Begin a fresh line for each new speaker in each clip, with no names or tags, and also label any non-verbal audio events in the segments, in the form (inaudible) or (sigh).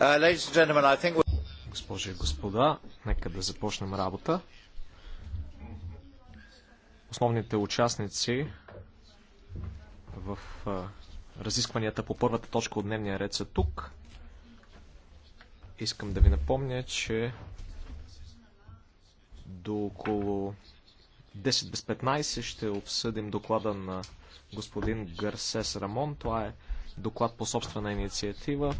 Uh,
Госпожи и господа, нека да започнем работа. Основните участници в разискванията по първата точка от дневния ред са тук. Искам да ви напомня, че до около 10 без 15 ще обсъдим доклада на господин Гарсес Рамон. Това е доклад по собствена инициатива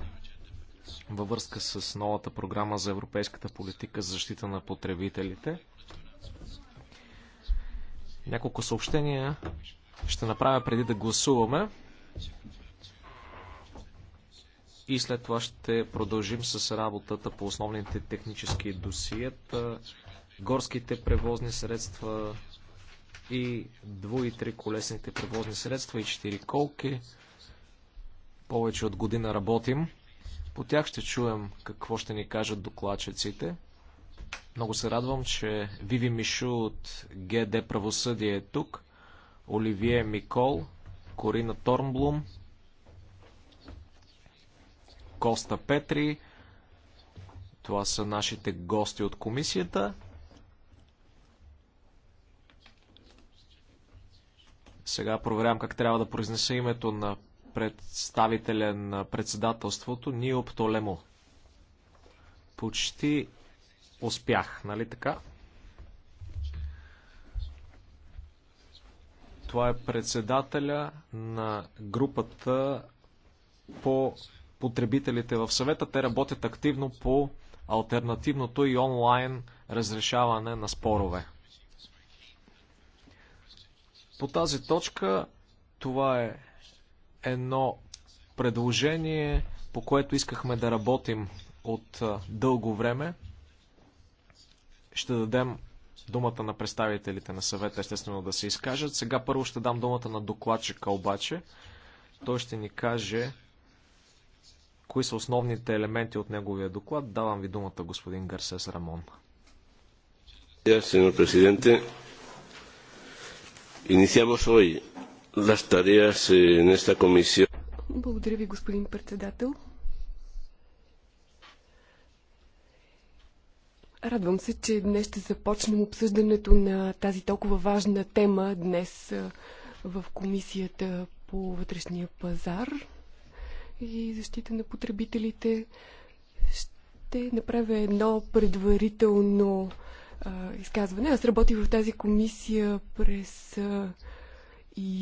във връзка с новата програма за европейската политика за защита на потребителите. Няколко съобщения ще направя преди да гласуваме. И след това ще продължим с работата по основните технически досиета, горските превозни средства и дво и три колесните превозни средства и четири колки. Повече от година работим. По тях ще чуем какво ще ни кажат докладчиците. Много се радвам, че Виви Мишу от ГД Правосъдие е тук, Оливие Микол, Корина Торнблум, Коста Петри. Това са нашите гости от комисията. Сега проверявам как трябва да произнеса името на представителя на председателството Нио Птолемо. Почти успях, нали така? Това е председателя на групата по потребителите в съвета. Те работят активно по альтернативното и онлайн разрешаване на спорове. По тази точка това е едно предложение, по което искахме да работим от дълго време. Ще дадем думата на представителите на съвета, естествено, да се изкажат. Сега първо ще дам думата на докладчика, обаче. Той ще ни каже кои са основните елементи от неговия доклад. Давам ви думата, господин Гарсес Рамон.
сеньор президенте, iniciamos hoy las tareas en esta comisión.
Благодаря ви, господин председател. Радвам се, че днес ще започнем обсъждането на тази толкова важна тема днес в Комисията по вътрешния пазар и защита на потребителите. Ще направя едно предварително а, изказване. Аз работих в тази комисия през а,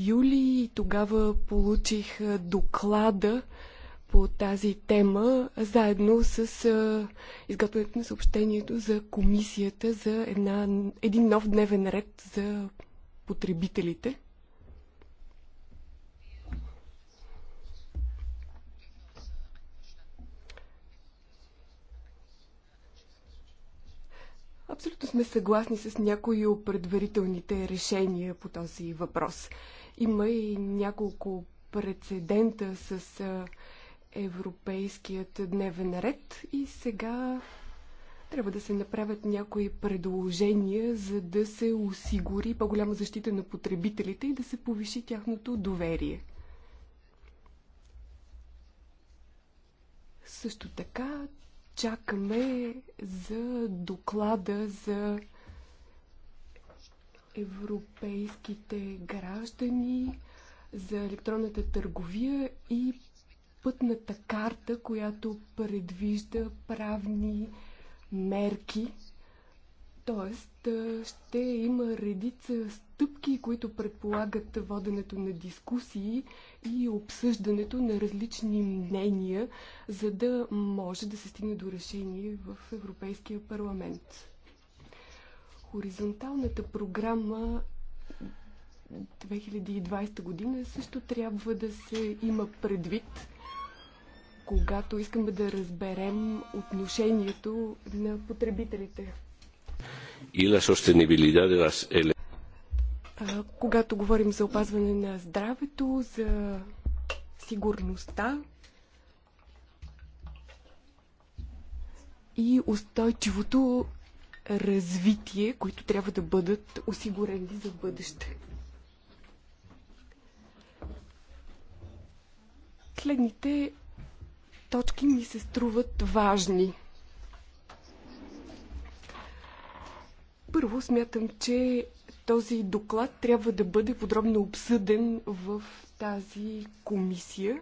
юли и тогава получих доклада по тази тема, заедно с изготвянето на съобщението за комисията за една, един нов дневен ред за потребителите. Абсолютно сме съгласни с някои от предварителните решения по този въпрос. Има и няколко прецедента с европейският дневен ред и сега трябва да се направят някои предложения, за да се осигури по-голяма защита на потребителите и да се повиши тяхното доверие. Също така чакаме за доклада за европейските граждани, за електронната търговия и пътната карта, която предвижда правни мерки. Тоест ще има редица стъпки, които предполагат воденето на дискусии и обсъждането на различни мнения, за да може да се стигне до решение в Европейския парламент. Хоризонталната програма 2020 година също трябва да се има предвид, когато искаме да разберем отношението на потребителите.
И la sostenibilidad de las
когато говорим за опазване на здравето, за сигурността и устойчивото развитие, които трябва да бъдат осигурени за бъдеще. Следните точки ми се струват важни. Първо смятам, че този доклад трябва да бъде подробно обсъден в тази комисия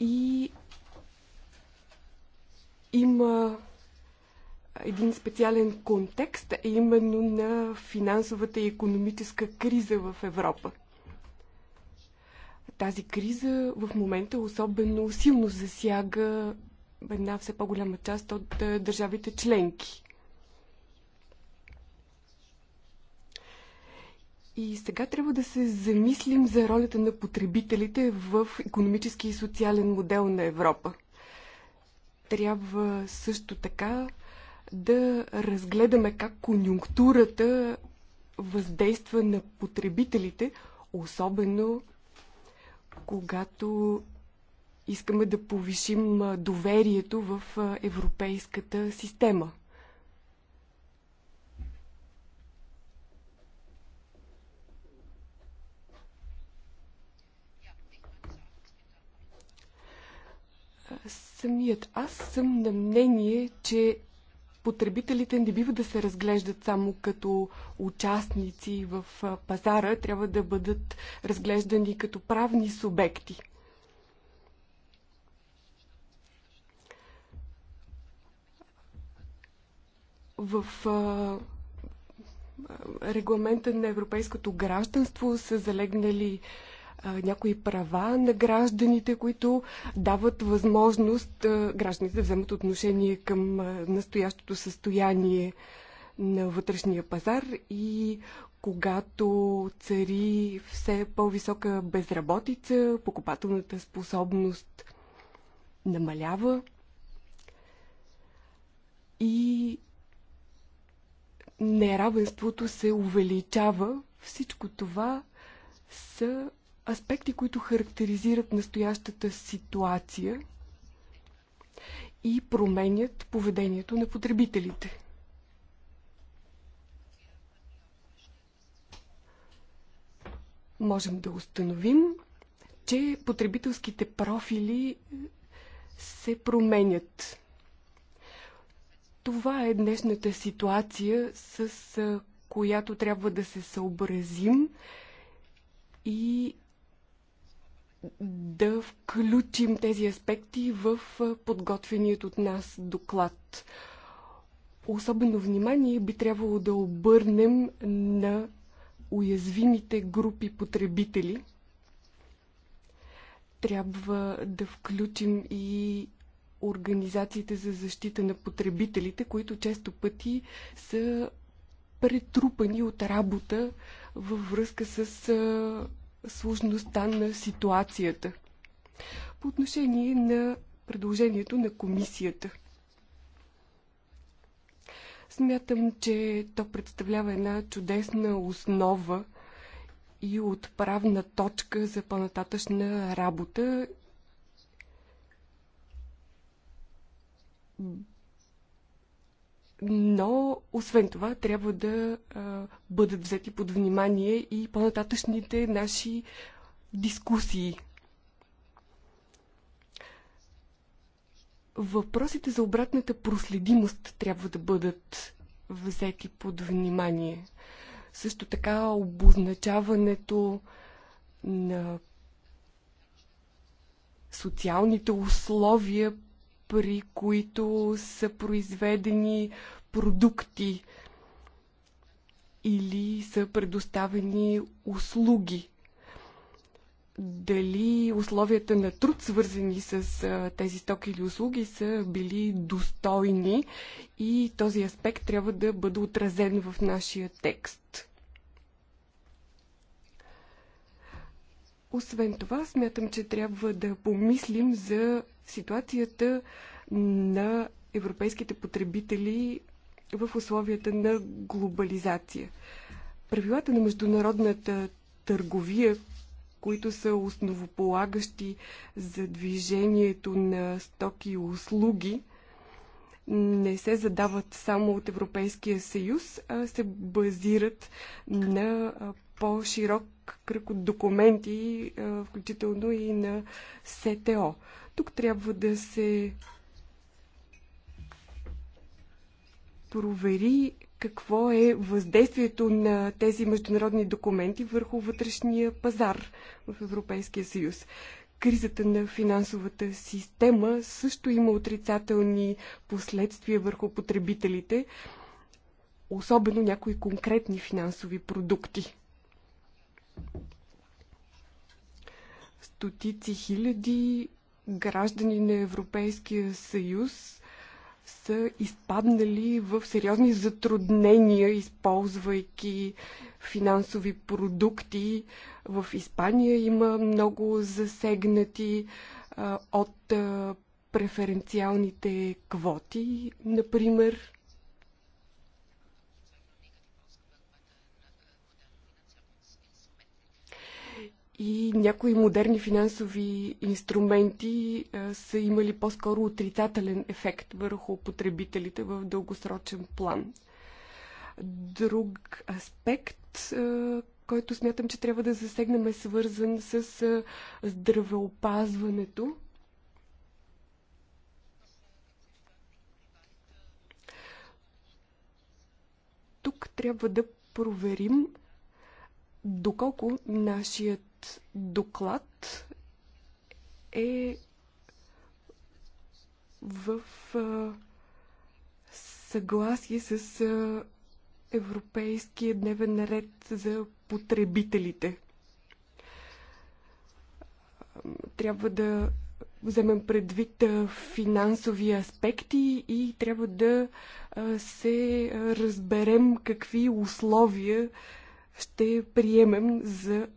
и има един специален контекст, а именно на финансовата и економическа криза в Европа. Тази криза в момента особено силно засяга една все по-голяма част от държавите членки. И сега трябва да се замислим за ролята на потребителите в економически и социален модел на Европа. Трябва също така да разгледаме как конюнктурата въздейства на потребителите, особено когато искаме да повишим доверието в европейската система – Самият аз съм на мнение, че потребителите не бива да се разглеждат само като участници в пазара, трябва да бъдат разглеждани като правни субекти. В регламента на европейското гражданство са залегнали някои права на гражданите, които дават възможност гражданите да вземат отношение към настоящото състояние на вътрешния пазар и когато цари все по-висока безработица, покупателната способност намалява и неравенството се увеличава, всичко това са аспекти, които характеризират настоящата ситуация и променят поведението на потребителите. Можем да установим, че потребителските профили се променят. Това е днешната ситуация, с която трябва да се съобразим и да включим тези аспекти в подготвеният от нас доклад. Особено внимание би трябвало да обърнем на уязвимите групи потребители. Трябва да включим и организациите за защита на потребителите, които често пъти са претрупани от работа във връзка с сложността на ситуацията. По отношение на предложението на комисията. Смятам, че то представлява една чудесна основа и отправна точка за по-нататъчна работа но освен това трябва да а, бъдат взети под внимание и по-нататъчните наши дискусии. Въпросите за обратната проследимост трябва да бъдат взети под внимание. Също така обозначаването на социалните условия при които са произведени продукти или са предоставени услуги. Дали условията на труд, свързани с тези стоки или услуги, са били достойни и този аспект трябва да бъде отразен в нашия текст. Освен това, смятам, че трябва да помислим за ситуацията на европейските потребители в условията на глобализация. Правилата на международната търговия, които са основополагащи за движението на стоки и услуги, не се задават само от Европейския съюз, а се базират на по-широк кръг от документи, включително и на СТО. Тук трябва да се провери какво е въздействието на тези международни документи върху вътрешния пазар в Европейския съюз. Кризата на финансовата система също има отрицателни последствия върху потребителите, особено някои конкретни финансови продукти. Стотици хиляди граждани на Европейския съюз са изпаднали в сериозни затруднения, използвайки финансови продукти. В Испания има много засегнати а, от а, преференциалните квоти, например. и някои модерни финансови инструменти а, са имали по-скоро отрицателен ефект върху потребителите в дългосрочен план. Друг аспект, а, който смятам, че трябва да засегнем е свързан с а, здравеопазването. Тук трябва да проверим доколко нашият доклад е в съгласие с европейския дневен ред за потребителите. Трябва да вземем предвид финансови аспекти и трябва да се разберем какви условия ще приемем за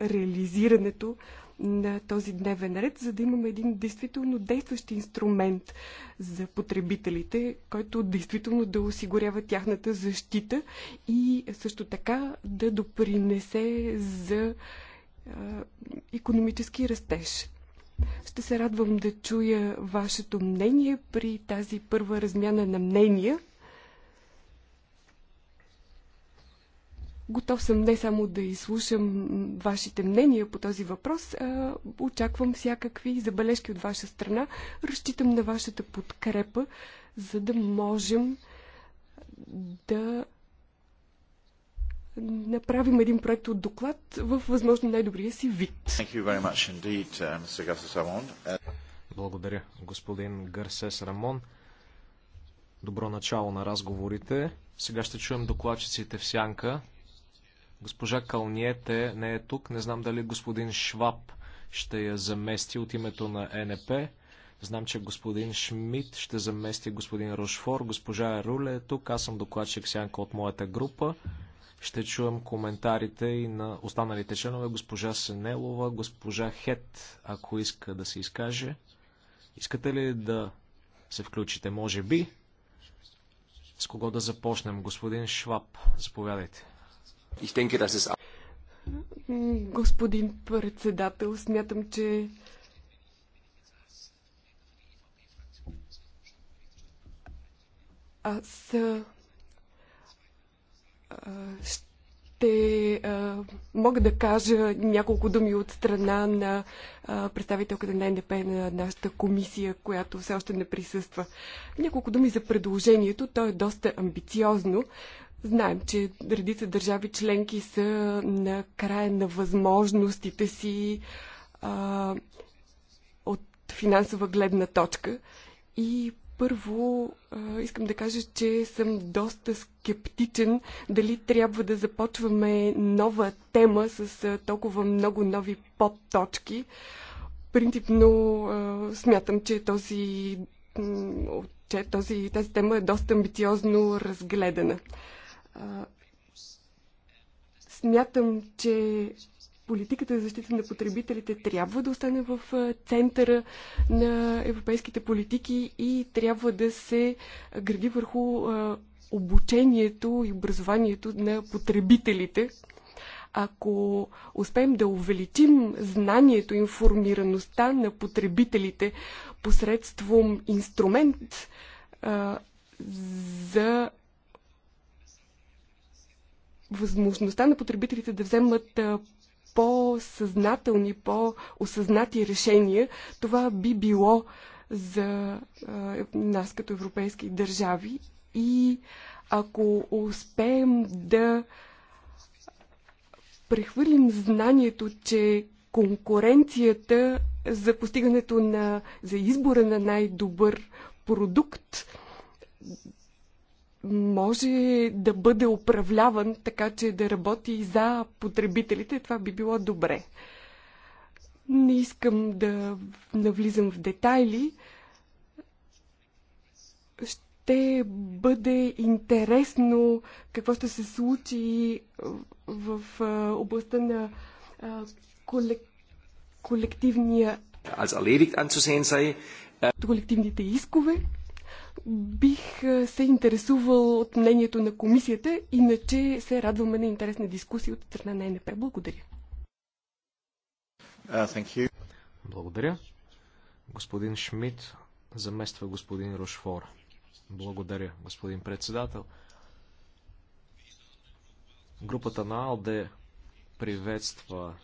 реализирането на този дневен ред, за да имаме един действително действащ инструмент за потребителите, който действително да осигурява тяхната защита и също така да допринесе за економически растеж. Ще се радвам да чуя вашето мнение при тази първа размяна на мнения Готов съм не само да изслушам вашите мнения по този въпрос, а очаквам всякакви забележки от ваша страна. Разчитам на вашата подкрепа, за да можем да направим един проект от доклад в възможно най-добрия си вид.
Uh, uh, Благодаря, господин Гърсес Рамон. Добро начало на разговорите. Сега ще чуем докладчиците в сянка. Госпожа Калниете не е тук. Не знам дали господин Шваб ще я замести от името на НП. Знам, че господин Шмидт ще замести господин Рошфор. Госпожа Руле е тук. Аз съм докладчик сянка от моята група. Ще чуем коментарите и на останалите членове. Госпожа Сенелова, госпожа Хет, ако иска да се изкаже. Искате ли да се включите? Може би. С кого да започнем? Господин Шваб, заповядайте.
Господин председател, смятам, че аз ще а, мога да кажа няколко думи от страна на а, представителката на НДП на нашата комисия, която все още не присъства. Няколко думи за предложението. То е доста амбициозно. Знаем, че редица държави членки са на края на възможностите си а, от финансова гледна точка. И първо а, искам да кажа, че съм доста скептичен дали трябва да започваме нова тема с а, толкова много нови подточки. Принципно а, смятам, че този, че този, тази тема е доста амбициозно разгледана смятам, че политиката за защита на потребителите трябва да остане в центъра на европейските политики и трябва да се гради върху обучението и образованието на потребителите. Ако успеем да увеличим знанието, информираността на потребителите посредством инструмент за възможността на потребителите да вземат по-съзнателни, по-осъзнати решения, това би било за нас като европейски държави и ако успеем да прехвърлим знанието, че конкуренцията за постигането на, за избора на най-добър продукт може да бъде управляван така, че да работи и за потребителите, това би било добре. Не искам да навлизам в детайли. Ще бъде интересно какво ще се случи в областта на колек... колективния. Колективните искове бих се интересувал от мнението на комисията, иначе се радваме на интересна дискусия от страна на НП. Благодаря.
Uh, Благодаря. Господин Шмидт замества господин Рошфор. Благодаря, господин председател. Групата на АЛДЕ приветства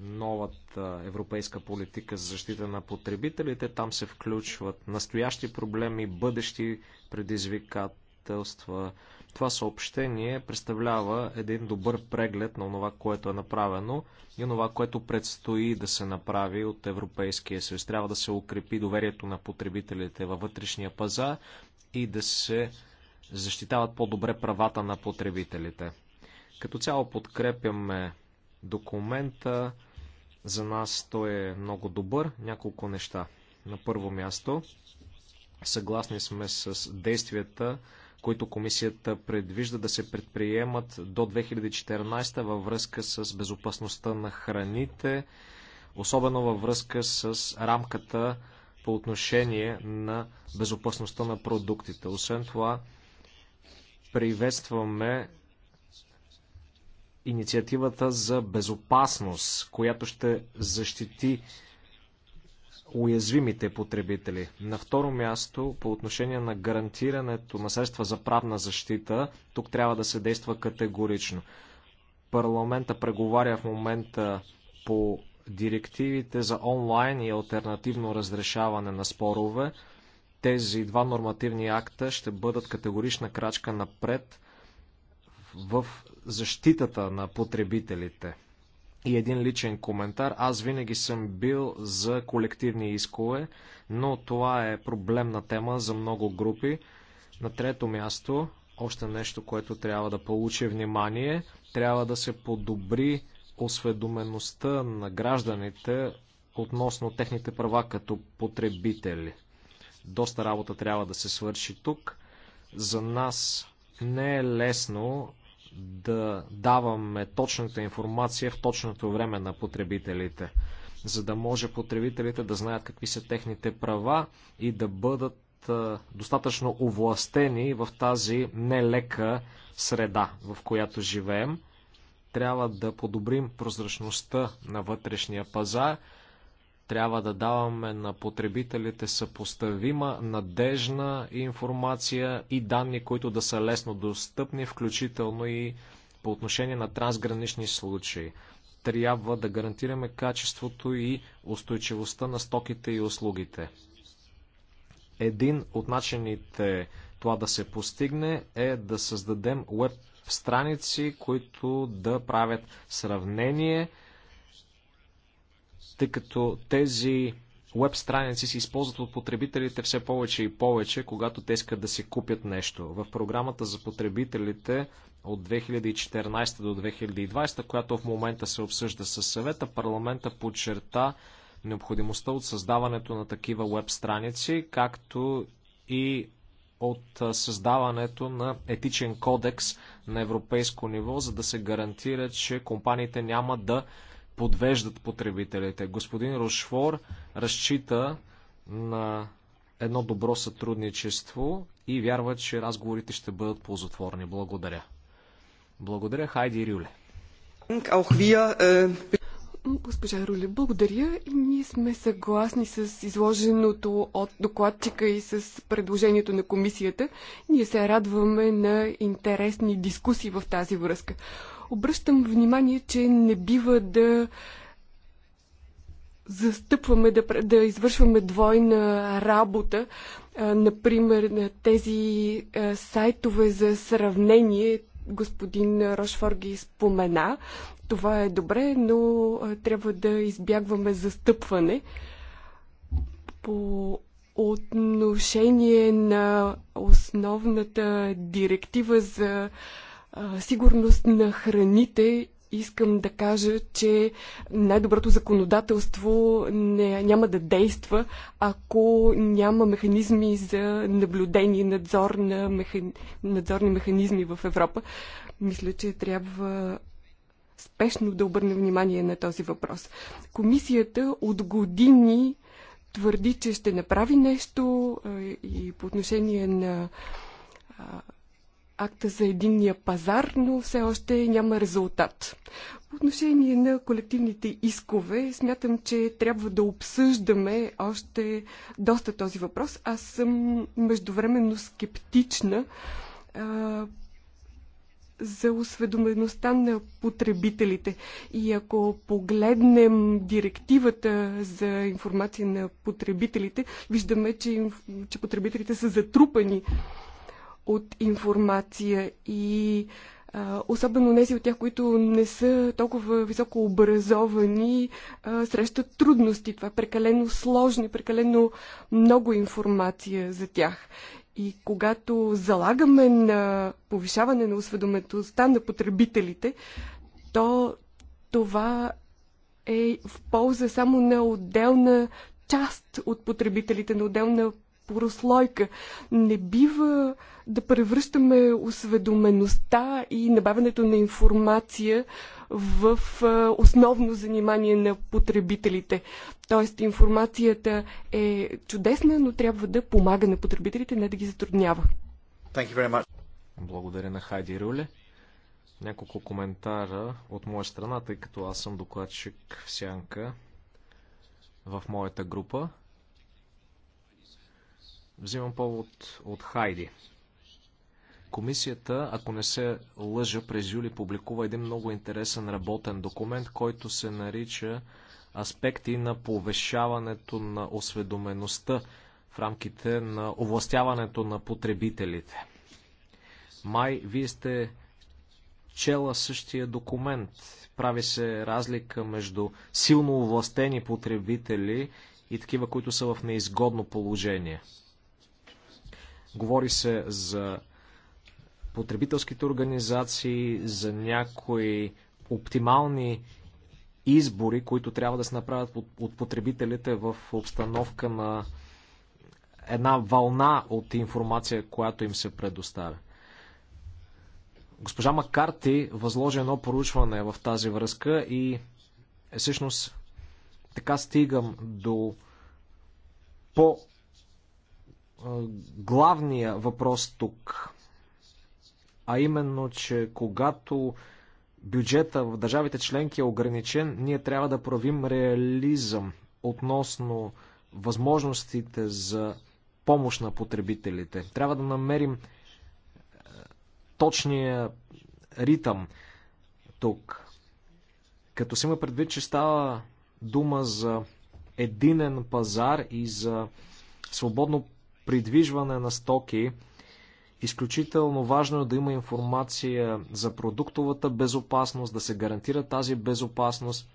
новата европейска политика за защита на потребителите. Там се включват настоящи проблеми, бъдещи предизвикателства. Това съобщение представлява един добър преглед на това, което е направено и това, което предстои да се направи от Европейския съюз. Трябва да се укрепи доверието на потребителите във вътрешния пазар и да се защитават по-добре правата на потребителите. Като цяло подкрепяме документа. За нас той е много добър. Няколко неща. На първо място, съгласни сме с действията, които комисията предвижда да се предприемат до 2014 във връзка с безопасността на храните, особено във връзка с рамката по отношение на безопасността на продуктите. Освен това, приветстваме инициативата за безопасност, която ще защити уязвимите потребители. На второ място, по отношение на гарантирането на средства за правна защита, тук трябва да се действа категорично. Парламента преговаря в момента по директивите за онлайн и альтернативно разрешаване на спорове. Тези два нормативни акта ще бъдат категорична крачка напред в защитата на потребителите. И един личен коментар. Аз винаги съм бил за колективни искове, но това е проблемна тема за много групи. На трето място, още нещо, което трябва да получи внимание, трябва да се подобри осведомеността на гражданите относно техните права като потребители. Доста работа трябва да се свърши тук. За нас не е лесно да даваме точната информация в точното време на потребителите, за да може потребителите да знаят какви са техните права и да бъдат достатъчно овластени в тази нелека среда, в която живеем. Трябва да подобрим прозрачността на вътрешния пазар, трябва да даваме на потребителите съпоставима, надежна информация и данни, които да са лесно достъпни, включително и по отношение на трансгранични случаи. Трябва да гарантираме качеството и устойчивостта на стоките и услугите. Един от начините това да се постигне е да създадем веб страници, които да правят сравнение тъй като тези веб страници се използват от потребителите все повече и повече, когато те искат да си купят нещо. В програмата за потребителите от 2014 до 2020, която в момента се обсъжда със съвета, парламента подчерта необходимостта от създаването на такива веб страници, както и от създаването на етичен кодекс на европейско ниво, за да се гарантира, че компаниите няма да подвеждат потребителите. Господин Рошфор разчита на едно добро сътрудничество и вярва, че разговорите ще бъдат ползотворни. Благодаря. Благодаря, Хайди Рюле.
Э, Госпожа Руле, благодаря. И ние сме съгласни с изложеното от докладчика и с предложението на комисията. Ние се радваме на интересни дискусии в тази връзка. Обръщам внимание, че не бива да застъпваме, да, да извършваме двойна работа. А, например, на тези а, сайтове за сравнение, господин Рошфор ги спомена. Това е добре, но а, трябва да избягваме застъпване. По отношение на основната директива за а, сигурност на храните искам да кажа, че най-доброто законодателство не, няма да действа, ако няма механизми за наблюдение, надзор на механ... надзорни механизми в Европа. Мисля, че трябва спешно да обърне внимание на този въпрос. Комисията от години твърди, че ще направи нещо и по отношение на акта за единния пазар, но все още няма резултат. По отношение на колективните искове, смятам, че трябва да обсъждаме още доста този въпрос. Аз съм междувременно скептична а, за осведомеността на потребителите. И ако погледнем директивата за информация на потребителите, виждаме, че, че потребителите са затрупани от информация и а, особено тези от тях, които не са толкова високо образовани, а, срещат трудности. Това е прекалено сложно и прекалено много информация за тях. И когато залагаме на повишаване на осведомеността на потребителите, то това е в полза само на отделна част от потребителите, на отделна прослойка. Не бива да превръщаме осведомеността и набавянето на информация в основно занимание на потребителите. Тоест информацията е чудесна, но трябва да помага на потребителите, не да ги затруднява.
Благодаря на Хайди Руле. Няколко коментара от моя страна, тъй като аз съм докладчик в Сянка в моята група. Взимам повод от Хайди. Комисията, ако не се лъжа, през юли публикува един много интересен работен документ, който се нарича Аспекти на повешаването на осведомеността в рамките на овластяването на потребителите. Май, вие сте чела същия документ. Прави се разлика между силно овластени потребители и такива, които са в неизгодно положение. Говори се за потребителските организации, за някои оптимални избори, които трябва да се направят от потребителите в обстановка на една вълна от информация, която им се предоставя. Госпожа Макарти възложи едно поручване в тази връзка и е, всъщност така стигам до по главния въпрос тук, а именно, че когато бюджета в държавите членки е ограничен, ние трябва да правим реализъм относно възможностите за помощ на потребителите. Трябва да намерим е, точния ритъм тук. Като си има предвид, че става дума за единен пазар и за свободно придвижване на стоки, изключително важно е да има информация за продуктовата безопасност, да се гарантира тази безопасност.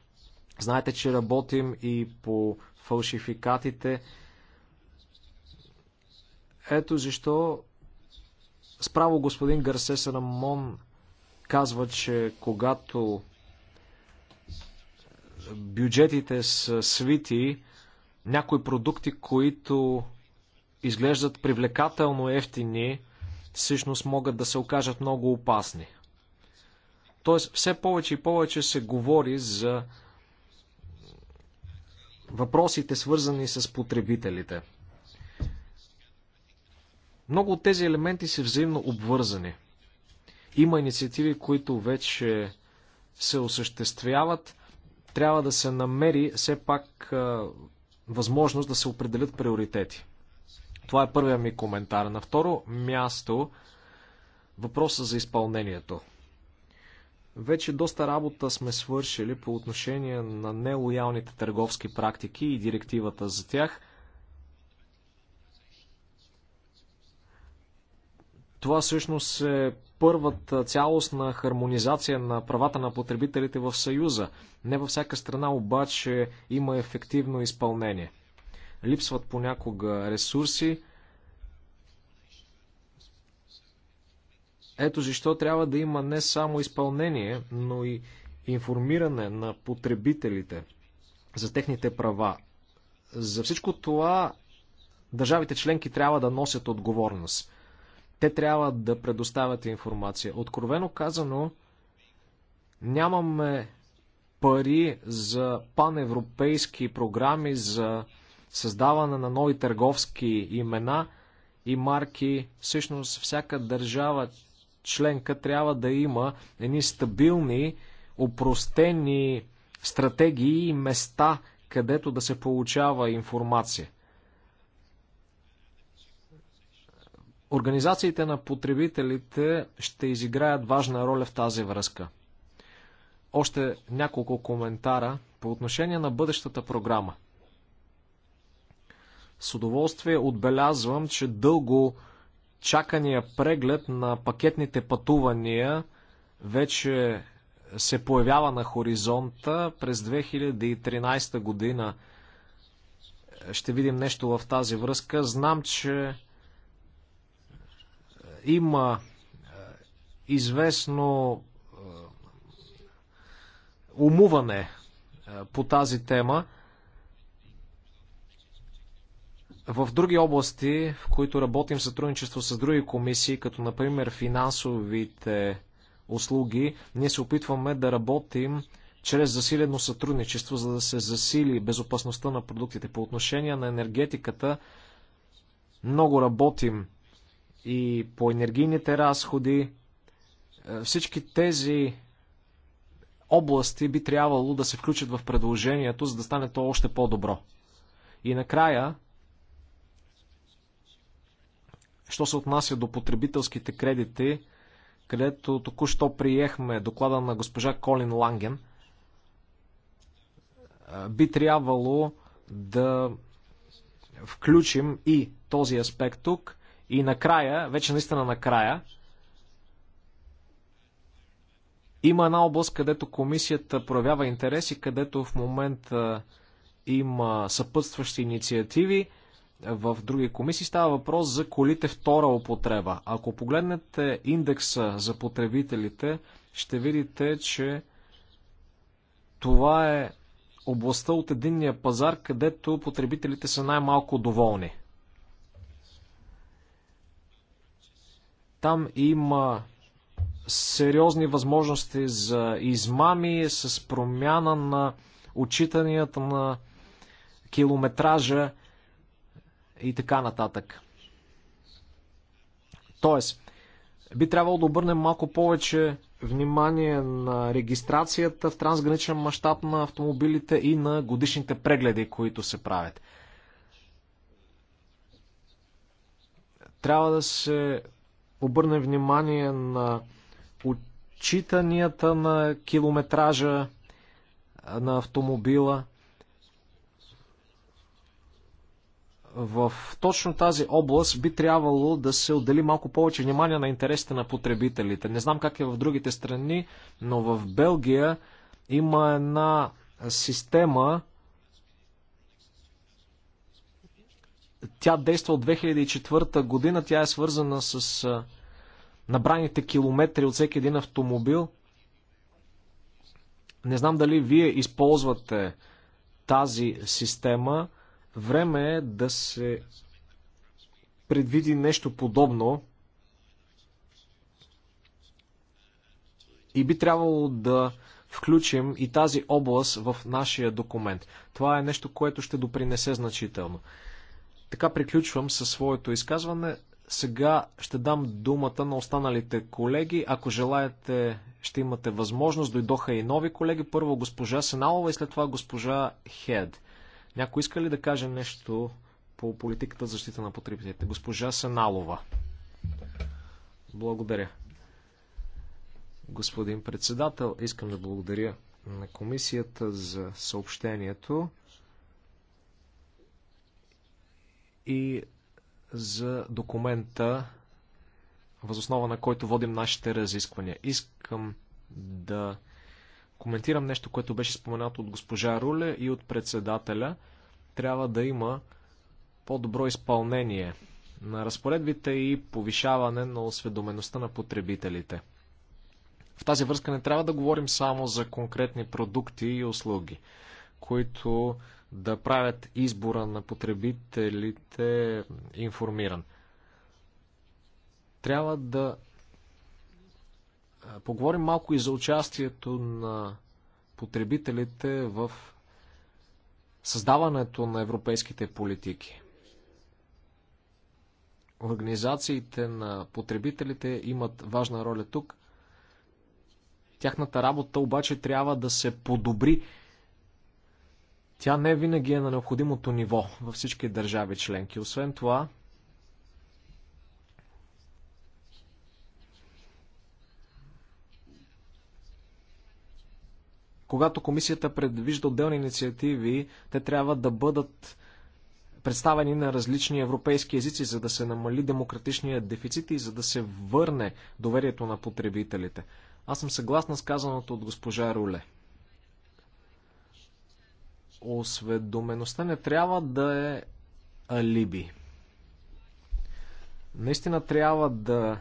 Знаете, че работим и по фалшификатите. Ето защо справо господин Гарсес Рамон казва, че когато бюджетите са свити, някои продукти, които изглеждат привлекателно ефтини, всъщност могат да се окажат много опасни. Тоест, все повече и повече се говори за въпросите, свързани с потребителите. Много от тези елементи са взаимно обвързани. Има инициативи, които вече се осъществяват. Трябва да се намери все пак възможност да се определят приоритети. Това е първия ми коментар. На второ място въпроса за изпълнението. Вече доста работа сме свършили по отношение на нелоялните търговски практики и директивата за тях. Това всъщност е първата цялостна хармонизация на правата на потребителите в Съюза. Не във всяка страна обаче има ефективно изпълнение – липсват понякога ресурси. Ето защо трябва да има не само изпълнение, но и информиране на потребителите за техните права. За всичко това държавите членки трябва да носят отговорност. Те трябва да предоставят информация. Откровено казано, нямаме пари за паневропейски програми за създаване на нови търговски имена и марки. Всъщност всяка държава членка трябва да има едни стабилни, упростени стратегии и места, където да се получава информация. Организациите на потребителите ще изиграят важна роля в тази връзка. Още няколко коментара по отношение на бъдещата програма. С удоволствие отбелязвам, че дълго чакания преглед на пакетните пътувания вече се появява на хоризонта през 2013 година. Ще видим нещо в тази връзка. Знам, че има е, известно е, умуване е, по тази тема. В други области, в които работим в сътрудничество с други комисии, като например финансовите услуги, ние се опитваме да работим чрез засилено сътрудничество, за да се засили безопасността на продуктите. По отношение на енергетиката, много работим и по енергийните разходи. Е, всички тези области би трябвало да се включат в предложението, за да стане то още по-добро. И накрая, Що се отнася до потребителските кредити, където току-що приехме доклада на госпожа Колин Ланген, би трябвало да включим и този аспект тук. И накрая, вече наистина накрая, има една област, където комисията проявява интерес и където в момента има съпътстващи инициативи – в други комисии става въпрос за колите втора употреба. Ако погледнете индекса за потребителите, ще видите, че това е областта от единния пазар, където потребителите са най-малко доволни. Там има сериозни възможности за измами с промяна на отчитанията на километража и така нататък. Тоест, би трябвало да обърнем малко повече внимание на регистрацията в трансграничен мащаб на автомобилите и на годишните прегледи, които се правят. Трябва да се обърне внимание на отчитанията на километража на автомобила – в точно тази област би трябвало да се отдели малко повече внимание на интересите на потребителите. Не знам как е в другите страни, но в Белгия има една система. Тя действа от 2004 година. Тя е свързана с набраните километри от всеки един автомобил. Не знам дали вие използвате тази система. Време е да се предвиди нещо подобно и би трябвало да включим и тази област в нашия документ. Това е нещо, което ще допринесе значително. Така приключвам със своето изказване. Сега ще дам думата на останалите колеги. Ако желаете, ще имате възможност. Дойдоха и нови колеги. Първо госпожа Сеналова и след това госпожа Хед. Някой иска ли да каже нещо по политиката защита на потребителите? Госпожа Сеналова. Благодаря. Господин председател, искам да благодаря на комисията за съобщението и за документа, възоснова на който водим нашите разисквания. Искам да коментирам нещо, което беше споменато от госпожа Руле и от председателя. Трябва да има по-добро изпълнение на разпоредбите и повишаване на осведомеността на потребителите. В тази връзка не трябва да говорим само за конкретни продукти и услуги, които да правят избора на потребителите информиран. Трябва да поговорим малко и за участието на потребителите в създаването на европейските политики. Организациите на потребителите имат важна роля тук. Тяхната работа обаче трябва да се подобри. Тя не винаги е на необходимото ниво във всички държави членки. Освен това, Когато комисията предвижда отделни инициативи, те трябва да бъдат представени на различни европейски езици, за да се намали демократичния дефицит и за да се върне доверието на потребителите. Аз съм съгласна с казаното от госпожа Руле. Осведомеността не трябва да е алиби. Наистина трябва да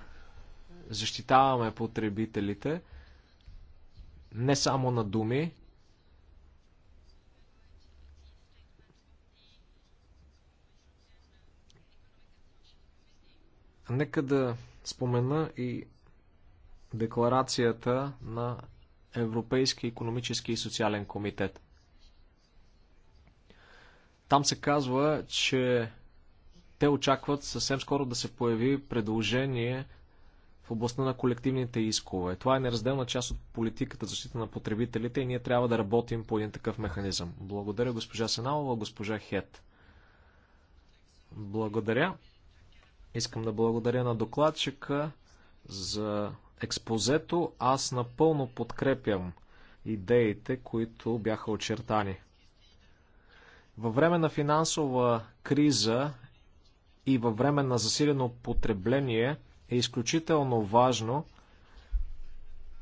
защитаваме потребителите, не само на думи. Нека да спомена и декларацията на Европейски економически и социален комитет. Там се казва, че те очакват съвсем скоро да се появи предложение областта на колективните искове. Това е неразделна част от политиката защита на потребителите и ние трябва да работим по един такъв механизъм. Благодаря госпожа Сеналова, госпожа Хет. Благодаря. Искам да благодаря на докладчика за експозето. Аз напълно подкрепям идеите, които бяха очертани. Във време на финансова криза и във време на засилено потребление – е изключително важно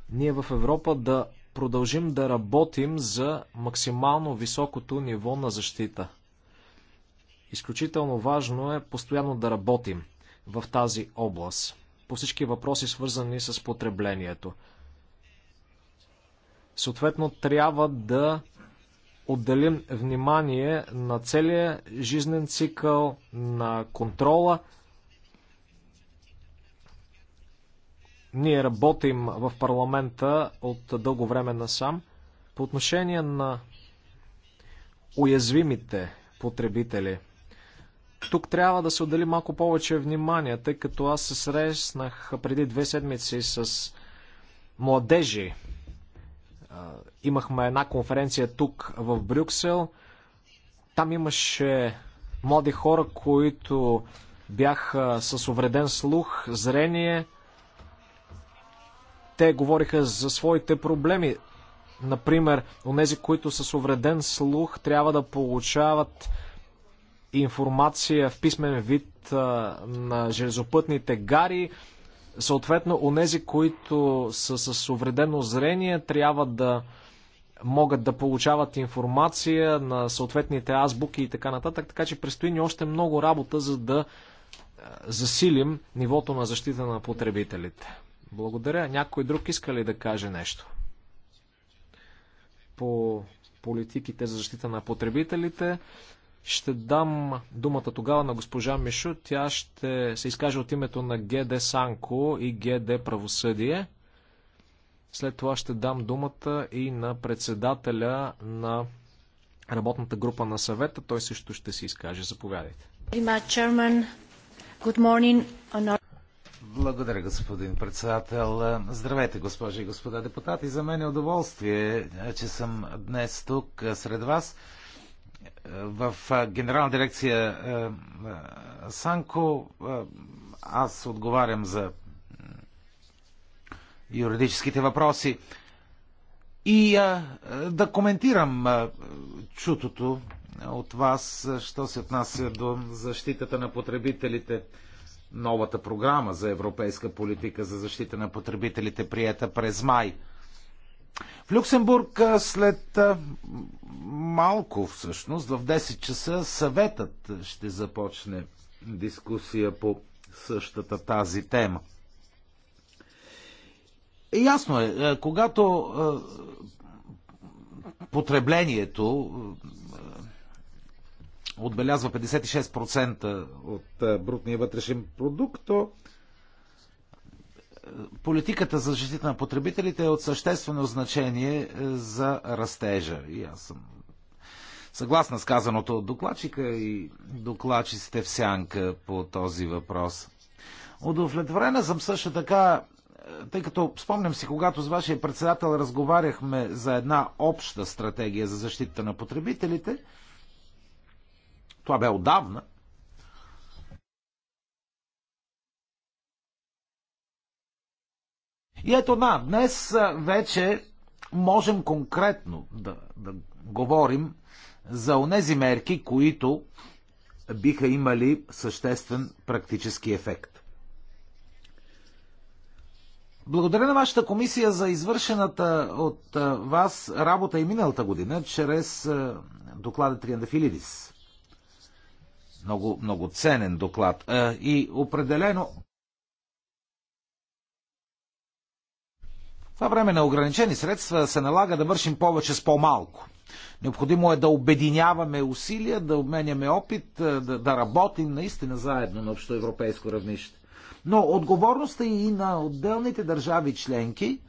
ние в Европа да продължим да работим за максимално високото ниво на защита. Изключително важно е постоянно да работим в тази област по всички въпроси, свързани с потреблението. Съответно, трябва да отделим внимание на целия жизнен цикъл, на контрола, Ние работим в парламента от дълго време насам. По отношение на уязвимите потребители, тук трябва да се отдели малко повече внимание, тъй като аз се срещнах преди две седмици с младежи. Имахме една конференция тук в Брюксел. Там имаше млади хора, които бяха с увреден слух, зрение – те говориха за своите проблеми. Например, онези, които са с увреден слух, трябва да получават информация в писмен вид а, на железопътните гари. Съответно, онези, които са с увредено зрение, трябва да могат да получават информация на съответните азбуки и така нататък. Така че предстои ни още много работа, за да засилим нивото на защита на потребителите. Благодаря. Някой друг иска ли да каже нещо? По политиките за защита на потребителите. Ще дам думата тогава на госпожа Мишу. Тя ще се изкаже от името на ГД Санко и ГД Правосъдие. След това ще дам думата и на председателя на работната група на съвета. Той също ще се изкаже. Заповядайте. Благодаря,
господин председател. Здравейте, госпожи и господа депутати. За мен е удоволствие, е, че съм днес тук е, сред вас е, в Генерална дирекция Санко. Аз отговарям за юридическите въпроси и да коментирам чутото от вас, що се отнася до защитата на потребителите новата програма за европейска политика за защита на потребителите, приета през май. В Люксембург след малко всъщност, в 10 часа, съветът ще започне дискусия по същата тази тема. Ясно е, когато потреблението отбелязва 56% от брутния вътрешен продукт, то политиката за защита на потребителите е от съществено значение за растежа. И аз съм съгласна с казаното от докладчика и докладчиците в сянка по този въпрос. Удовлетворена съм също така, тъй като спомням си, когато с вашия председател разговаряхме за една обща стратегия за защита на потребителите – това бе отдавна. И ето на, днес вече можем конкретно да, да говорим за онези мерки, които биха имали съществен практически ефект. Благодаря на вашата комисия за извършената от вас работа и миналата година чрез доклада Триандафилидис. Много, много ценен доклад. И определено. Това време на ограничени средства се налага да вършим повече с по-малко. Необходимо е да обединяваме усилия, да обменяме опит, да, да работим наистина заедно на общоевропейско равнище. Но отговорността и на отделните държави членки,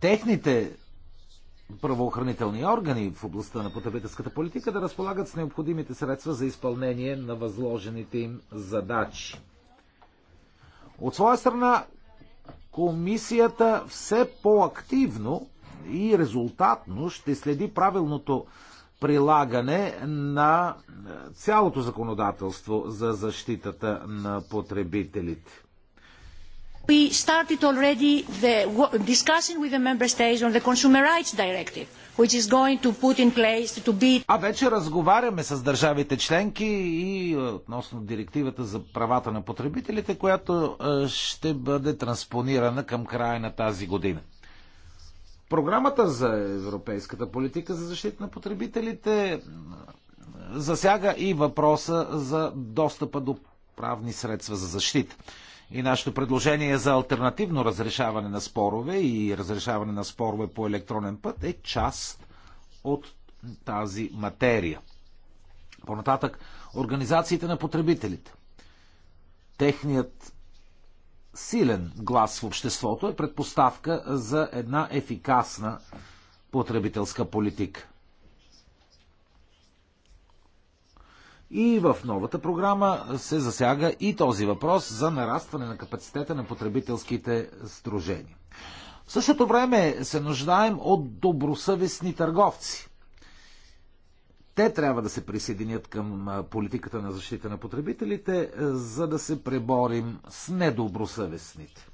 техните правоохранителни органи в областта на потребителската политика да разполагат с необходимите средства за изпълнение на възложените им задачи. От своя страна, комисията все по-активно и резултатно ще следи правилното прилагане на е, цялото законодателство за защитата на потребителите
we started already discussing
with the member states on the consumer rights directive
which is going to put in place to be А вече разговаряме с държавите членки и е, относно директивата за правата на потребителите, която е, ще бъде транспонирана към края на тази година. Програмата за европейската политика за защита на потребителите е, засяга и въпроса за достъпа до правни средства за защита и нашето предложение за альтернативно разрешаване на спорове и разрешаване на спорове по електронен път е част от тази материя. Понататък, организациите на потребителите. Техният силен глас в обществото е предпоставка за една ефикасна потребителска политика. И в новата програма се засяга и този въпрос за нарастване на капацитета на потребителските стружени. В същото време се нуждаем от добросъвестни търговци. Те трябва да се присъединят към политиката на защита на потребителите, за да се преборим с недобросъвестните.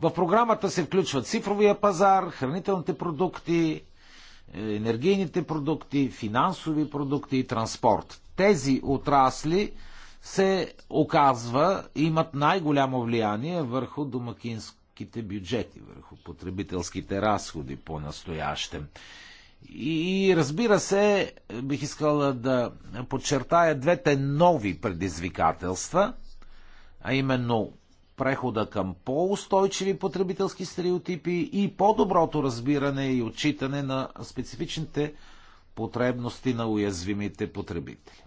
В програмата се включват цифровия пазар, хранителните продукти, енергийните продукти, финансови продукти и транспорт. Тези отрасли се оказва, имат най-голямо влияние върху домакинските бюджети, върху потребителските разходи по-настоящем. И разбира се, бих искала да подчертая двете нови предизвикателства, а именно прехода към по-устойчиви потребителски стереотипи и по-доброто разбиране и отчитане на специфичните потребности на уязвимите потребители.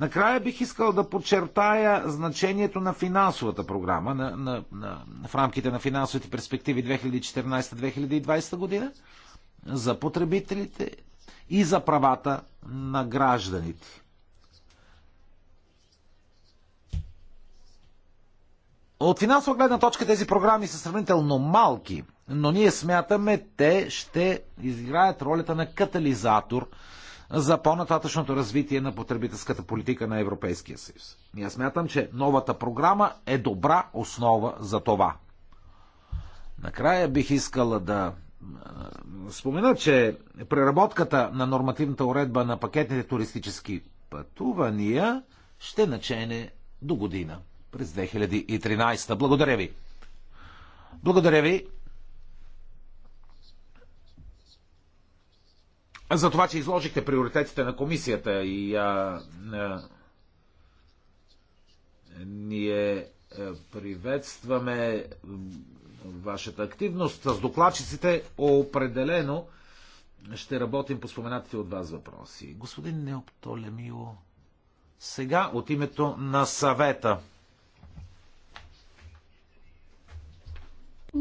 Накрая бих искал да подчертая значението на финансовата програма на, на, на, в рамките на финансовите перспективи 2014-2020 година за потребителите и за правата на гражданите. От финансова гледна точка тези програми са сравнително малки, но ние смятаме, те ще изиграят ролята на катализатор за по-нататъчното развитие на потребителската политика на Европейския съюз. Ние смятам, че новата програма е добра основа за това. Накрая бих искала да спомена, че преработката на нормативната уредба на пакетните туристически пътувания ще начене до година през 2013. Благодаря ви. Благодаря ви за това, че изложихте приоритетите на комисията и а, а, ние приветстваме вашата активност. С докладчиците определено ще работим по споменатите от вас въпроси. Господин Неоптолемио, сега от името на съвета.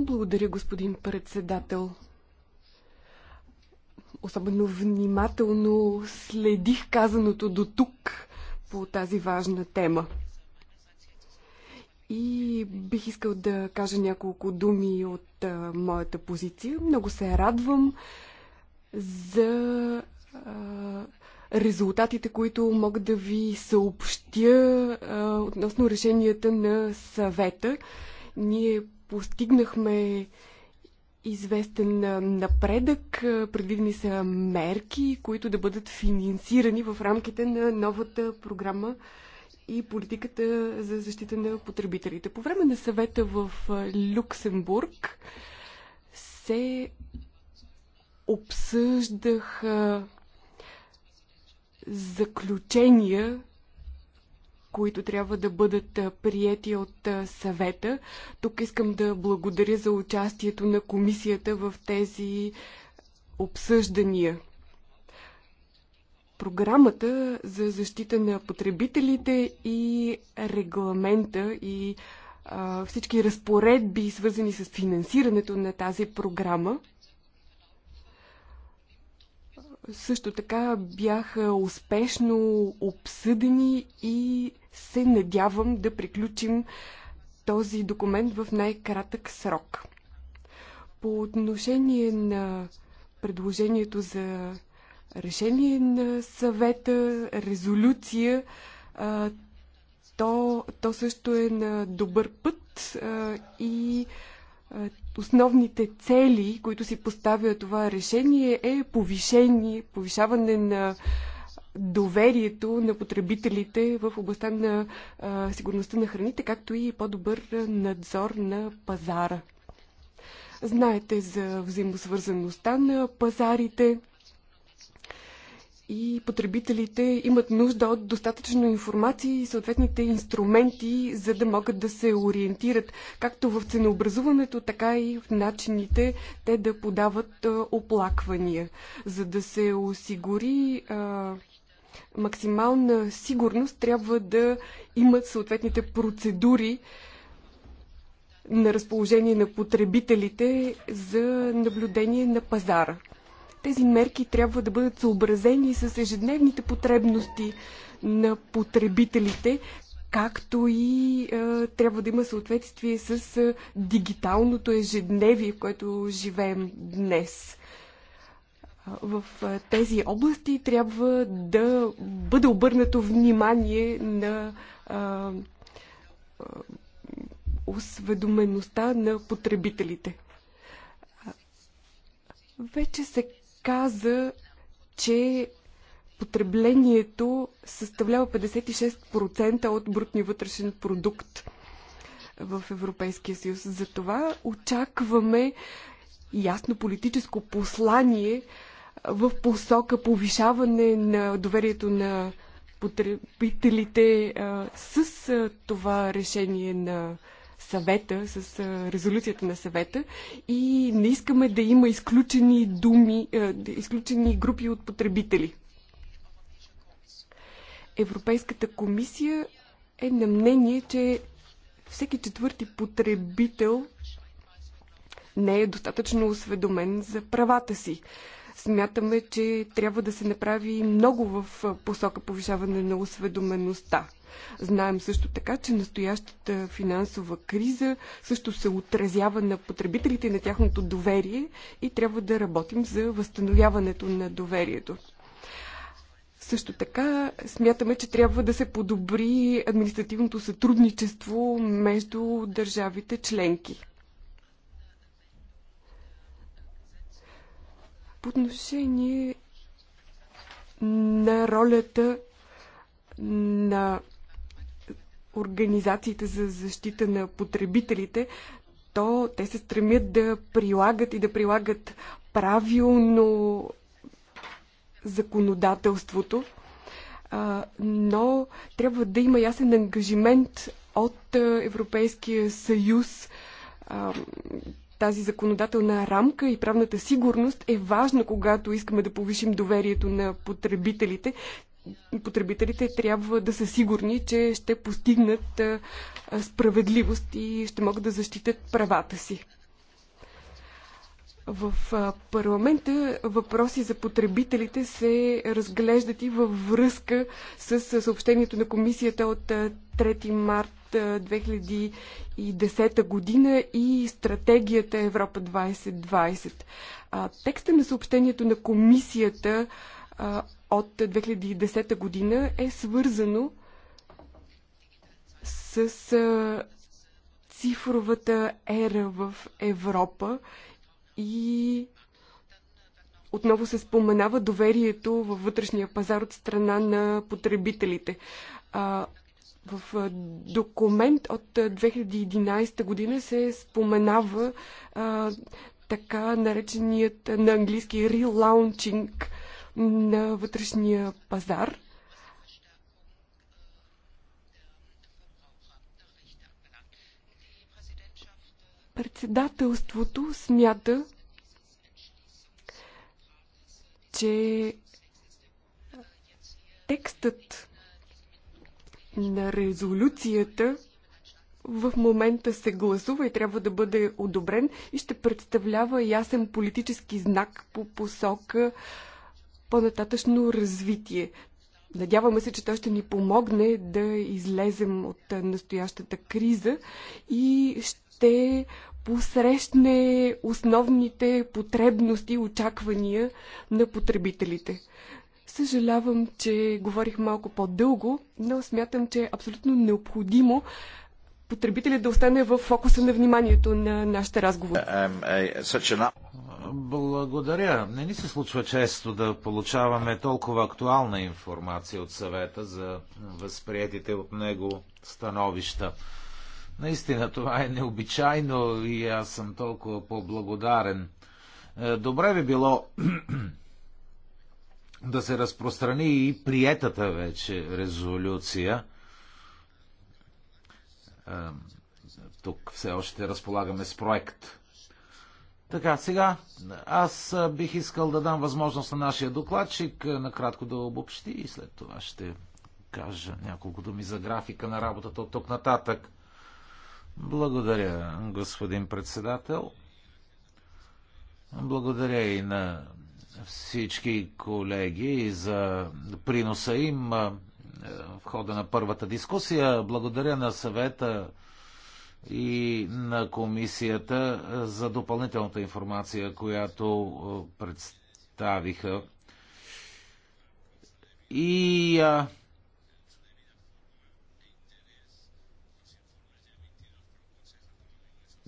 Благодаря, господин председател. Особено внимателно следих казаното до тук по тази важна тема. И бих искал да кажа няколко думи от а, моята позиция. Много се радвам за а, резултатите, които мога да ви съобщя а, относно решенията на съвета. Ние постигнахме известен напредък. Предвидени са мерки, които да бъдат финансирани в рамките на новата програма и политиката за защита на потребителите. По време на съвета в Люксембург се обсъждаха заключения които трябва да бъдат приети от съвета. Тук искам да благодаря за участието на комисията в тези обсъждания. Програмата за защита на потребителите и регламента и а, всички разпоредби, свързани с финансирането на тази програма, също така бяха успешно обсъдени и се надявам да приключим този документ в най-кратък срок. По отношение на предложението за решение на съвета, резолюция, то, то също е на добър път и основните цели, които си поставя това решение е повишение, повишаване на доверието на потребителите в областта на а, сигурността на храните, както и по-добър надзор на пазара. Знаете за взаимосвързаността на пазарите и потребителите имат нужда от достатъчно информация и съответните инструменти, за да могат да се ориентират както в ценообразуването, така и в начините те да подават оплаквания, за да се осигури а, максимална сигурност трябва да имат съответните процедури на разположение на потребителите за наблюдение на пазара. Тези мерки трябва да бъдат съобразени с ежедневните потребности на потребителите, както и е, трябва да има съответствие с е, дигиталното ежедневие, в което живеем днес в тези области трябва да бъде обърнато внимание на а, осведомеността на потребителите. Вече се каза, че потреблението съставлява 56% от брутния вътрешен продукт в Европейския съюз. Затова очакваме ясно политическо послание в посока повишаване на доверието на потребителите с това решение на съвета, с резолюцията на съвета и не искаме да има изключени думи, изключени групи от потребители. Европейската комисия е на мнение, че всеки четвърти потребител не е достатъчно осведомен за правата си смятаме, че трябва да се направи много в посока повишаване на осведомеността. Знаем също така, че настоящата финансова криза също се отразява на потребителите и на тяхното доверие и трябва да работим за възстановяването на доверието. Също така смятаме, че трябва да се подобри административното сътрудничество между държавите членки. По отношение на ролята на организациите за защита на потребителите, то те се стремят да прилагат и да прилагат правилно законодателството, но трябва да има ясен ангажимент от Европейския съюз тази законодателна рамка и правната сигурност е важна, когато искаме да повишим доверието на потребителите. Потребителите трябва да са сигурни, че ще постигнат справедливост и ще могат да защитят правата си. В парламента въпроси за потребителите се разглеждат и във връзка с съобщението на комисията от 3 март 2010 година и стратегията Европа 2020. Текста на съобщението на комисията от 2010 година е свързано с цифровата ера в Европа и отново се споменава доверието във вътрешния пазар от страна на потребителите. А, в документ от 2011 година се споменава а, така нареченият на английски релаунчинг на вътрешния пазар. Председателството смята, че текстът на резолюцията в момента се гласува и трябва да бъде одобрен и ще представлява ясен политически знак по посока по-нататъчно развитие. Надяваме се, че той ще ни помогне да излезем от настоящата криза и ще посрещне основните потребности и очаквания на потребителите. Съжалявам, че говорих малко по-дълго, но смятам, че е абсолютно необходимо потребителят да остане в фокуса на вниманието на нашите разговори.
Е, Благодаря. Не ни се случва често да получаваме толкова актуална информация от съвета за възприятите от него становища. Наистина това е необичайно и аз съм толкова по-благодарен. Е, добре би било (clears throat) да се разпространи и приетата вече резолюция – тук все още разполагаме с проект. Така, сега аз бих искал да дам възможност на нашия докладчик накратко да обобщи и след това ще кажа няколко думи за графика на работата от тук нататък. Благодаря, господин председател. Благодаря и на всички колеги за приноса им в хода на първата дискусия. Благодаря на съвета и на комисията за допълнителната информация, която представиха. И а,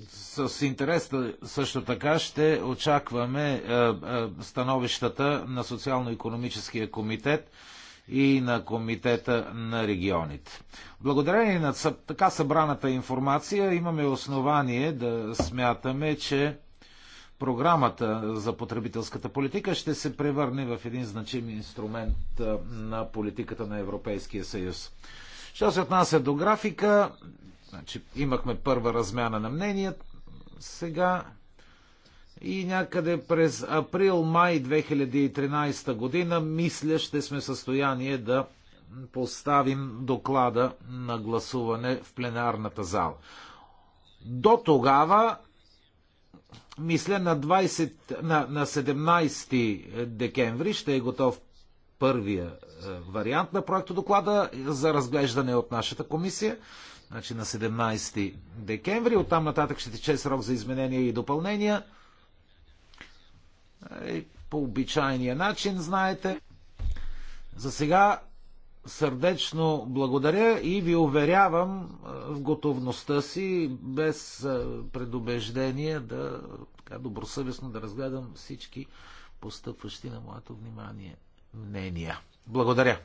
с интерес също така ще очакваме а, а, становищата на Социално-економическия комитет и на Комитета на регионите. Благодарение на така събраната информация имаме основание да смятаме, че програмата за потребителската политика ще се превърне в един значим инструмент на политиката на Европейския съюз. Що се отнася до графика, значи, имахме първа размяна на мнения. Сега и някъде през април-май 2013 година, мисля, ще сме в състояние да поставим доклада на гласуване в пленарната зала. До тогава, мисля, на, 20, на, на 17 декември ще е готов първия е, вариант на проекта доклада за разглеждане от нашата комисия. Значи на 17 декември. Оттам нататък ще тече срок за изменения и допълнения – е, по обичайния начин, знаете. За сега сърдечно благодаря и ви уверявам е, в готовността си, без е, предубеждение, да така добросъвестно да разгледам всички постъпващи на моето внимание мнения. Благодаря.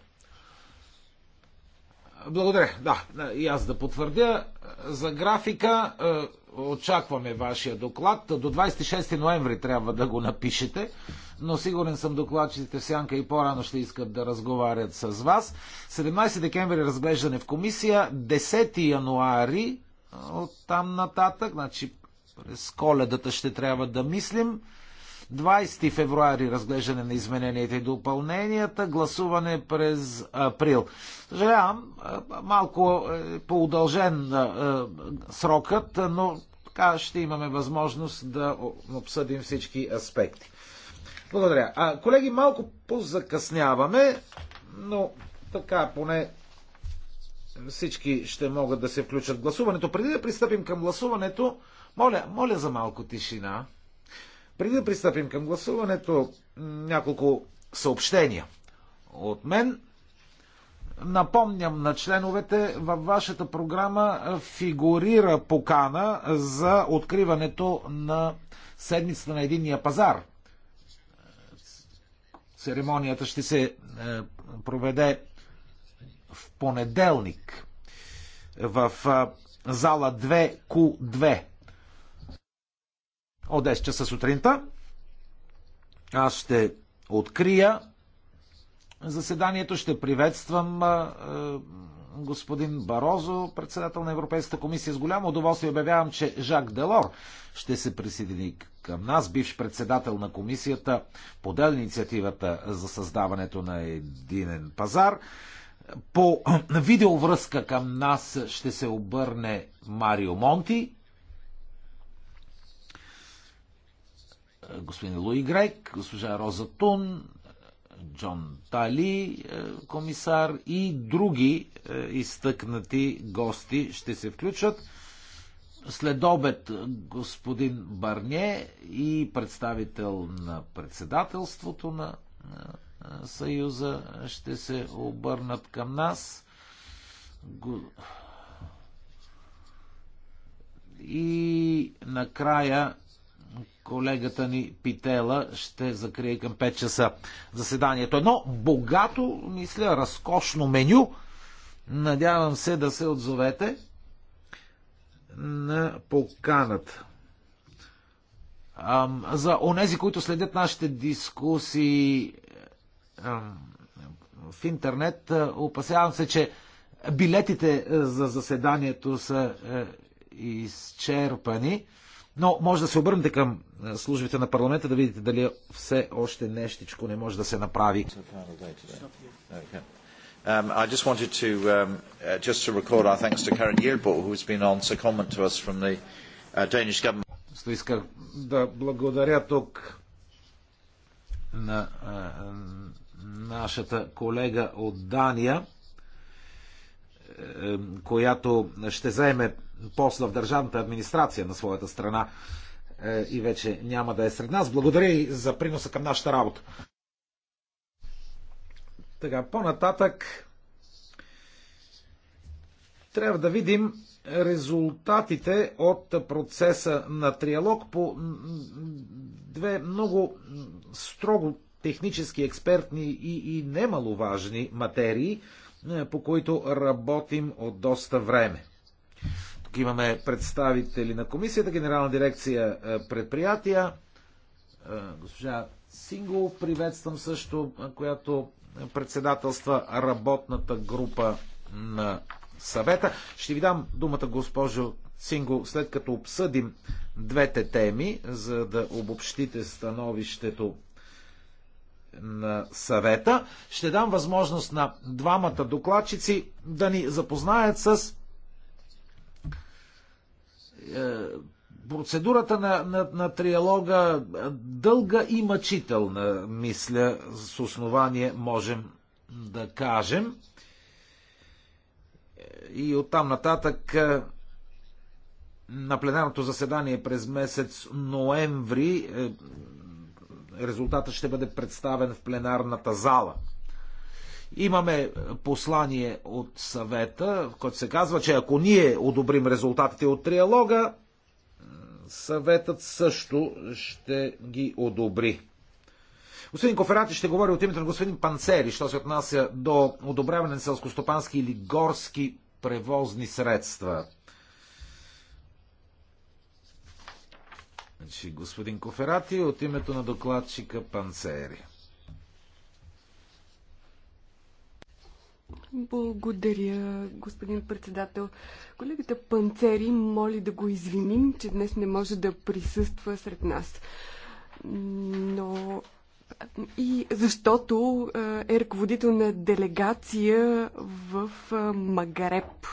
Благодаря. Да, и аз да потвърдя за графика очакваме вашия доклад. До 26 ноември трябва да го напишете, но сигурен съм докладчиците в Сянка и по-рано ще искат да разговарят с вас. 17 декември е разглеждане в комисия, 10 януари от там нататък, значи през коледата ще трябва да мислим. 20 февруари разглеждане на измененията и допълненията, гласуване през април. Съжалявам, малко е поудължен срокът, но така ще имаме възможност да обсъдим всички аспекти. Благодаря. А, колеги, малко позакъсняваме, но така поне всички ще могат да се включат в гласуването. Преди да пристъпим към гласуването, моля, моля за малко тишина. Преди да пристъпим към гласуването, няколко съобщения от мен. Напомням на членовете, във вашата програма фигурира покана за откриването на седмицата на единния пазар. Церемонията ще се е, проведе в понеделник в е, зала 2Q2 от 10 часа сутринта. Аз ще открия заседанието, ще приветствам господин Барозо, председател на Европейската комисия. С голямо удоволствие обявявам, че Жак Делор ще се присъедини към нас, бивш председател на комисията, подел инициативата за създаването на единен пазар. По (clears throat) видеовръзка към нас ще се обърне Марио Монти, господин Луи Грек, госпожа Роза Тун, Джон Тали, е, комисар и други е, изтъкнати гости ще се включат. След обед е, господин Барне и представител на председателството на Съюза ще се обърнат към нас. И накрая колегата ни Питела ще закрие към 5 часа заседанието. Едно богато, мисля, разкошно меню. Надявам се да се отзовете на поканата. За онези, които следят нашите дискусии в интернет, опасявам се, че билетите за заседанието са изчерпани. Но може да се обърнете към е, службите на парламента да видите дали все още нещичко не може да се направи.
Um, I just wanted to um, uh, just to record our thanks to Karen been on to us from the uh, Danish
government. Исках да благодаря тук на uh, нашата колега от Дания, е, която ще заеме посла в държавната администрация на своята страна е, и вече няма да е сред нас. Благодаря и за приноса към нашата работа. Така, по-нататък трябва да видим резултатите от процеса на триалог по две много строго технически, експертни и, и немаловажни материи, е, по които работим от доста време. Тук имаме представители на комисията, генерална дирекция е, предприятия. Е, госпожа Сингул приветствам също, е, която председателства работната група на съвета. Ще ви дам думата, госпожо Сингул, след като обсъдим двете теми, за да обобщите становището на съвета. Ще дам възможност на двамата докладчици да ни запознаят с е, процедурата на, на, на триалога е, дълга и мъчителна, мисля, с основание можем да кажем. И оттам нататък е, на пленарното заседание през месец ноември резултатът ще бъде представен в пленарната зала. Имаме е, послание от съвета, в което се казва, че ако ние одобрим резултатите от триалога, е, съветът също ще ги одобри. Господин Коферати ще говори от името на господин Панцери, що се отнася до одобряване на селскостопански или горски превозни средства. Значи, господин Коферати от името на докладчика Панцери.
Благодаря, господин председател. Колегата Панцери моли да го извиним, че днес не може да присъства сред нас. Но и защото е ръководител на делегация в Магареб.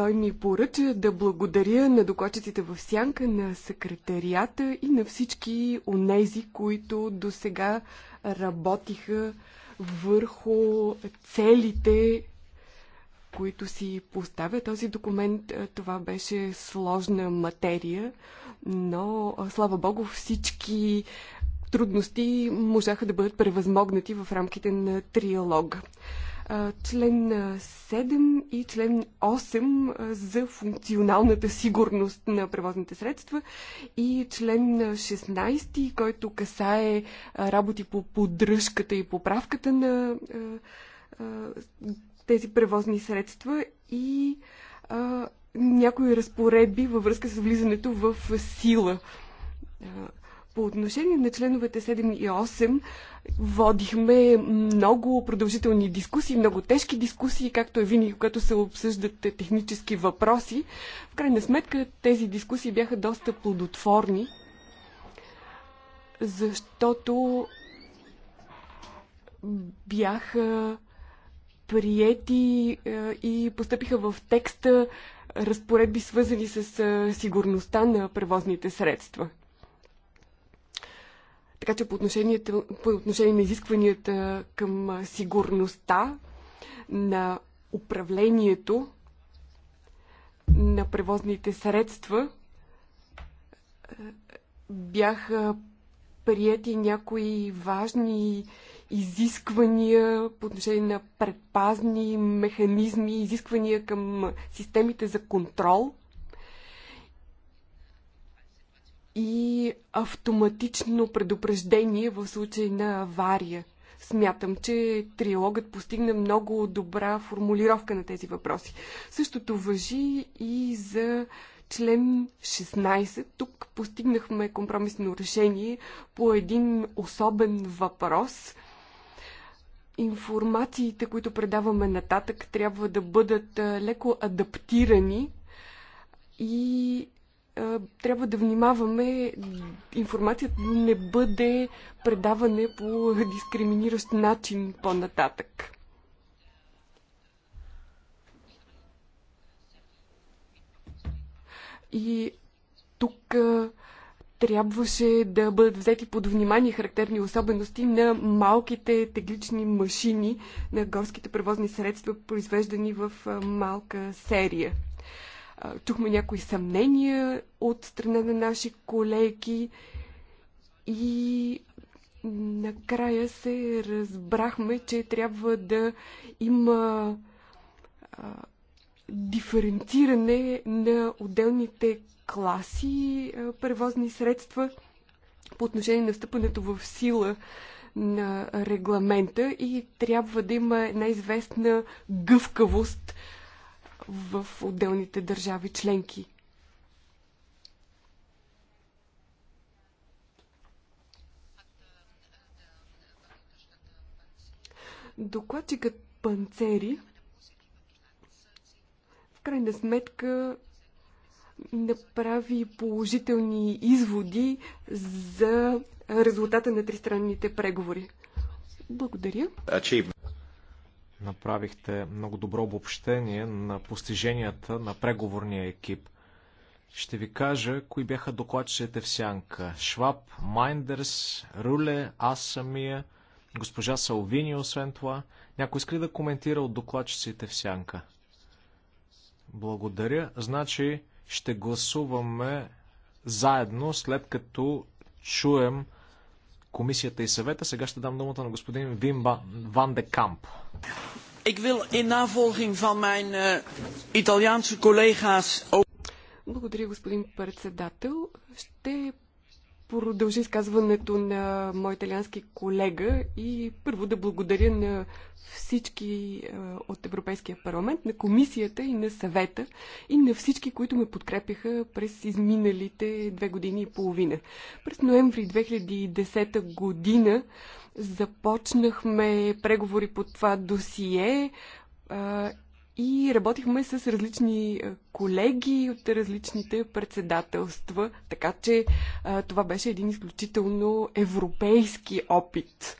Той ми поръча да благодаря на докладчиците в сянка, на секретарията и на всички онези, които до сега работиха върху целите, които си поставя този документ. Това беше сложна материя, но слава Богу всички трудности можаха да бъдат превъзмогнати в рамките на триалога член 7 и член 8 за функционалната сигурност на превозните средства и член 16, който касае работи по поддръжката и поправката на тези превозни средства и някои разпоредби във връзка с влизането в сила по отношение на членовете 7 и 8 водихме много продължителни дискусии, много тежки дискусии, както е винаги, когато се обсъждат технически въпроси. В крайна сметка тези дискусии бяха доста плодотворни, защото бяха приети е, и постъпиха в текста разпоредби, свързани с е, сигурността на превозните средства. Така че по отношение, по отношение на изискванията към сигурността на управлението на превозните средства бяха прияти някои важни изисквания по отношение на предпазни механизми, изисквания към системите за контрол и автоматично предупреждение в случай на авария. Смятам, че триологът постигна много добра формулировка на тези въпроси. Същото въжи и за член 16. Тук постигнахме компромисно решение по един особен въпрос. Информациите, които предаваме нататък, трябва да бъдат леко адаптирани и трябва да внимаваме информацията не бъде предаване по дискриминиращ начин по-нататък. И тук трябваше да бъдат взети под внимание характерни особености на малките теглични машини на горските превозни средства, произвеждани в малка серия. Чухме някои съмнения от страна на наши колеги и накрая се разбрахме, че трябва да има диференциране на отделните класи превозни средства по отношение на встъпането в сила на регламента и трябва да има една известна гъвкавост в отделните държави членки. Докладчикът Панцери в крайна сметка направи положителни изводи за резултата на тристранните преговори. Благодаря.
Направихте много добро обобщение на постиженията на преговорния екип. Ще ви кажа, кои бяха докладчите в сянка. Шваб, Майндерс, Руле, аз самия, госпожа Салвини, освен това. Някой иска да коментира от докладчиците в сянка? Благодаря. Значи ще гласуваме заедно, след като чуем комисията и съвета. Сега ще дам думата на господин Вимба Ван де Камп.
Ik wil in navolging van mijn uh, Italiaanse collega's ook... Благодаря, господин председател. Ще Продължи изказването на мой италиански колега и първо да благодаря на всички е, от Европейския парламент, на комисията и на съвета и на всички, които ме подкрепяха през изминалите две години и половина. През ноември 2010 година започнахме преговори по това досие е, и работихме с различни колеги от различните председателства, така че а, това беше един изключително европейски опит.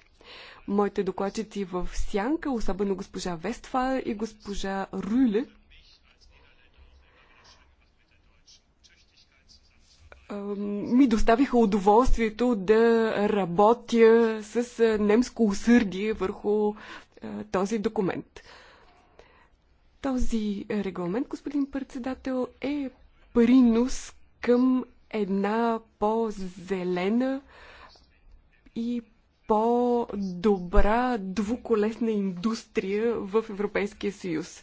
Моите докладчици в Сянка, особено госпожа Вестфал и госпожа Рюле, ми доставиха удоволствието да работя с немско усърдие върху този документ. Този регламент, господин председател, е принос към една по-зелена и по-добра двуколесна индустрия в Европейския съюз.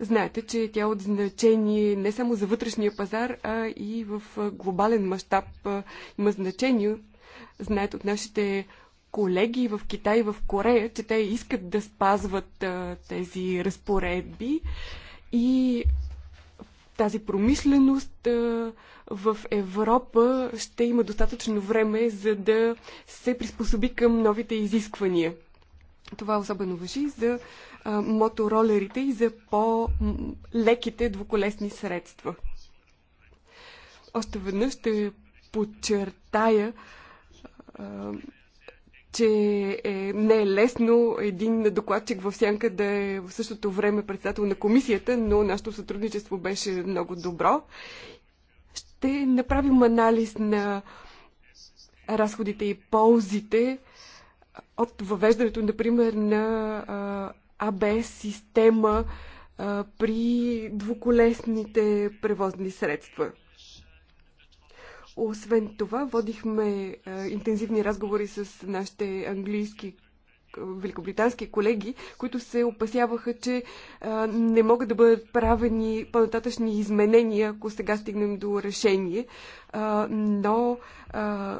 Знаете, че тя е от значение не само за вътрешния пазар, а и в глобален мащаб има значение. Знаете от нашите колеги в Китай и в Корея, че те искат да спазват а, тези разпоредби и тази промишленост а, в Европа ще има достатъчно време, за да се приспособи към новите изисквания. Това особено въжи за а, моторолерите и за по-леките двуколесни средства. Още веднъж ще подчертая а, че е, не е лесно един докладчик в сянка да е в същото време председател на комисията, но нашето сътрудничество беше много добро. Ще направим анализ на разходите и ползите от въвеждането, например, на АБС система при двуколесните превозни средства. Освен това, водихме а, е, интензивни разговори с нашите английски е, великобритански колеги, които се опасяваха, че а, е, не могат да бъдат правени по-нататъчни изменения, ако сега стигнем до решение. А, но а,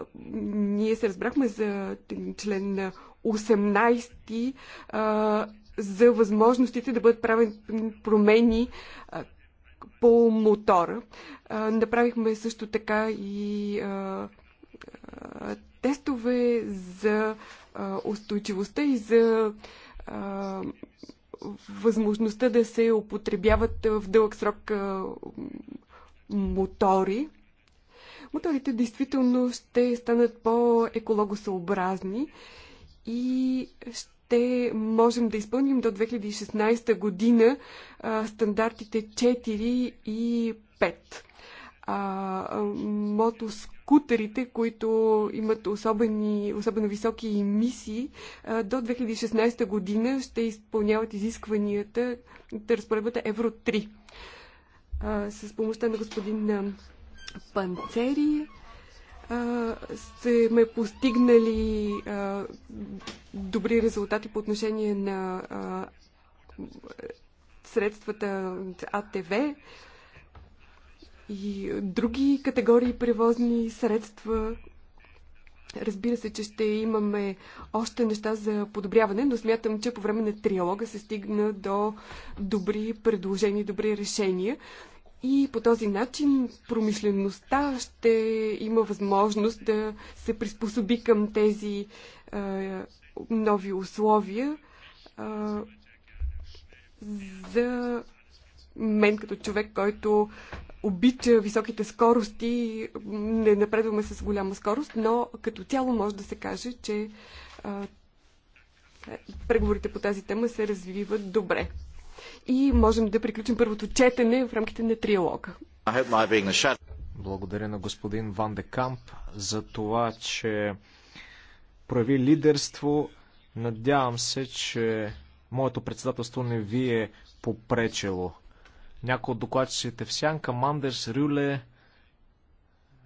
ние се разбрахме за член 18 а, за възможностите да бъдат правени промени а, по мотора. Направихме също така и тестове за устойчивостта и за възможността да се употребяват в дълъг срок мотори. Моторите действително ще станат по-екологосъобразни и ще ще можем да изпълним до 2016 година а, стандартите 4 и 5. А, мотоскутерите, които имат особени, особено високи емисии, а, до 2016 година ще изпълняват изискванията да разпоредбата Евро 3. А, с помощта на господин Панцери сме постигнали а, добри резултати по отношение на а, средствата АТВ и други категории превозни средства. Разбира се, че ще имаме още неща за подобряване, но смятам, че по време на триалога се стигна до добри предложения, добри решения. И по този начин промишлеността ще има възможност да се приспособи към тези е, нови условия. Е, за мен като човек, който обича високите скорости, не напредваме с голяма скорост, но като цяло може да се каже, че е, преговорите по тази тема се развиват добре и можем да приключим първото четене в рамките на триалога.
Благодаря на господин Ван де Камп за това, че прояви лидерство. Надявам се, че моето председателство не ви е попречело. Някой от докладчиците в Сянка, Мандерс, Рюле.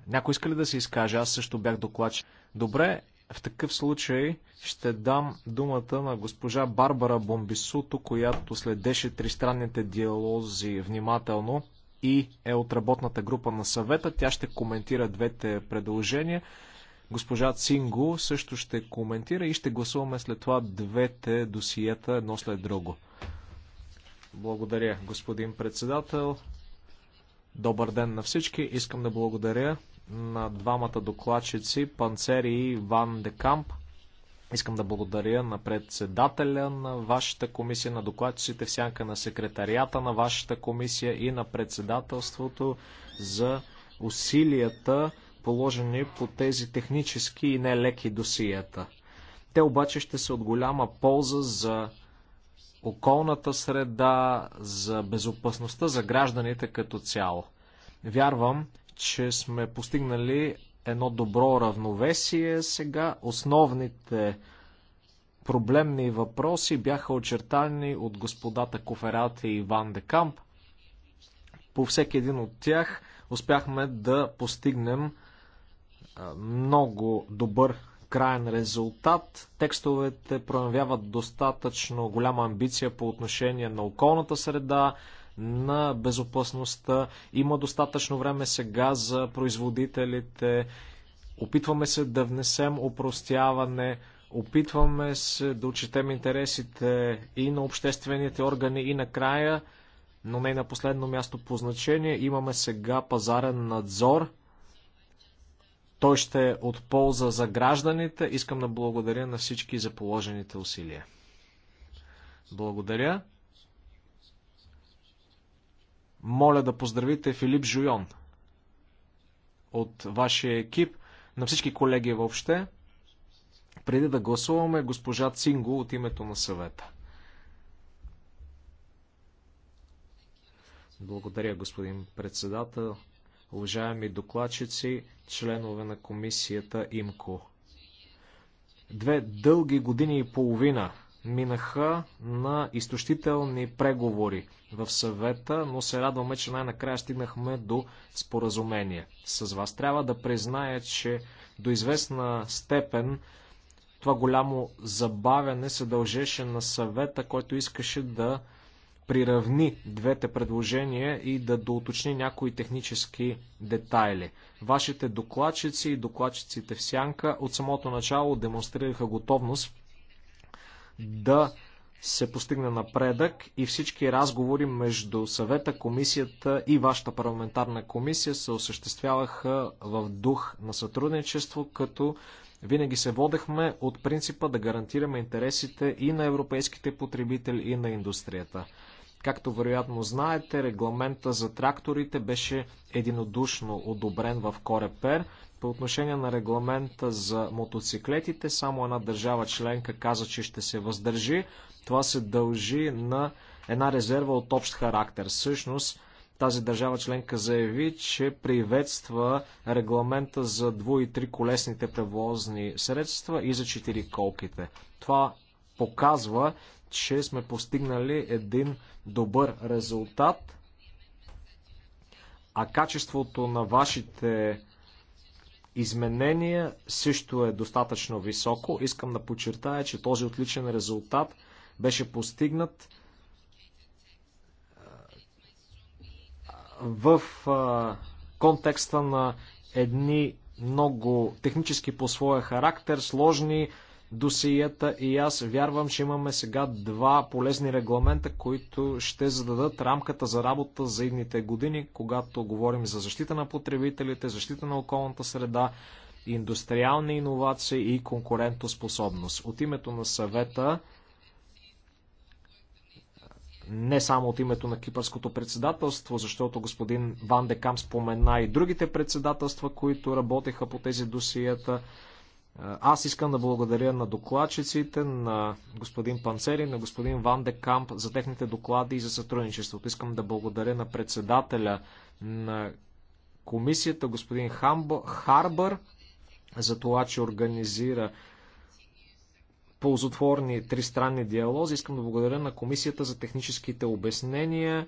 Някой иска ли да се изкаже? Аз също бях докладчик. Добре, в такъв случай ще дам думата на госпожа Барбара Бомбисуто, която следеше тристранните диалози внимателно и е от работната група на съвета. Тя ще коментира двете предложения. Госпожа Цинго също ще коментира и ще гласуваме след това двете досиета едно след друго. Благодаря, господин председател. Добър ден на всички. Искам да благодаря на двамата докладчици Панцери и Ван Декамп. Искам да благодаря на председателя на вашата комисия, на докладчиците всяка сянка на секретарията на вашата комисия и на председателството за усилията положени по тези технически и нелеки досиета. Те обаче ще са от голяма полза за околната среда, за безопасността, за гражданите като цяло. Вярвам, че сме постигнали едно добро равновесие. Сега основните проблемни въпроси бяха очертани от господата Коферата и Ван де Камп. По всеки един от тях успяхме да постигнем много добър краен резултат. Текстовете проявяват достатъчно голяма амбиция по отношение на околната среда, на безопасността. Има достатъчно време сега за производителите. Опитваме се да внесем упростяване. Опитваме се да отчетем интересите и на обществените органи, и накрая, но не на последно място по значение. Имаме сега пазарен надзор. Той ще е от полза за гражданите. Искам да благодаря на всички за положените усилия. Благодаря. Моля да поздравите Филип Жуйон от вашия екип, на всички колеги въобще. Преди да гласуваме госпожа Цинго от името на съвета. Благодаря, господин председател. Уважаеми докладчици, членове на комисията ИМКО. Две дълги години и половина минаха на изтощителни преговори в съвета, но се радваме, че най-накрая стигнахме до споразумение с вас. Трябва да призная, че до известна степен това голямо забавяне се дължеше на съвета, който искаше да приравни двете предложения и да доуточни някои технически детайли. Вашите докладчици и докладчиците в сянка от самото начало демонстрираха готовност да се постигне напредък и всички разговори между съвета, комисията и вашата парламентарна комисия се осъществяваха в дух на сътрудничество, като винаги се водехме от принципа да гарантираме интересите и на европейските потребители, и на индустрията. Както вероятно знаете, регламента за тракторите беше единодушно одобрен в Корепер. По отношение на регламента за мотоциклетите, само една държава членка каза, че ще се въздържи. Това се дължи на една резерва от общ характер. Всъщност, тази държава членка заяви, че приветства регламента за дво- и колесните превозни средства и за колките. Това показва, че сме постигнали един добър резултат, а качеството на вашите изменения също е достатъчно високо. Искам да подчертая, че този отличен резултат – беше постигнат. В контекста на едни много технически по своя характер, сложни досиета и аз вярвам, че имаме сега два полезни регламента, които ще зададат рамката за работа за идните години, когато говорим за защита на потребителите, защита на околната среда, индустриални иновации и конкурентоспособност. От името на съвета не само от името на кипърското председателство, защото господин Ван Декам спомена и другите председателства, които работеха по тези досията. Аз искам да благодаря на докладчиците, на господин Панцери, на господин Ван де Камп за техните доклади и за сътрудничеството. Искам да благодаря на председателя на комисията, господин Хамбо, Харбър, за това, че организира ползотворни тристранни диалози. Искам да благодаря на комисията за техническите обяснения,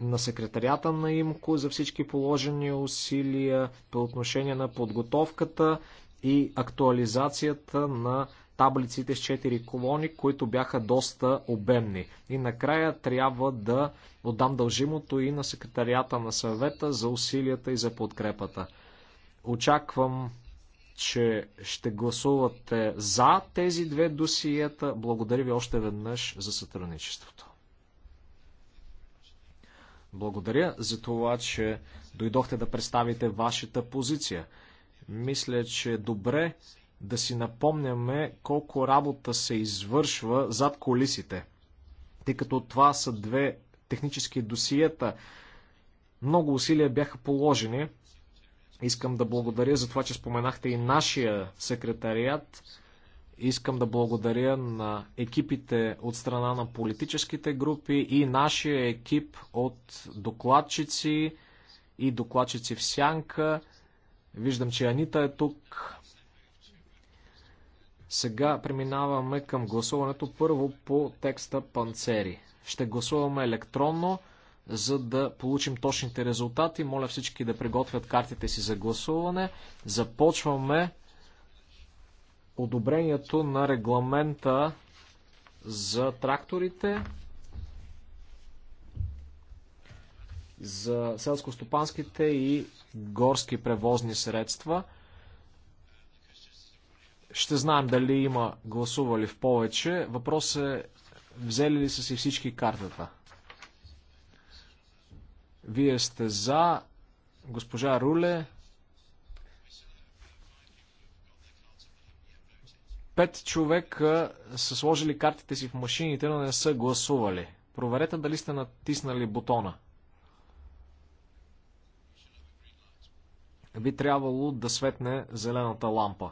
на секретарията на ИМКО за всички положени усилия по отношение на подготовката и актуализацията на таблиците с 4 колони, които бяха доста обемни. И накрая трябва да отдам дължимото и на секретарията на съвета за усилията и за подкрепата. Очаквам че ще гласувате за тези две досиета. Благодаря ви още веднъж за сътрудничеството. Благодаря за това, че дойдохте да представите вашата позиция. Мисля, че е добре да си напомняме колко работа се извършва зад колисите. Тъй като това са две технически досиета, много усилия бяха положени Искам да благодаря за това, че споменахте и нашия секретариат. Искам да благодаря на екипите от страна на политическите групи и нашия екип от докладчици и докладчици в сянка. Виждам, че Анита е тук. Сега преминаваме към гласуването първо по текста Панцери. Ще гласуваме електронно за да получим точните резултати. Моля всички да приготвят картите си за гласуване. Започваме одобрението на регламента за тракторите, за селско-стопанските и горски превозни средства. Ще знаем дали има гласували в повече. Въпрос е взели ли са си всички картата. Вие сте за. Госпожа Руле. Пет човека са сложили картите си в машините, но не са гласували. Проверете дали сте натиснали бутона. Би трябвало да светне зелената лампа.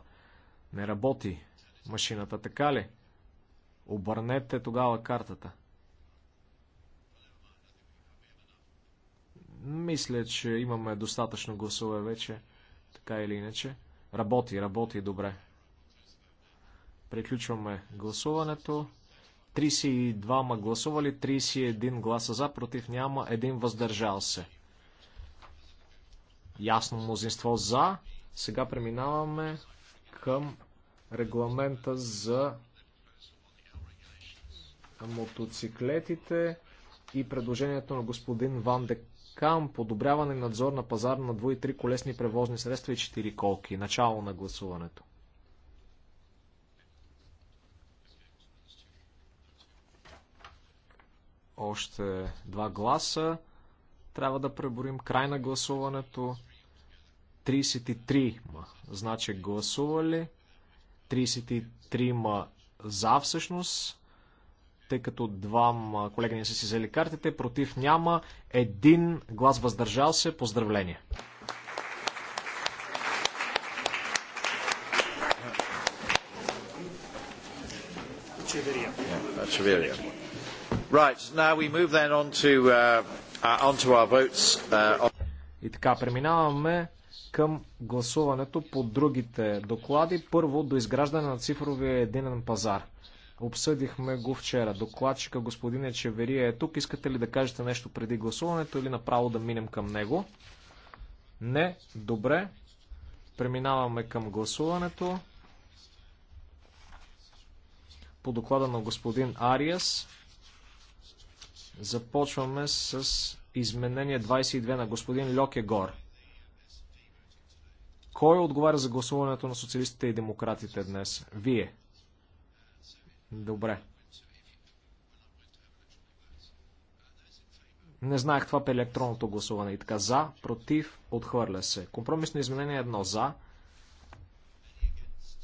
Не работи машината, така ли? Обърнете тогава картата. Мисля, че имаме достатъчно гласове вече, така или иначе. Работи, работи добре. Приключваме гласуването. 32 ма гласували, 31 гласа за, против няма, един въздържал се. Ясно мнозинство за. Сега преминаваме към регламента за мотоциклетите и предложението на господин Ван Дек към подобряване на надзор на пазар на 2 и 3 колесни превозни средства и 4 колки. Начало на гласуването. Още два гласа. Трябва да преборим край на гласуването. 33 ма. Значи гласували. 33 ма за всъщност тъй като двама колеги не са си взели картите, против няма, един глас въздържал се, поздравление. Uh,
uh, uh,
И така, преминаваме към гласуването по другите доклади. Първо, до изграждане на цифровия единен пазар. Обсъдихме го вчера. Докладчика господин Ечеверия е тук. Искате ли да кажете нещо преди гласуването или направо да минем към него? Не. Добре. Преминаваме към гласуването. По доклада на господин Ариас започваме с изменение 22 на господин Льокегор. Кой отговаря за гласуването на социалистите и демократите днес? Вие. Добре. Не знаех това при електронното гласуване. И така, за, против, отхвърля се. Компромисно изменение едно за,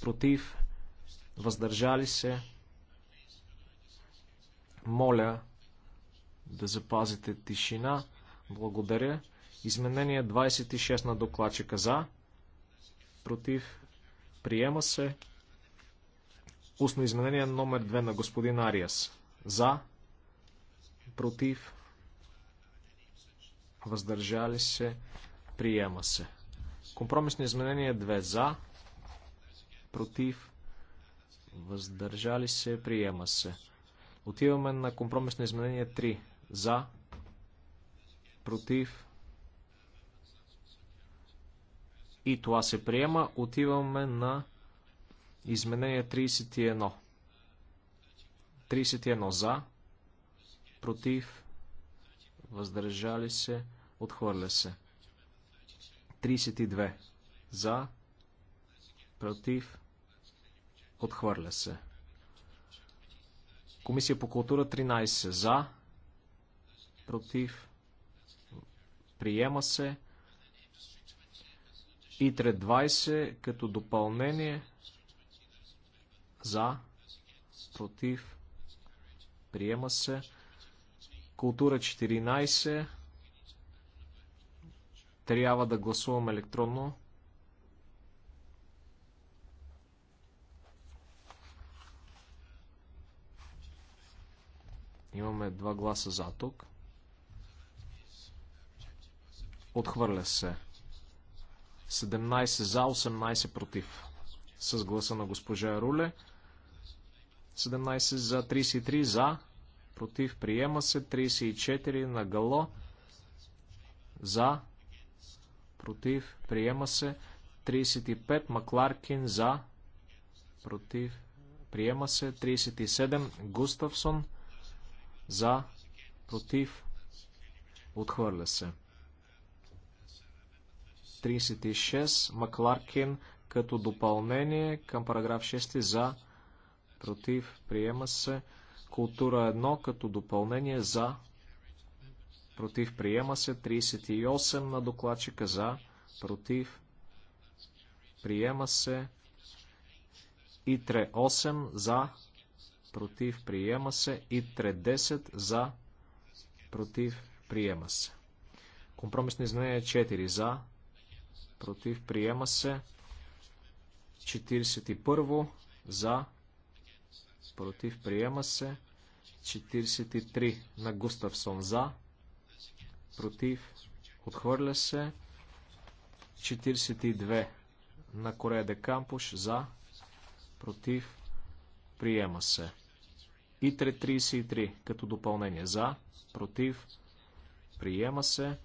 против, въздържали се. Моля да запазите тишина. Благодаря. Изменение 26 на докладчика за, против, приема се. Устно изменение номер 2 на господин Ариас. За, против, въздържали се, приема се. Компромисно изменение 2 за, против, въздържали се, приема се. Отиваме на компромисно изменение 3 за, против, и това се приема. Отиваме на Изменение 31. 31 за, против, въздържали се, отхвърля се. 32 за, против, отхвърля се. Комисия по култура 13 за, против, приема се. ИТРЕ 20 като допълнение за. Против. Приема се. Култура 14. Трябва да гласувам електронно. Имаме два гласа за тук. Отхвърля се. 17 за, 18 против. С гласа на госпожа Руле. 17 за 33 за, против приема се 34 на гало за, против приема се 35 Макларкин за, против приема се 37 Густавсон за, против отхвърля се. 36 Макларкин като допълнение към параграф 6 за, против, приема се. Култура 1 като допълнение за, против, приема се. 38 на докладчика за, против, приема се. Итре 8 за, против, приема се. Итре 10 за, против, приема се. Компромисно изменение 4 за, против, приема се. 41 за, против, приема се. 43 на Густавсон за, против, отхвърля се. 42 на Корея де Кампуш за, против, приема се. И 33 като допълнение за, против, приема се.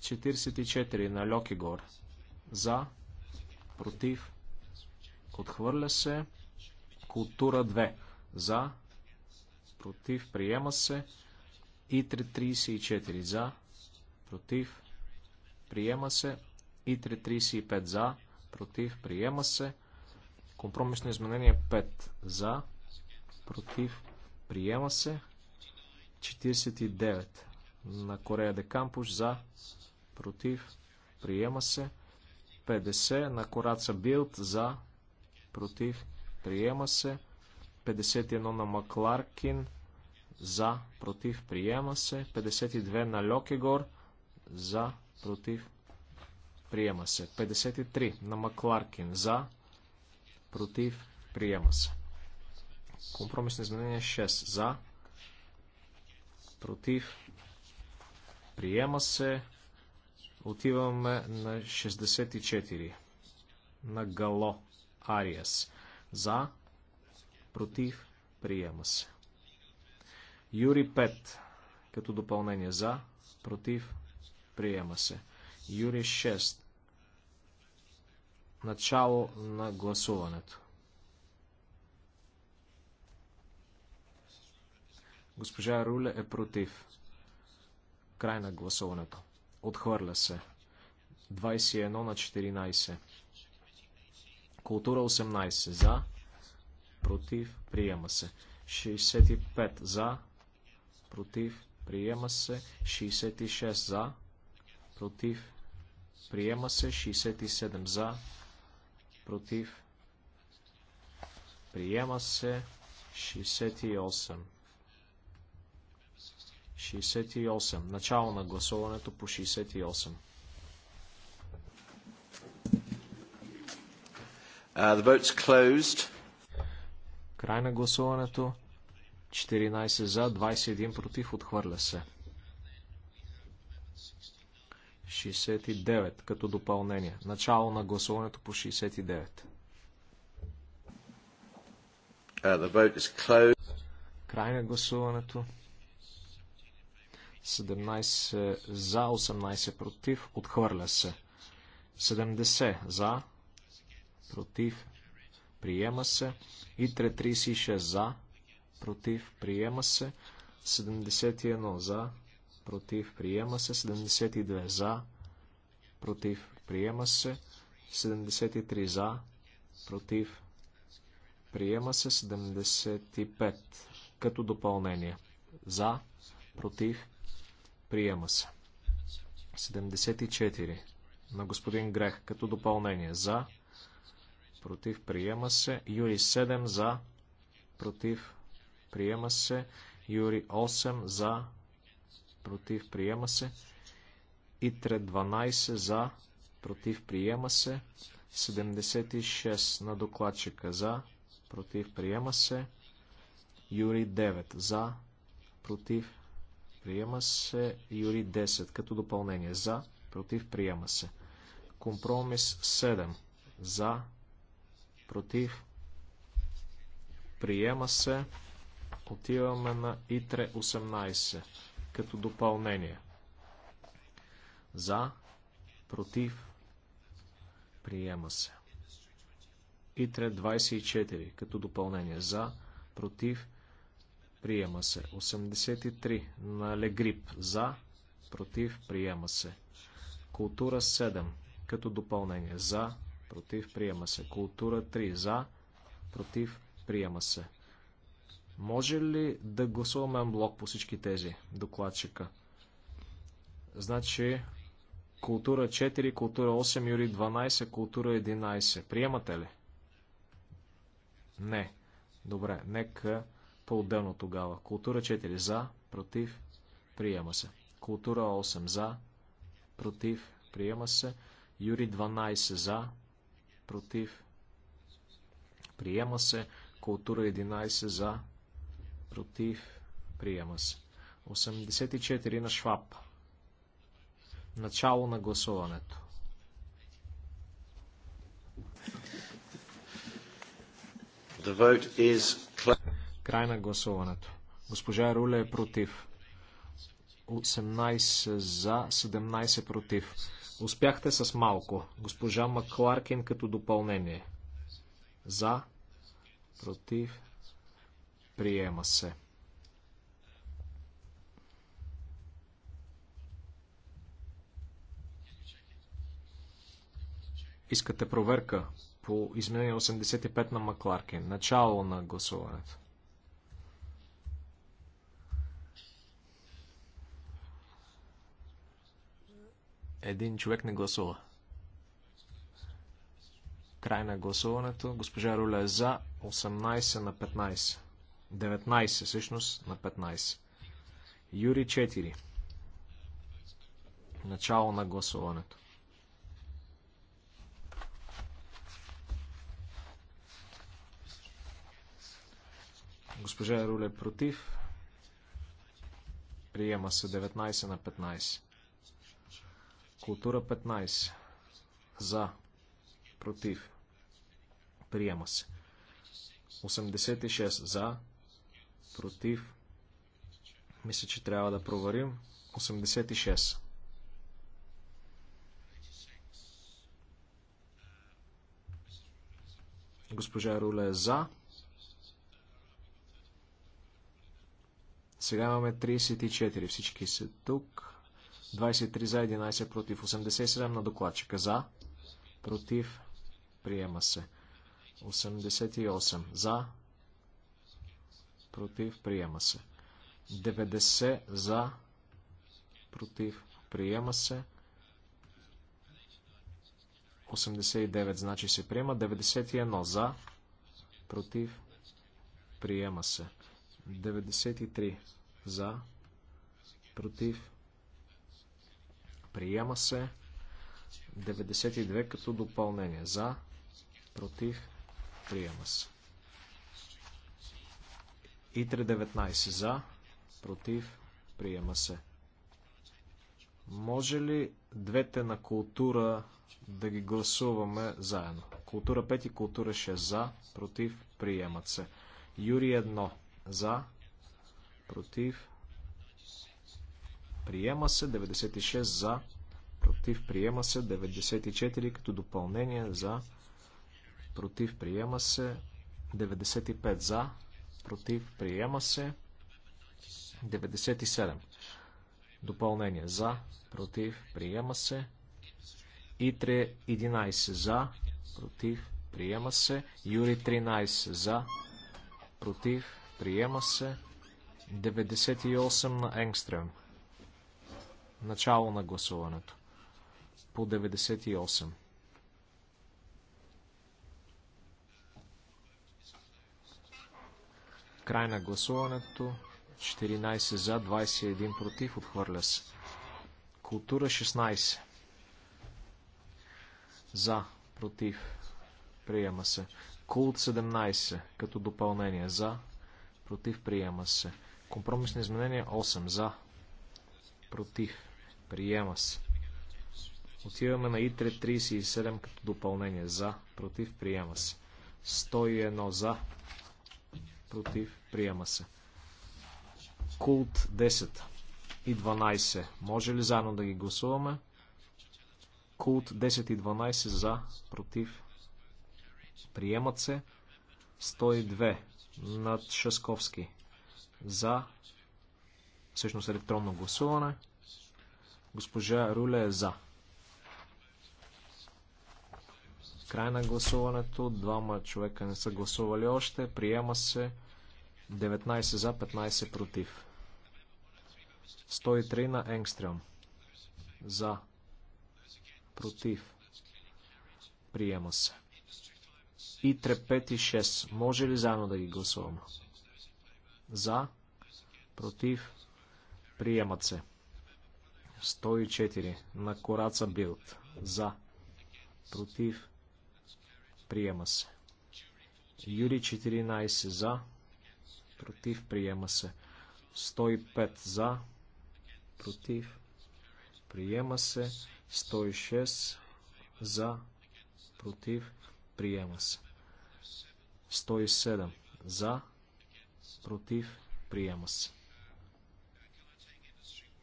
44 на Льокигор за, против, отхвърля се. Култура 2 за, против, приема се. И 334 за, против, приема се. И 335 за, против, приема се. Компромисно изменение 5 за, против, приема се. 49 на Корея де Кампуш за, против, приема се. 50 на Кораца Билд за, против, приема се. 51 на Макларкин. За, против, приема се. 52 на Льокегор. За, против, приема се. 53 на Макларкин. За, против, приема се. Компромисно изменение 6. За, против, приема се. Отиваме на 64 на Гало Ариас. За, против, приема се. Юри 5 като допълнение за, против, приема се. Юри 6 начало на гласуването. Госпожа Руле е против. Край на гласуването. Отхвърля се. 21 на 14. Култура 18. За против, приема се. 65 за, против, приема се. 66 за, против, приема се. 67 за, против, приема се. 68. 68. Начало на гласуването по 68. Uh, the vote's closed. Край на гласуването. 14 за, 21 против, отхвърля се. 69 като допълнение. Начало на гласуването по 69. Uh, Край на гласуването. 17 за, 18 против, отхвърля се. 70 за, против, приема се. Итре 36 за, против, приема се. 71 за, против, приема се. 72 за, против, приема се. 73 за, против, приема се. 75 като допълнение. За, против, приема се. 74 на господин Грех като допълнение. За, против, приема се. Юри 7 за, против, приема се. Юри 8 за, против, приема се. Итре 12 за, против, приема се. 76 на докладчика за, против, приема се. Юри 9 за, против, приема се. Юри 10 като допълнение за, против, приема се. Компромис 7 за, против, приема се, отиваме на ИТРЕ 18 като допълнение. За, против, приема се. ИТРЕ 24 като допълнение. За, против, приема се. 83 на Легрип. За, против, приема се. Култура 7 като допълнение. За, против, приема се. Култура 3 за, против, приема се. Може ли да гласуваме блок по всички тези докладчика? Значи, култура 4, култура 8, юри 12, култура 11. Приемате ли? Не. Добре, нека по-отделно тогава. Култура 4 за, против, приема се. Култура 8 за, против, приема се. Юри 12 за, против, приема се. Култура 11 за, против, приема се. 84 на Шваб. Начало на гласуването. The vote is... Край на гласуването. Госпожа Руля е против. 18 за, 17 против. Успяхте с малко. Госпожа Макларкин като допълнение. За, против, приема се. Искате проверка по изменение 85 на Макларкин. Начало на гласуването. Един човек не гласува. Край на гласуването. Госпожа Руля е за 18 на 15. 19 всъщност на 15. Юри 4. Начало на гласуването. Госпожа е против. Приема се 19 на 15. Култура 15. За. Против. Приема се. 86. За. Против. Мисля, че трябва да проверим. 86. Госпожа Руле е за. Сега имаме 34. Всички са тук. 23 за 11 против. 87 на докладчика за. Против. Приема се. 88 за. Против. Приема се. 90 за. Против. Приема се. 89 значи се приема. 91 за. Против. Приема се. 93 за. Против. Приема се 92 като допълнение. За, против, приема се. Итре 19 за, против, приема се. Може ли двете на култура да ги гласуваме заедно? Култура 5 и култура 6 за, против, приемат се. Юри 1 за, против, Приема се 96 за. Против. Приема се 94 като допълнение за. Против. Приема се 95 за. Против. Приема се 97. Допълнение за. Против. Приема се. И 11 за. Против. Приема се. Юри 13 за. Против. Приема се. 98 на Енгстрем. Начало на гласуването. По 98. Край на гласуването. 14 за, 21 против. Отхвърля се. Култура 16. За, против. Приема се. Култ 17 като допълнение. За, против. Приема се. Компромисни изменения 8. За, против. Приема се. Отиваме на ИТРЕ 37 като допълнение. За, против, приема се. 101 за, против, приема се. Култ 10 и 12. Може ли заедно да ги гласуваме? Култ 10 и 12 за, против, приемат се. 102 над Шасковски. За, всъщност електронно гласуване. Госпожа Руле е за. Край на гласуването. Двама човека не са гласували още. Приема се 19 за, 15 против. 103 на Енгстрем. За. Против. Приема се. И 3, 5 и 6. Може ли заедно да ги гласуваме? За. Против. Приемат се. 104 на Кораца Билд. За. Против. Приема се. Юри 14 за. Против. Приема се. 105 за. Против. Приема се. 106 за. Против. Приема се. 107 за. Против. Приема се.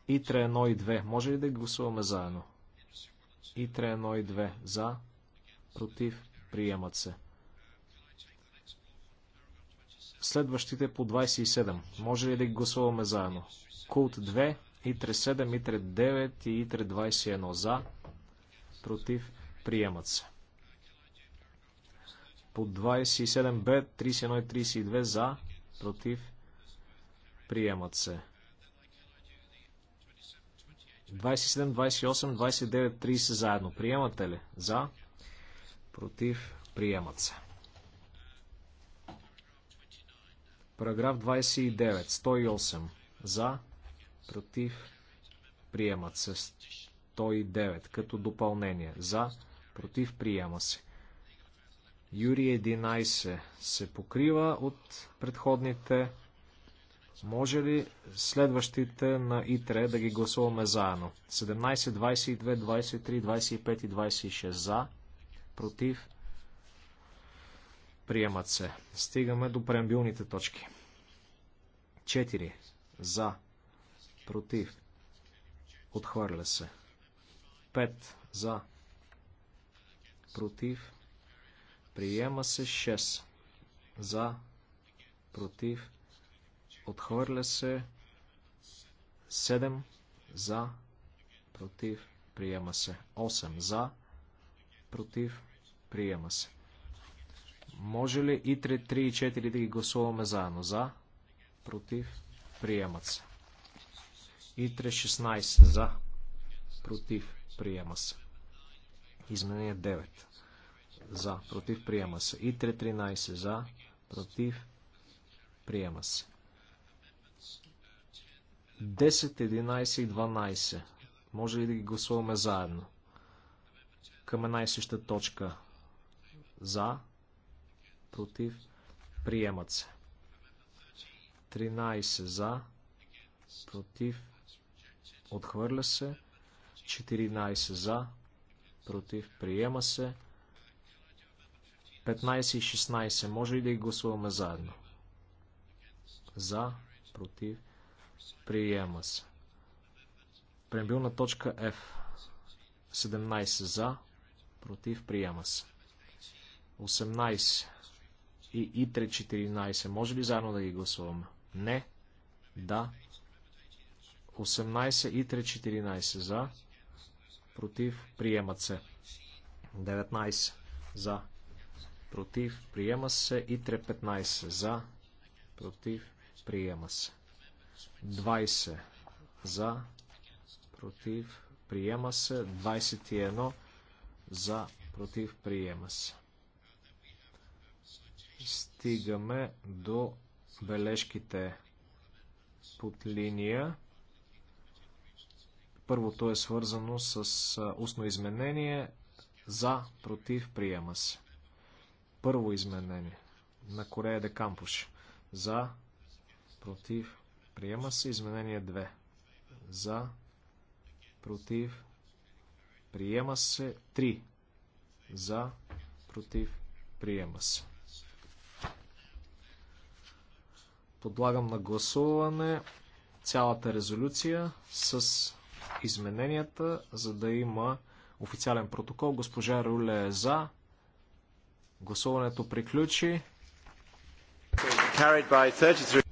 ИТРЕ 1 и 2. Може ли да гласуваме заедно? ИТРЕ 1 и 2. За, против, приемат се. Следващите по 27. Може ли да ги гласуваме заедно? Култ 2, ИТРЕ 7, ИТРЕ 9 и ИТРЕ 21. За, против, приемат се. По 27Б, 31 и 32 за, против, приемат се. 27, 28, 29, 30 заедно. Приемате ли? За. Против. Приемат се. Параграф 29. 108. За. Против. Приемат се. 109. Като допълнение. За. Против. Приема се. Юри 11 се покрива от предходните. Може ли следващите на ИТРЕ да ги гласуваме заедно? 17, 22, 23, 25 и 26 за, против, приемат се. Стигаме до преамбилните точки. 4 за, против, отхвърля се. 5 за, против, приема се. 6 за, против, Отхвърля се. 7 за. Против. Приема се. 8 за. Против. Приема се. Може ли и 3, 3 и 4 да ги гласуваме заедно? За. Против. Приемат се. И 3, 16 за. Против. Приема се. Изменение 9. За. Против. Приема се. И 3, 13 за. Против. Приема се. 10, 11 и 12. Може ли да ги гласуваме заедно? Към една и съща точка. За, против, приемат се. 13 за, против, отхвърля се. 14 за, против, приема се. 15 и 16. Може ли да ги гласуваме заедно? За, против, приема се Приема се. Преамбилна точка F. 17 за. Против. Приема се. 18 и ИТРЕ 14. Може ли заедно да ги гласуваме? Не. Да. 18 и 3-14 за. Против. Приемат се. 19 за. Против. Приема се. И 3-15 за. Против. Приема се. 20 за, против, приема се. 21 за, против, приема се. Стигаме до бележките под линия. Първото е свързано с устно изменение за, против, приема се. Първо изменение на Корея де Кампуш. За, против, Приема се изменение 2. За. Против. Приема се 3. За. Против. Приема се. Подлагам на гласуване цялата резолюция с измененията, за да има официален протокол. Госпожа Руле е за. Гласуването приключи. Carried by 33.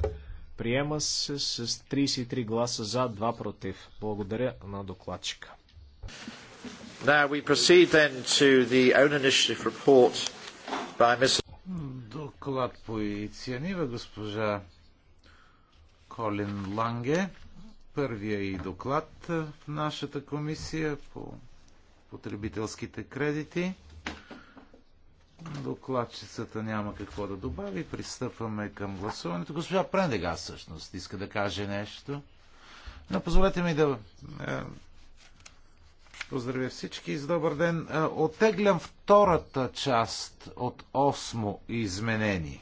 Приема се с 33 гласа за, 2 против. Благодаря на докладчика.
Now we proceed then to the own initiative report by
Доклад по инициатива госпожа Колин Ланге. Първия и доклад в нашата комисия по потребителските кредити. Докладчицата няма какво да добави. Пристъпваме към гласуването. Госпожа Прендега всъщност иска да каже нещо. Но позволете ми да е, поздравя всички с добър ден. Е, оттеглям втората част от осмо изменение.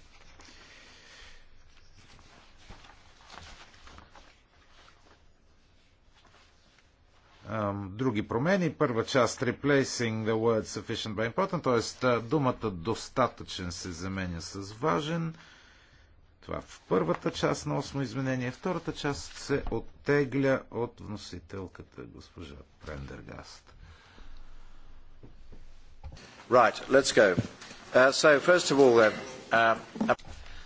други промени. Първа част replacing the word sufficient by important, т.е. думата достатъчен се заменя с важен. Това в първата част на осмо изменение. Втората част се оттегля от вносителката госпожа Прендергаст.
Right, let's go. Uh, so first of all then, uh,
uh...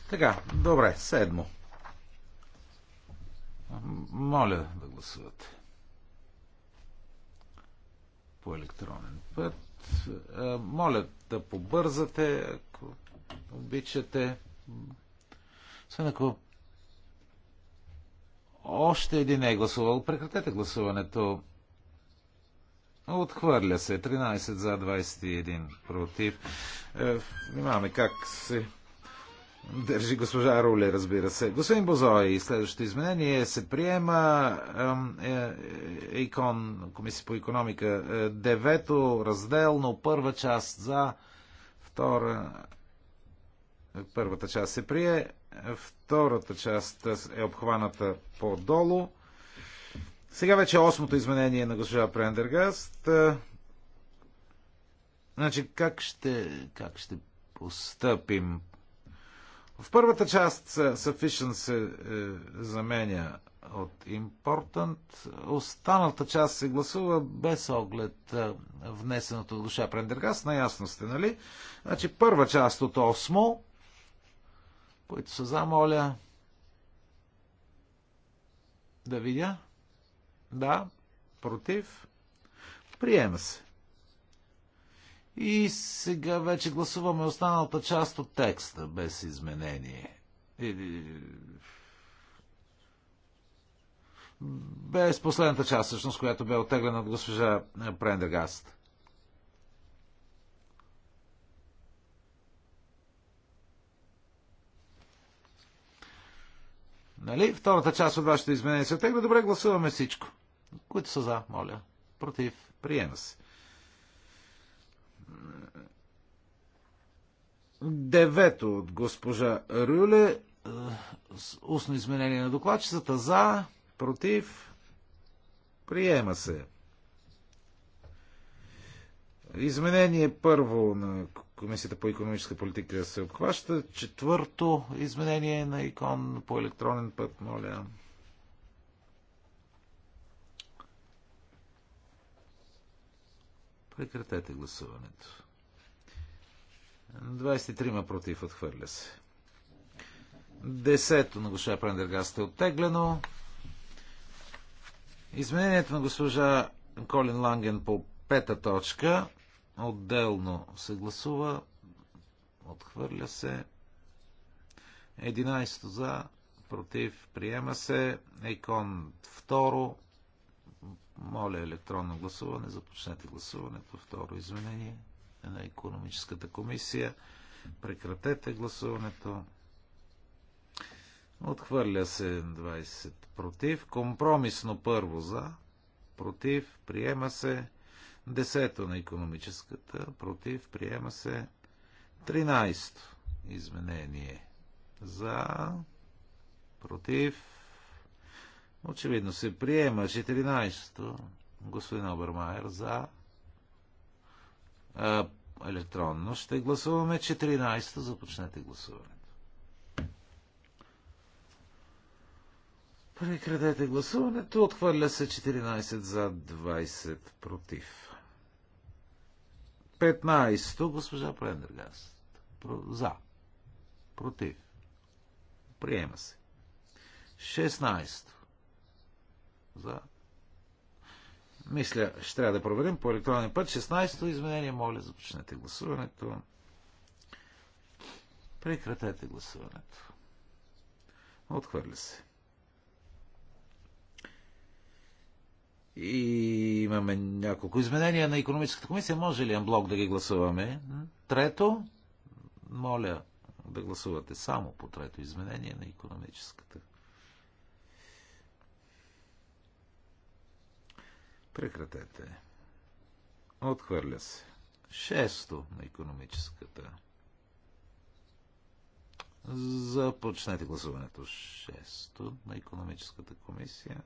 Така, добре, седмо. Моля да гласувате по електронен път. Моля да побързате, ако обичате. Освен ако още един не е гласувал, прекратете гласуването. Отхвърля се. 13 за 21 против. Е, внимаваме как се Държи госпожа Руле, разбира се. Господин Бозой, следващото изменение се приема е, е, икон, Комисия по економика, е, девето разделно, първа част за, втора, първата част се прие, втората част е обхваната по-долу. Сега вече осмото изменение на госпожа Прендергаст. Значи, как ще, как ще постъпим? В първата част sufficient се е, заменя от important. Останалата част се гласува без оглед е, внесеното от душа Прендергас. Наясно сте, нали? Значи първа част от осмо, които се замоля, да видя. Да, против. Приема се. И сега вече гласуваме останалата част от текста без изменение. Или... Без последната част, всъщност, която бе отеглена от госпожа е, Прендегаст. Нали? Втората част от вашето изменение се отегля. Добре, гласуваме всичко. Които са за, моля. Против. Приема се. Девето от госпожа Рюле. Е, устно изменение на докладчицата. За, против, приема се. Изменение първо на Комисията по економическа политика се обхваща. Четвърто изменение на икон по електронен път, моля. Прекратете гласуването. 23 против отхвърля се. Десето на госпожа Прендергаст е оттеглено. Изменението на госпожа Колин Ланген по пета точка отделно се гласува. Отхвърля се. 11 за, против, приема се. Икон 2 моля електронно гласуване. Започнете гласуването. Второ изменение на економическата комисия. Прекратете гласуването. Отхвърля се 20 против. Компромисно първо за. Против. Приема се. Десето на економическата. Против. Приема се. 13 изменение. За. Против. Очевидно се приема. 14-то. Господин Обермайер за. А, електронно ще гласуваме 14-то. Започнете гласуването. Прекратете гласуването. Отхвърля се 14 за 20 против. 15-то. Госпожа Прендергаст. За. Против. Приема се. 16-то за. Мисля, ще трябва да проверим по електронен път. 16-то изменение, моля, започнете гласуването. Прекратете гласуването. Отхвърля се. И имаме няколко изменения на економическата комисия. Може ли анблок да ги гласуваме? Трето, моля да гласувате само по трето изменение на економическата комисия. Прекратете. Отхвърля се. Шесто на економическата. Започнете гласуването. Шесто на економическата комисия.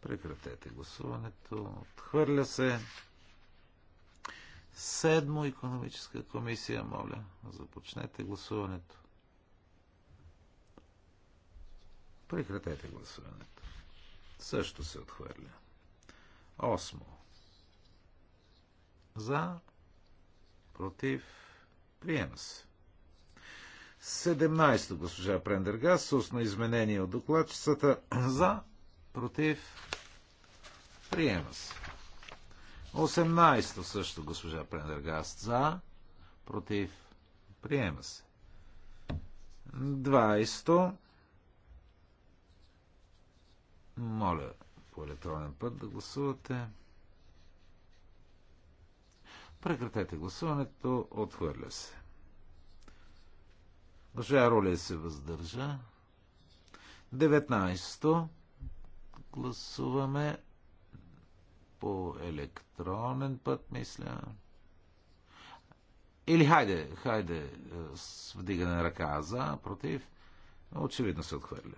Прекратете гласуването. Отхвърля се. Седмо економическа комисия, моля, започнете гласуването. Прекратете гласуването. Също се отхвърля. Осмо. За, против, приема се. 17 госпожа Прендергас, с устно изменение от докладчицата за, против, приема се. 18 също госпожа Прендергаст за, против, приема се. 20 моля, по електронен път да гласувате. Прекратете гласуването. Отхвърля се. Лъжа роля се въздържа. 19 то гласуваме по електронен път, мисля. Или хайде, хайде, е, с вдигане на ръка за, против. Очевидно се отхвърля.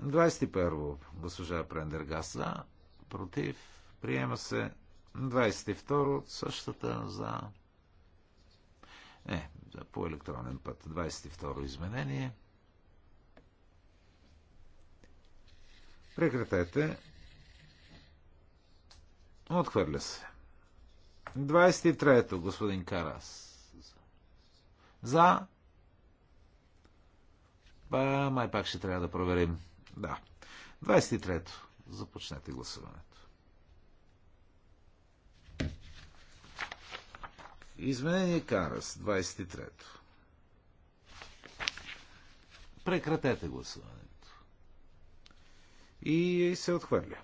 21. Госпожа Прендергас за. Против. Приема се. 22. Същата за. Не, по електронен път. 22 изменение. Прекратете. Отхвърля се. 23-то, господин Карас. За. Ба, май пак ще трябва да проверим. Да. 23-то. Започнете гласуването. Изменение Карас, 23-то. Прекратете гласуването. И се отхвърля.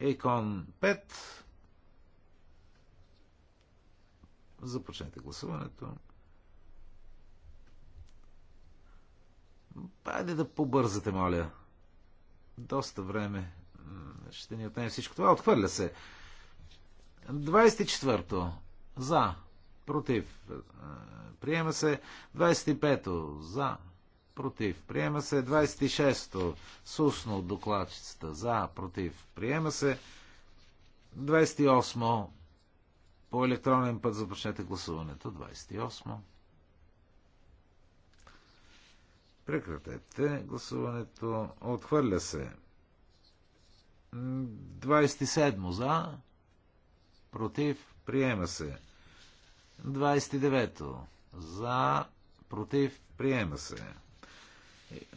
Икон 5 Започнете гласуването. Пайде да побързате, моля. Доста време. Ще ни отнеме всичко това. Отхвърля се. 24-то. Е, За. Против. Приема се. 25-то. За. Против. Приема се. 26-то. Сусно от докладчицата. За. Против. Приема се. 28-то. По електронен път започнете гласуването. 28. Прекратете гласуването. Отхвърля се. 27 за. Против. Приема се. 29 за. Против. Приема се.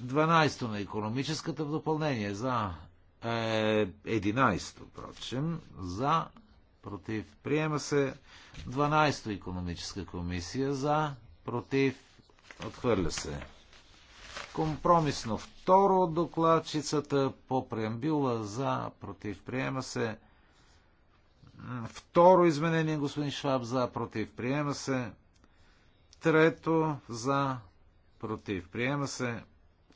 12 на економическата в допълнение за. 11 е, прочим. За против, приема се. 12-то економическа комисия за, против, отхвърля се. Компромисно второ докладчицата по преамбюла за, против, приема се. Второ изменение, господин Шваб, за, против, приема се. Трето, за, против, приема се.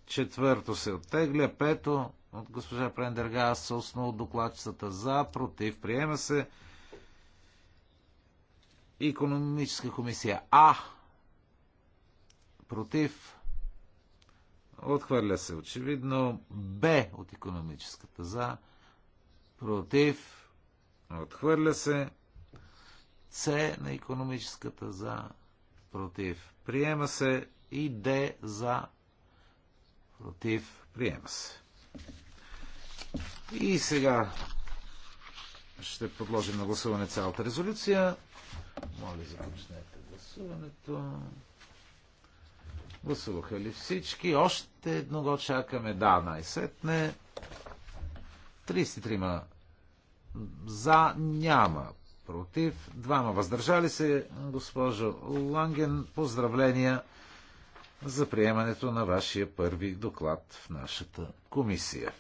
Четвърто се оттегля. Пето, от госпожа Прендергаст, основно докладчицата за, против, приема се. Економическа комисия А. Против. Отхвърля се очевидно. Б от економическата за. Против. Отхвърля се. С на економическата за. Против. Приема се. И Д за. Против. Приема се. И сега ще подложим на гласуване цялата резолюция. Моля, започнете гласуването. Гласуваха ли всички? Още едно го чакаме. Да, най-сетне. 33 за няма. Против. Двама въздържали се. Госпожо Ланген, поздравления за приемането на вашия първи доклад в нашата комисия.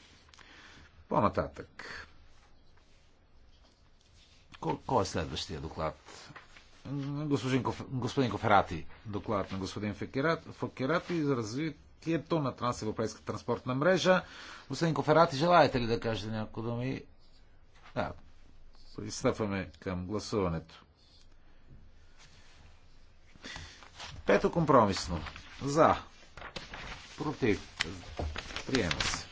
По-нататък. Кой е следващия доклад? Господин, Коферати, доклад на господин Фокерати за развитието на трансевропейска транспортна мрежа. Господин Коферати, желаете ли да кажете някои думи? Да, пристъпваме към гласуването. Пето компромисно. За. Против. Приема се.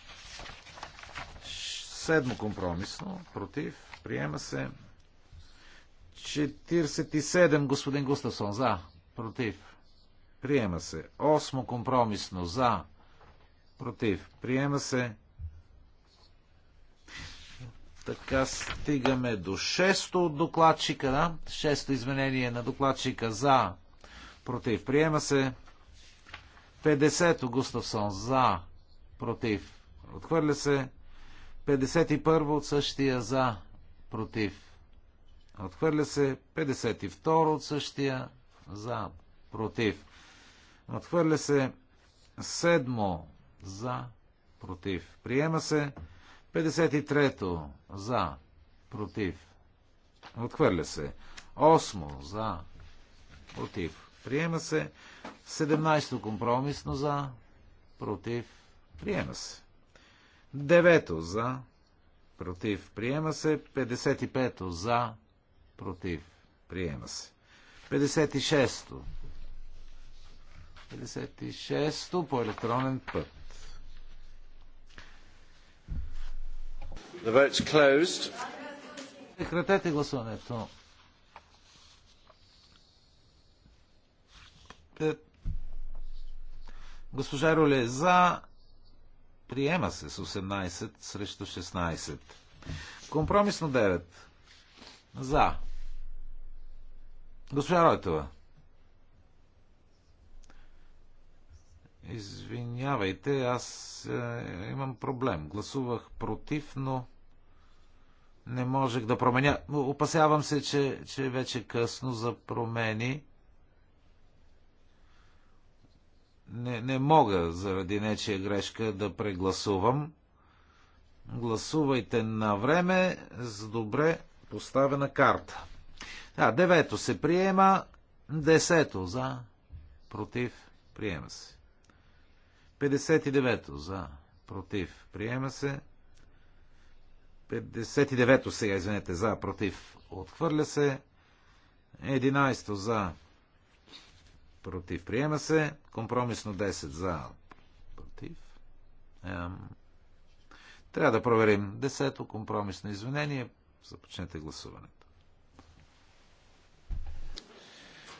Седмо компромисно. Против. Приема се. 47, господин Густавсон, за. Против. Приема се. Осмо компромисно, за. Против. Приема се. Така стигаме до шесто от докладчика, да? Шесто изменение на докладчика за. Против. Приема се. 50 Густавсон за. Против. Отхвърля се. 51 от същия за. Против. Отхвърля се 52 от същия за против. Отхвърля се 7 за против. Приема се 53 за против. Отхвърля се 8 за против. Приема се 17 компромисно за против. Приема се. 9 за против. Приема се 55 за Против. Приема се. 56-то. 56-то по електронен път. The vote's closed. Прекратете гласуването. Госпожа Роле, за приема се с 18 срещу 16. Компромисно 9. За. Госпожа Ройтова. Извинявайте, аз е, имам проблем. Гласувах против, но не можех да променя. Опасявам се, че, че вече е късно за промени. Не, не мога заради нечия грешка да прегласувам. Гласувайте на време с добре Поставена карта. Да, девето се приема. Десето за. Против. Приема се. 59-то за. Против. Приема се. 59-то сега, извинете, за. Против. Отхвърля се. 11-то за. Против. Приема се. Компромисно 10 за. Против. Ем... Трябва да проверим. 10-то компромисно извинение. Започнете гласуването.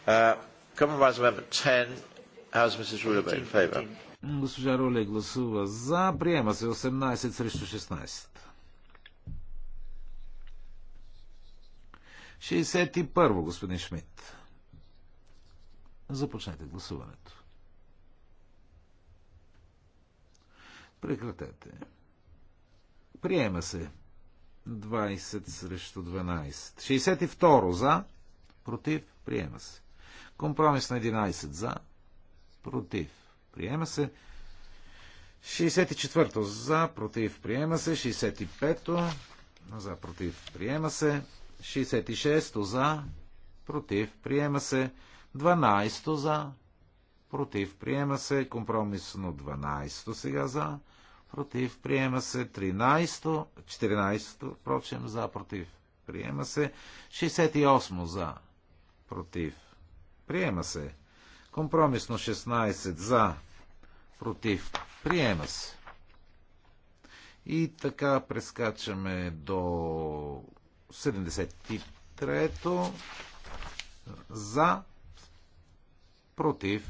Uh, Госпожа Руле гласува за. Приема се 18 срещу 16. 61, господин Шмидт. Започнете гласуването. Прекратете. Приема се 20 срещу 12. 62 за, против, приема се. Компромис на 11 за, против, приема се. 64 за, против, приема се. 65 за, против, приема се. 66 за, против, приема се. 12 за, против, приема се. Компромисно 12 сега за, против, приема се 13-то, 14-то, впрочем, за, против, приема се 68 за, против, приема се. Компромисно 16 за, против, приема се. И така прескачаме до 73-то за, против,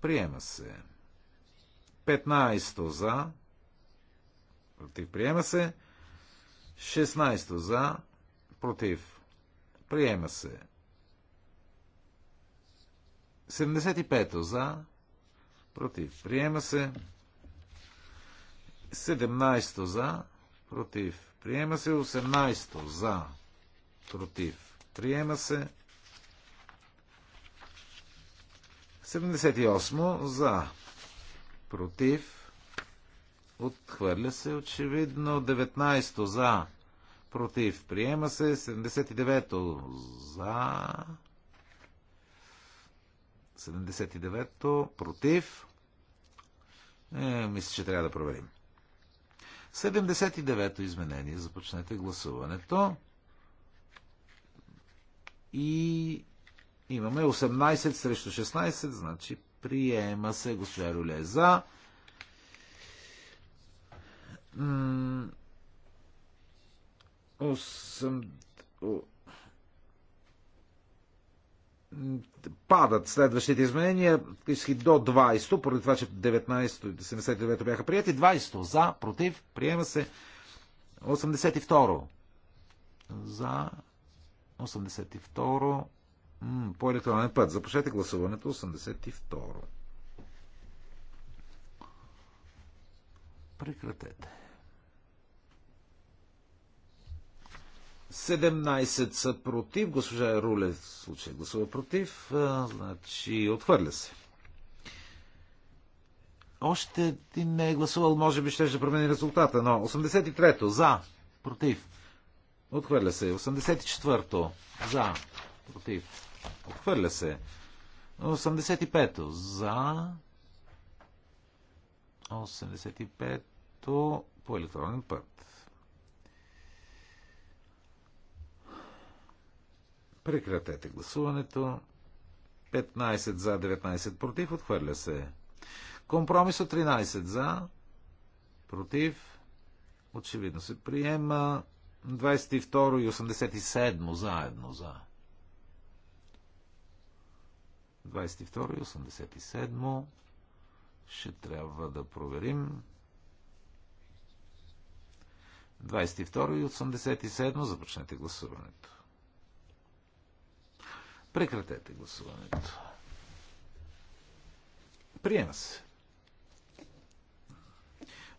приема се. 15 за. Против. Приема се. 16 за. Против. Приема се. 75 за. Против. Приема се. 17 за. Против. Приема се. 18 за. Против. Приема се. 78 за против, отхвърля се очевидно 19-то за, против, приема се 79-то за, 79-то против, е, мисля, че трябва да проверим. 79-то изменение, започнете гласуването и имаме 18 срещу 16, значи Приема се госпожа Руле е за. Осъм... падат следващите изменения до 20, поради това, че 19 и 79 бяха прияти. 20 за, против, приема се 82 за 82 по електронен път. Започнете гласуването 82. Прекратете. 17 са против. Госпожа Руле в случай гласува против. Значи отхвърля се. Още ти не е гласувал, може би ще, ще промени резултата, но 83-то за, против. Отхвърля се. 84-то за, против. Отхвърля се. 85-то за 85-то по електронен път. Прекратете гласуването. 15 за, 19 против. Отхвърля се. Компромис от 13 за, против. Очевидно се приема. 22 и 87 заедно за. 22 87 ще трябва да проверим. 22 и 87 започнете гласуването. Прекратете гласуването. Приема се.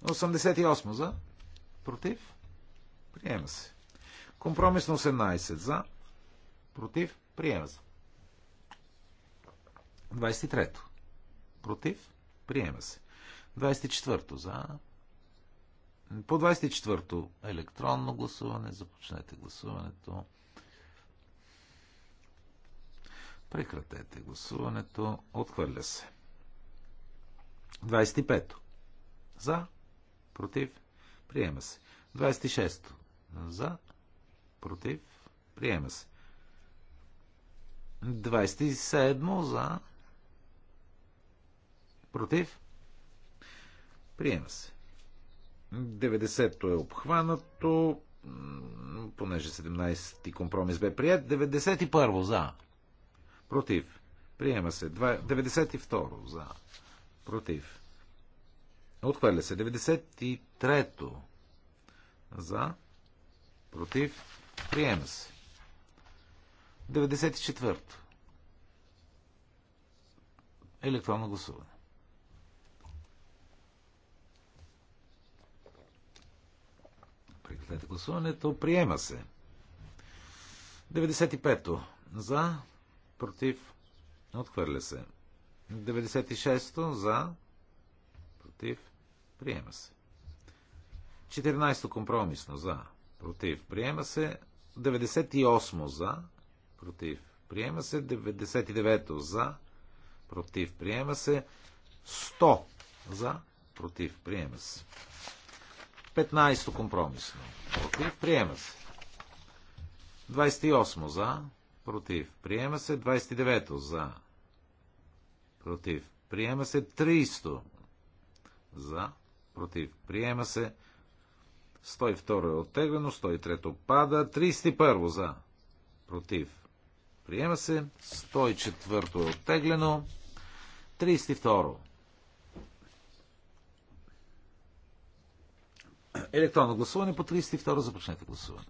88 за. Против. Приема се. Компромисно 18 за. Против. Приема се. 23. Против. Приема се. 24. то За. По 24. то Електронно гласуване. Започнете гласуването. Прекратете гласуването. Отхвърля се. 25. За. Против. Приема се. 26. За. Против. Приема се. 27. За. Против? Приема се. 90-то е обхванато, понеже 17-ти компромис бе прият. 91-во за. Против. Приема се. 92-ро за. Против. Отхвърля се. 93-то за. Против. Приема се. 94-то. Електронно гласуване. Прекратете гласуването. Приема се. 95-то. За. Против. Отхвърля се. 96-то. За. Против. Приема се. 14-то компромисно. За. Против. Приема се. 98-то. За. Против. Приема се. 99-то. За. Против. Приема се. 100 за. Против. Приема се. 15 компромисно. Против. Приема се. 28 за. Против. Приема се. 29 за. Против. Приема се. 300 за. Против. Приема се. 102 е оттеглено. 103 пада. 31 за. Против. Приема се. 104 е оттеглено. 32 Електронно гласуване по 32 започнете гласуване.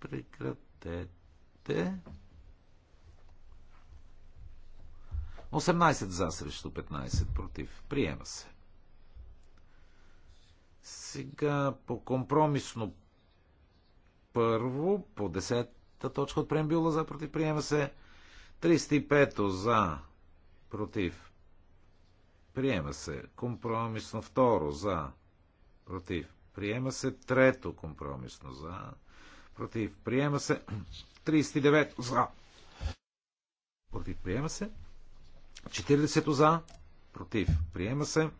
Прекратете. 18 за срещу 15 против. Приема се. Сега по компромисно първо, по 10-та точка от преамбюла за против приема се. 35 за против Приема се. Компромисно второ. За. Против. Приема се. Трето компромисно. За. Против. Приема се. 39. (clears throat) За. Против. Приема се. 40 за. Против. Приема се.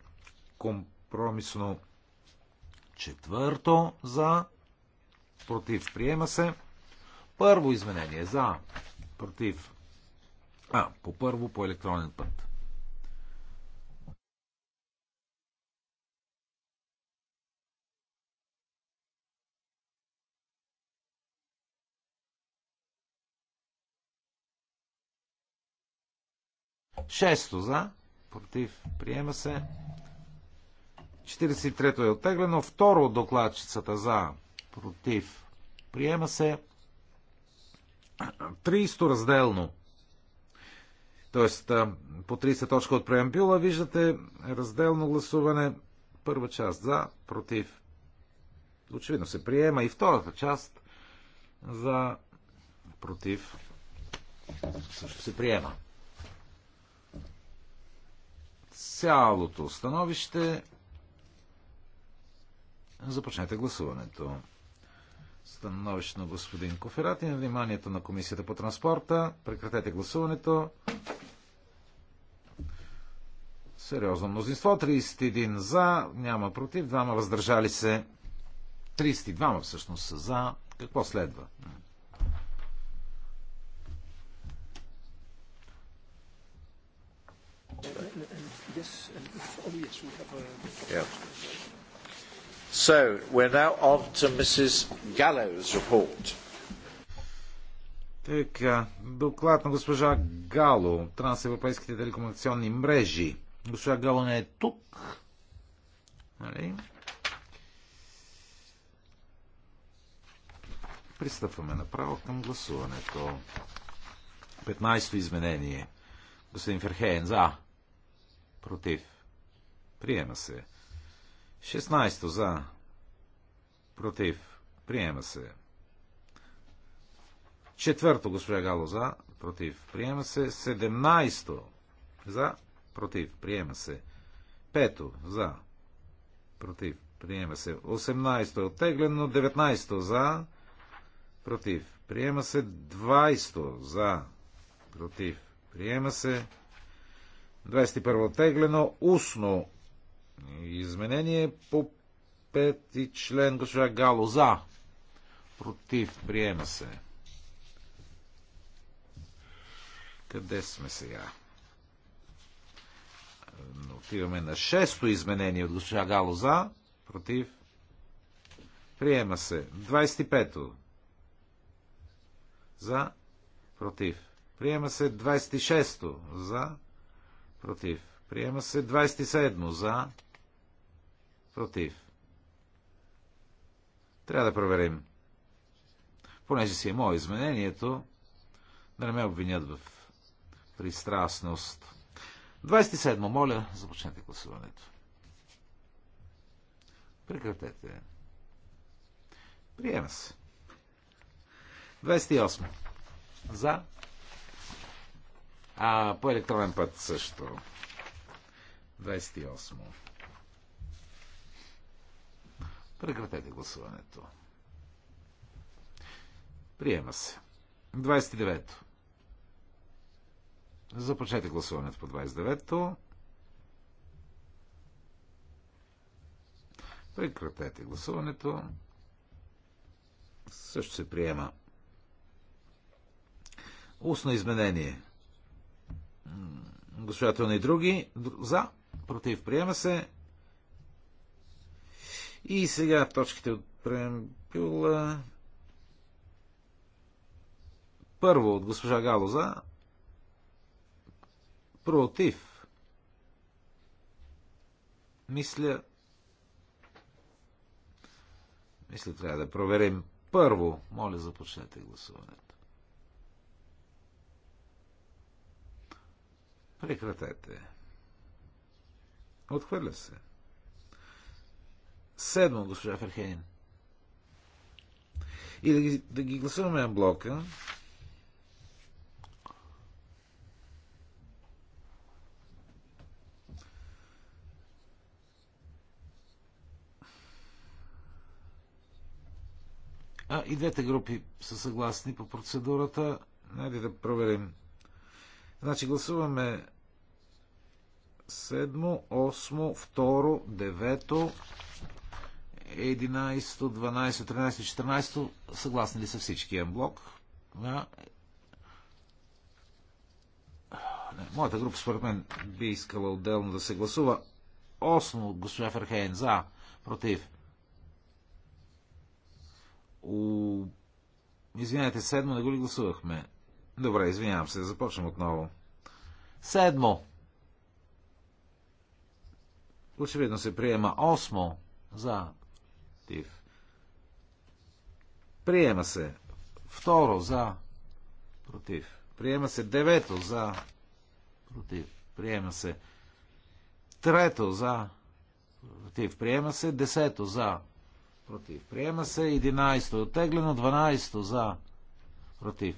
Компромисно четвърто за. Против. Приема се. Първо изменение за. Против. А, по първо по електронен път. Шесто за, против, приема се. 43-то е оттеглено. Второ от докладчицата за, против, приема се. 30 разделно. Тоест, по 30 точка от преамбюла виждате разделно гласуване. Първа част за, против. Очевидно се приема и втората част за, против. Също се приема цялото становище. Започнете гласуването. Становище на господин Коферати на вниманието на Комисията по транспорта. Прекратете гласуването. Сериозно мнозинство. 31 за, няма против, двама въздържали се. 32 ма всъщност са за. Какво следва?
yes, we have Yeah.
So, we're now on to Mrs. Gallo's report.
Така, доклад на госпожа Гало, трансевропейските телекомуникационни мрежи. Госпожа Гало не е тук. Нали? Пристъпваме направо към гласуването. 15-то изменение. Господин Ферхейн, за. Против. Приема се. 16 за. Против. Приема се. Четвърто, госпожа Гало, за. Против. Приема се. 17 за. Против. Приема се. Пето. За. Против. Приема се. 18 е оттеглено. 19 за. Против. Приема се. 20 за. Против. Приема се. 21 оттеглено. Устно Изменение по пети член госпожа Гало за. Против. Приема се. Къде сме сега? Но отиваме на шесто изменение от госпожа Гало за. Против. Приема се. 25-то. За. Против. Приема се 26-то. За. Против. Приема се 27-то. За. Против. Трябва да проверим. Понеже си е мое изменението, да не ме обвинят в пристрастност. 27. Моля, започнете гласуването. Прекратете. Приема се. 28. За. А по електронен път също. 28. Прекратете гласуването. Приема се. 29-то. Започнете гласуването по 29-то. Прекратете гласуването. Също се приема. Устно изменение. Госпожателни и други. За. Против. Приема се. И сега точките от преамбюла. Първо от госпожа Галоза. Против. Мисля. Мисля, трябва да проверим. Първо, моля, започнете гласуването. Прекратете. Отхвърля се. Седмо, госпожа Ферхейн. И да ги, да ги гласуваме на блока. А, и двете групи са съгласни по процедурата. Найде да проверим. Значи гласуваме седмо, осмо, второ, девето, 11, 12, 13, 14. Съгласни ли са всички Амблок? Да. Моята група, според мен, би искала отделно да се гласува. 8 от госпожа Ферхейн за, против. У... Извинете, седмо не го ли гласувахме? Добре, извинявам се, започвам отново. Седмо. Очевидно се приема. Осмо. За против. Приема се. Второ за. Против. Приема се. Девето за. Против. Приема се. Трето за. Против. Приема се. Десето за. Против. Приема се. Единайсто. Оттеглено. Дванайсто за. Против.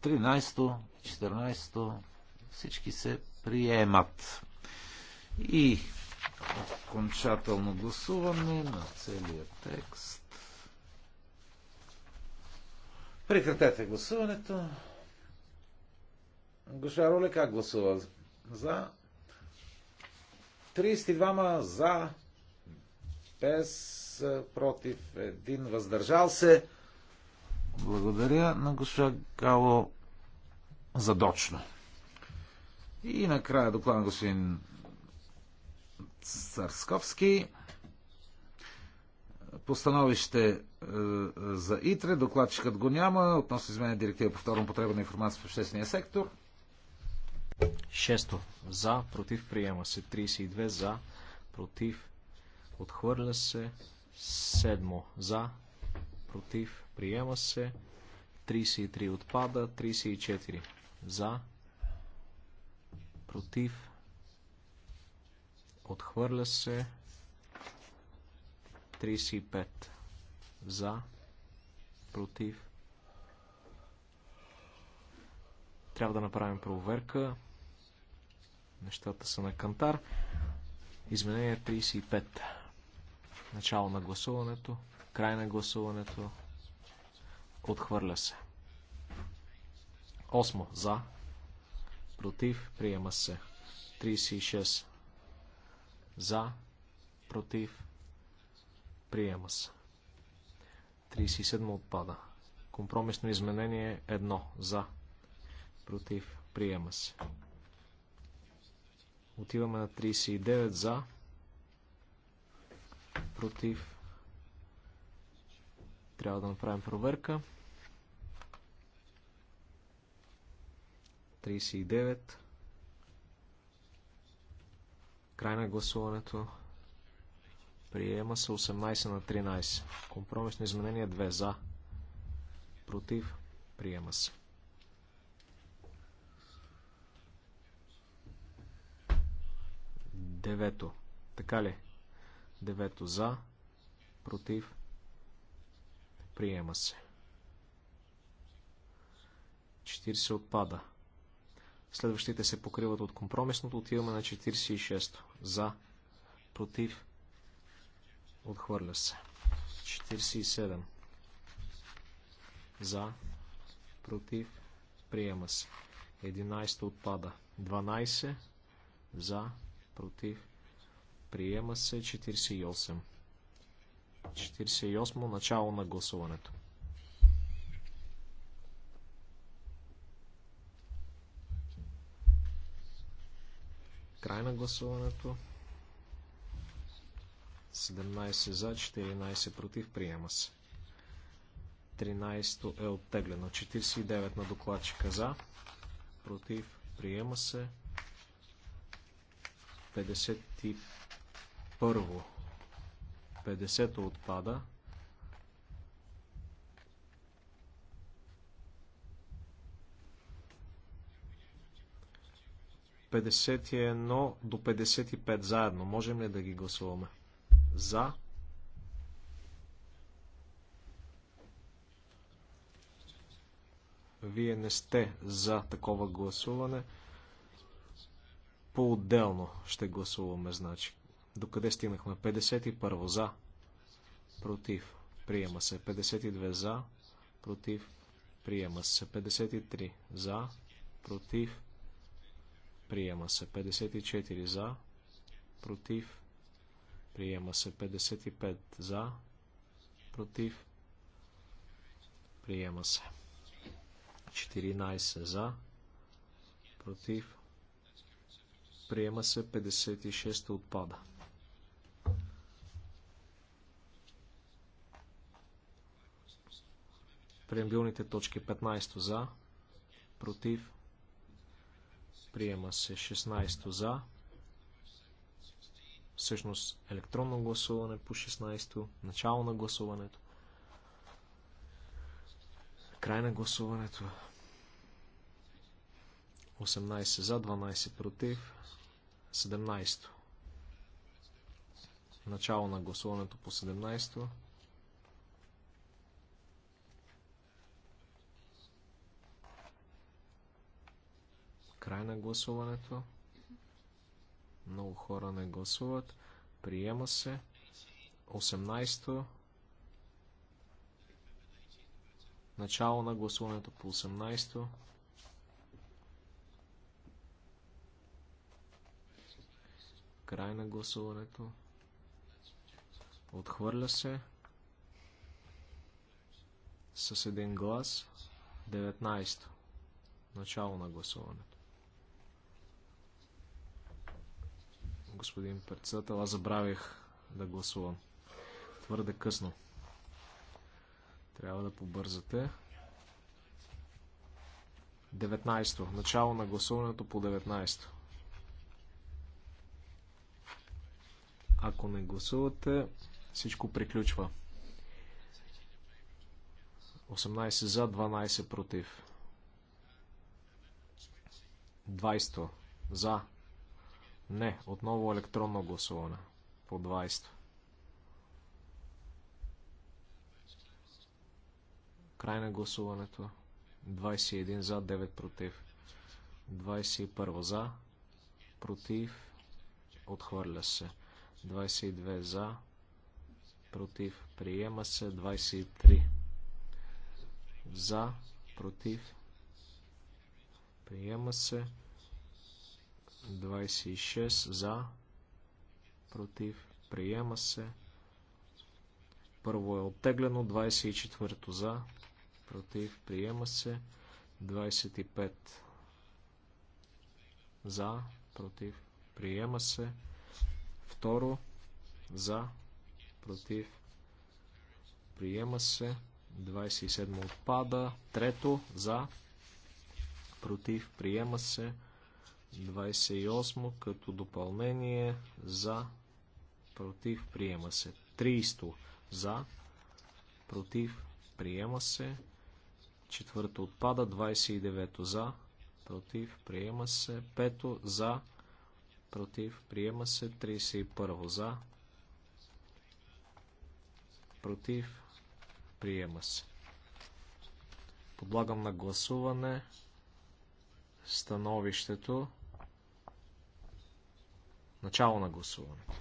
Тринайсто. Четирнайсто. Всички се приемат. И окончателно гласуване на целия текст. Прекратете гласуването. Гоша Роле как гласува? За. 32 за. Без против. Един въздържал се. Благодаря на Гоша Гало задочно. И накрая доклада на господин Сърсковски. Постановище е, за ИТРЕ. Докладчикът го няма. Относно измене директива по второ потреба на информация в обществения сектор.
Шесто. За, против, приема се. 32 за, против, отхвърля се. Седмо. За, против, приема се. 33 отпада. 34 за, против, Отхвърля се. 35. За. Против. Трябва да направим проверка. Нещата са на кантар. Изменение 35. Начало на гласуването. Край на гласуването. Отхвърля се. 8. За. Против. Приема се. 36. За. Против. Приема се. 37 отпада. Компромисно изменение 1. За. Против. Приема се. Отиваме на 39 за. Против. Трябва да направим проверка. 39. Край на гласуването. Приема се 18 на 13. Компромисно изменение 2 за. Против. Приема се. Девето. Така ли? Девето за. Против. Приема се. 40 отпада. Следващите се покриват от компромисното. Отиваме на 46. За. Против. Отхвърля се. 47. За. Против. Приема се. 11 отпада. 12. За. Против. Приема се. 48. 48. Начало на гласуването. Край на гласуването. 17 за, 14 против, приема се. 13 е оттеглено. 49 на докладчика за, против, приема се. 51. 50 отпада. 51 до 55 заедно. Можем ли да ги гласуваме? За. Вие не сте за такова гласуване. По-отделно ще гласуваме, значи. Докъде стигнахме? 51 за. Против. Приема се. 52 за. Против. Приема се. 53 за. Против. Приема се 54 за. Против. Приема се 55 за. Против. Приема се. 14 за. Против. Приема се 56 отпада. Преамбилните точки 15 за. Против. Приема се 16 за. Всъщност електронно гласуване по 16. Начало на гласуването. Край на гласуването. 18 за, 12 против. 17. Начало на гласуването по 17. Край на гласуването. Много хора не гласуват. Приема се. 18-то. Начало на гласуването по 18-то. Край на гласуването. Отхвърля се. С един глас. 19-то. Начало на гласуването. господин председател. Аз забравих да гласувам. Твърде късно. Трябва да побързате. 19. то Начало на гласуването по 19. Ако не гласувате, всичко приключва. 18 за, 12 против. 20 за, не, отново електронно гласуване. По 20. Край на гласуването. 21 за, 9 против. 21 за, против, отхвърля се. 22 за, против, приема се. 23 за, против, приема се. 26 за, против, приема се. Първо е оттеглено, 24 за, против, приема се. 25 за, против, приема се. Второ, за, против, приема се. 27 отпада. Трето, за, против, приема се. 28 като допълнение за, против, приема се. 30 за, против, приема се. Четвърто отпада, 29 за, против, приема се. Пето за, против, приема се. 31 за, против, приема се. Подлагам на гласуване становището Начало на гласуването.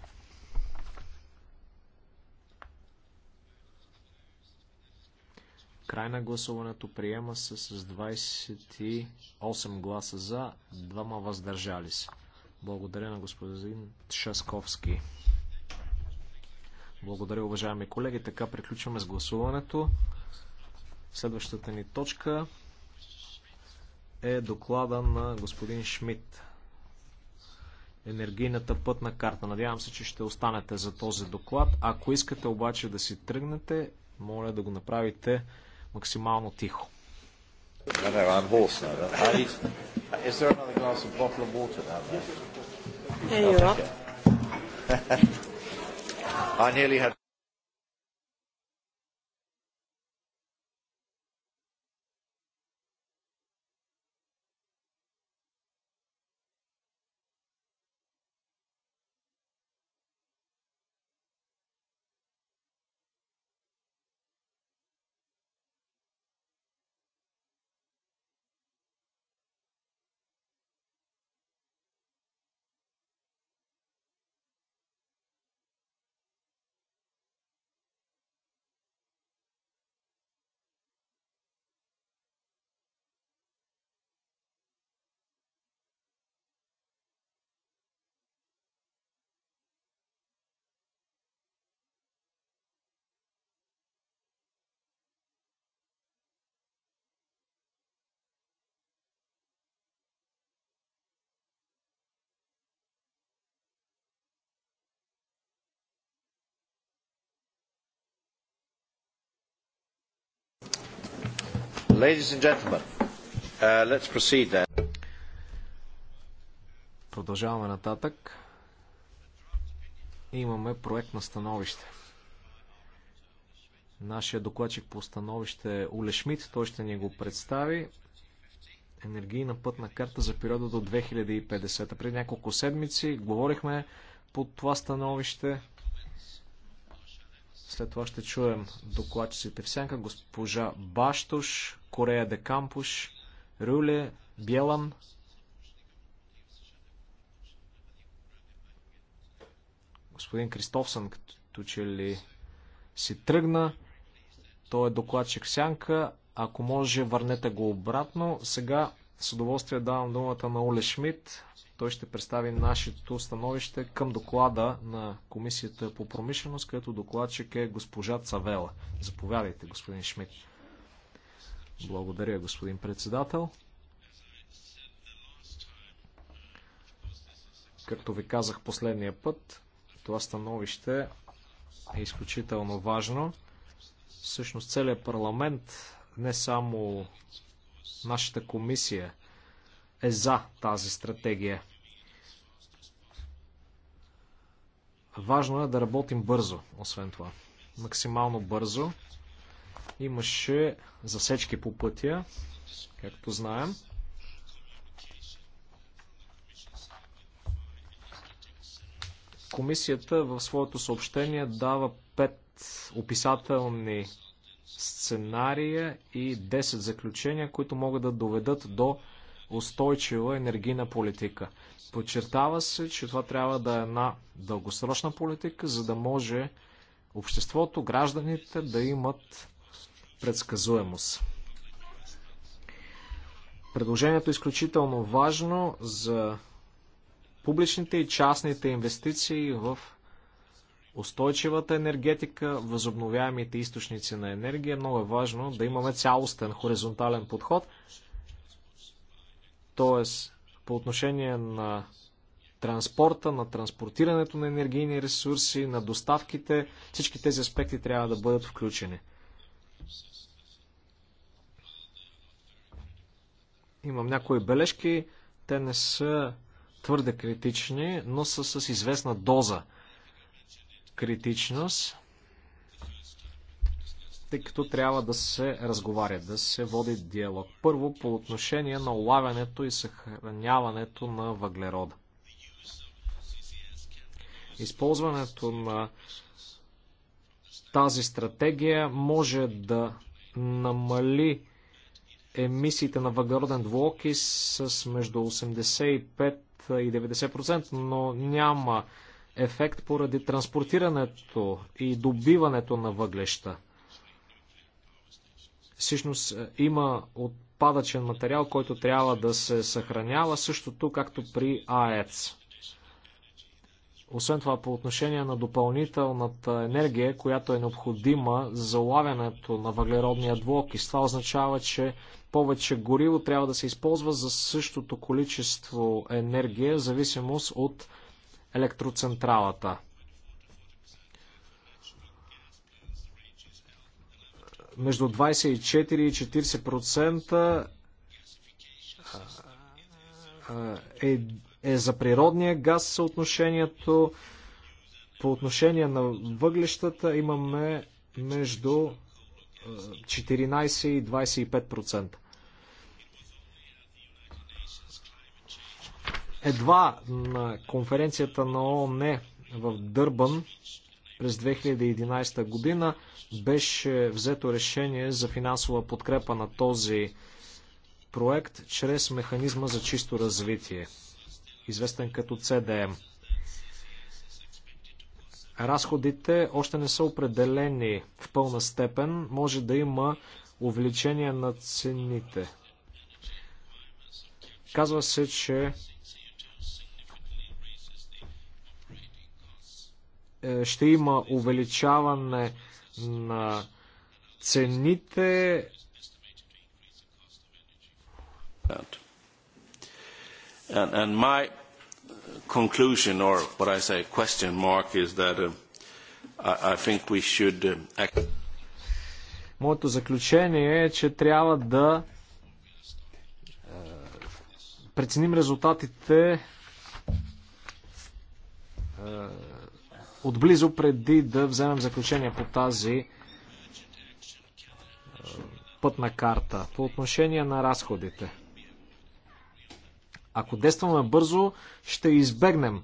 Край на гласуването приема се с 28 гласа за, двама въздържали се. Благодаря на господин Шасковски. Благодаря, уважаеми колеги. Така приключваме с гласуването. Следващата ни точка е доклада на господин Шмидт енергийната пътна карта. Надявам се, че ще останете за този доклад. Ако искате обаче да си тръгнете, моля да го направите максимално тихо.
(laughs) I nearly had... Ladies and gentlemen, uh, let's proceed then.
Продължаваме нататък. Имаме проект на становище. Нашия докладчик по становище е Уле Шмидт. Той ще ни го представи. Енергийна пътна карта за периода до 2050. Преди няколко седмици говорихме по това становище. След това ще чуем докладчиците в сянка. Госпожа Баштош, Корея де Кампуш, Рюле, Бялан. Господин Кристофсън, като че ли си тръгна. Той е докладчик в сянка. Ако може, върнете го обратно. Сега с удоволствие давам думата на Оле Шмидт, той ще представи нашето становище към доклада на Комисията по промишленост, където докладчик е госпожа Цавела. Заповядайте, господин Шмидт. Благодаря, господин председател. Както ви казах последния път, това становище е изключително важно. Всъщност целият парламент, не само нашата комисия, е за тази стратегия. Важно е да работим бързо, освен това. Максимално бързо. Имаше засечки по пътя, както знаем. Комисията в своето съобщение дава 5 описателни сценария и 10 заключения, които могат да доведат до устойчива енергийна политика. Подчертава се, че това трябва да е една дългосрочна политика, за да може обществото, гражданите да имат предсказуемост. Предложението е изключително важно за публичните и частните инвестиции в устойчивата енергетика, възобновяемите източници на енергия. Много е важно да имаме цялостен хоризонтален подход – Тоест, по отношение на транспорта, на транспортирането на енергийни ресурси, на доставките, всички тези аспекти трябва да бъдат включени. Имам някои бележки, те не са твърде критични, но са с известна доза критичност тъй като трябва да се разговаря, да се води диалог. Първо, по отношение на улавянето и съхраняването на въглерода. Използването на тази стратегия може да намали емисиите на въглероден двуокис с между 85 и 90%, но няма ефект поради транспортирането и добиването на въглеща. Всъщност е, има отпадъчен материал, който трябва да се съхранява същото, както при АЕЦ. Освен това, по отношение на допълнителната енергия, която е необходима за залавянето на въглеродния двуокис, това означава, че повече гориво трябва да се използва за същото количество енергия, в зависимост от електроцентралата. между 24 и 40% е, е за природния газ съотношението. По отношение на въглещата имаме между 14 и 25%. Едва на конференцията на ООН в Дърбан през 2011 година беше взето решение за финансова подкрепа на този проект чрез механизма за чисто развитие, известен като CDM. Разходите още не са определени в пълна степен. Може да има увеличение на цените. Казва се, че Е, ще има увеличаване на цените.
And, and my conclusion, or what I say, question mark, is that uh, I, I think we should uh,
Моето заключение е, че трябва да е, преценим резултатите е, отблизо преди да вземем заключение по тази е, пътна карта. По отношение на разходите. Ако действаме бързо, ще избегнем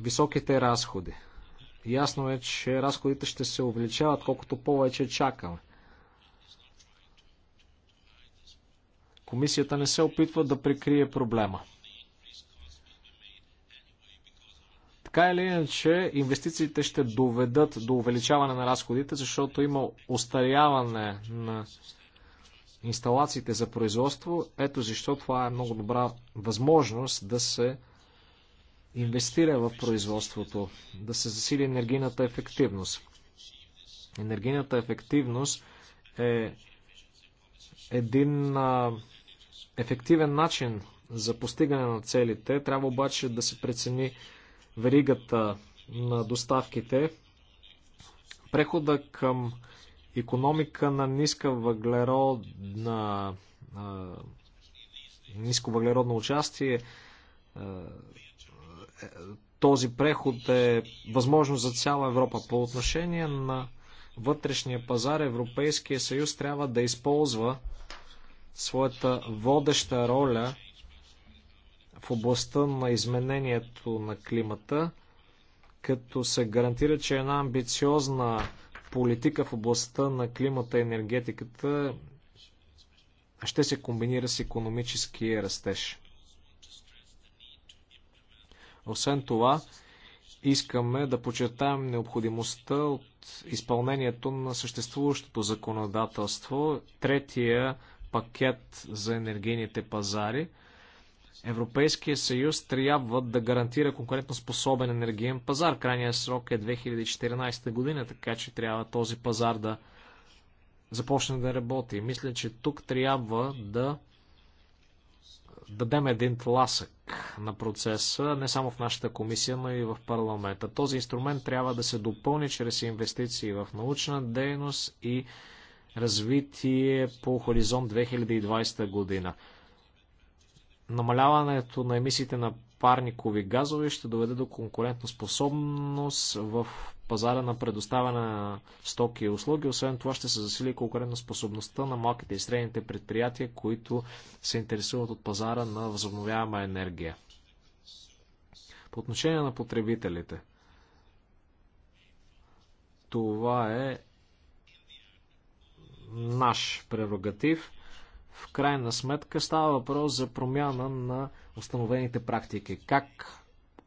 високите разходи. Ясно е, че разходите ще се увеличават колкото повече чакаме. Комисията не се опитва да прикрие проблема. Така или иначе, инвестициите ще доведат до увеличаване на разходите, защото има остаряване на инсталациите за производство. Ето защо това е много добра възможност да се инвестира в производството, да се засили енергийната ефективност. Енергийната ефективност е един а, ефективен начин за постигане на целите. Трябва обаче да се прецени веригата на доставките. Прехода към економика на ниска въглеродна ниско въглеродно участие е, този преход е възможно за цяла Европа. По отношение на вътрешния пазар, Европейския съюз трябва да използва своята водеща роля – в областта на изменението на климата, като се гарантира, че една амбициозна политика в областта на климата и енергетиката ще се комбинира с економически растеж. Освен това, искаме да подчертаем необходимостта от изпълнението на съществуващото законодателство, третия пакет за енергийните пазари – Европейския съюз трябва да гарантира конкурентно способен енергиен пазар. Крайният срок е 2014 година, така че трябва този пазар да започне да работи. Мисля, че тук трябва да дадем един тласък на процеса, не само в нашата комисия, но и в парламента. Този инструмент трябва да се допълни чрез инвестиции в научна дейност и развитие по хоризонт 2020 година. Намаляването на емисиите на парникови газове ще доведе до конкурентоспособност в пазара на предоставяне на стоки и услуги. Освен това ще се засили конкурентоспособността на малките и средните предприятия, които се интересуват от пазара на възобновяема енергия. По отношение на потребителите, това е наш прерогатив – в крайна сметка става въпрос за промяна на установените практики. Как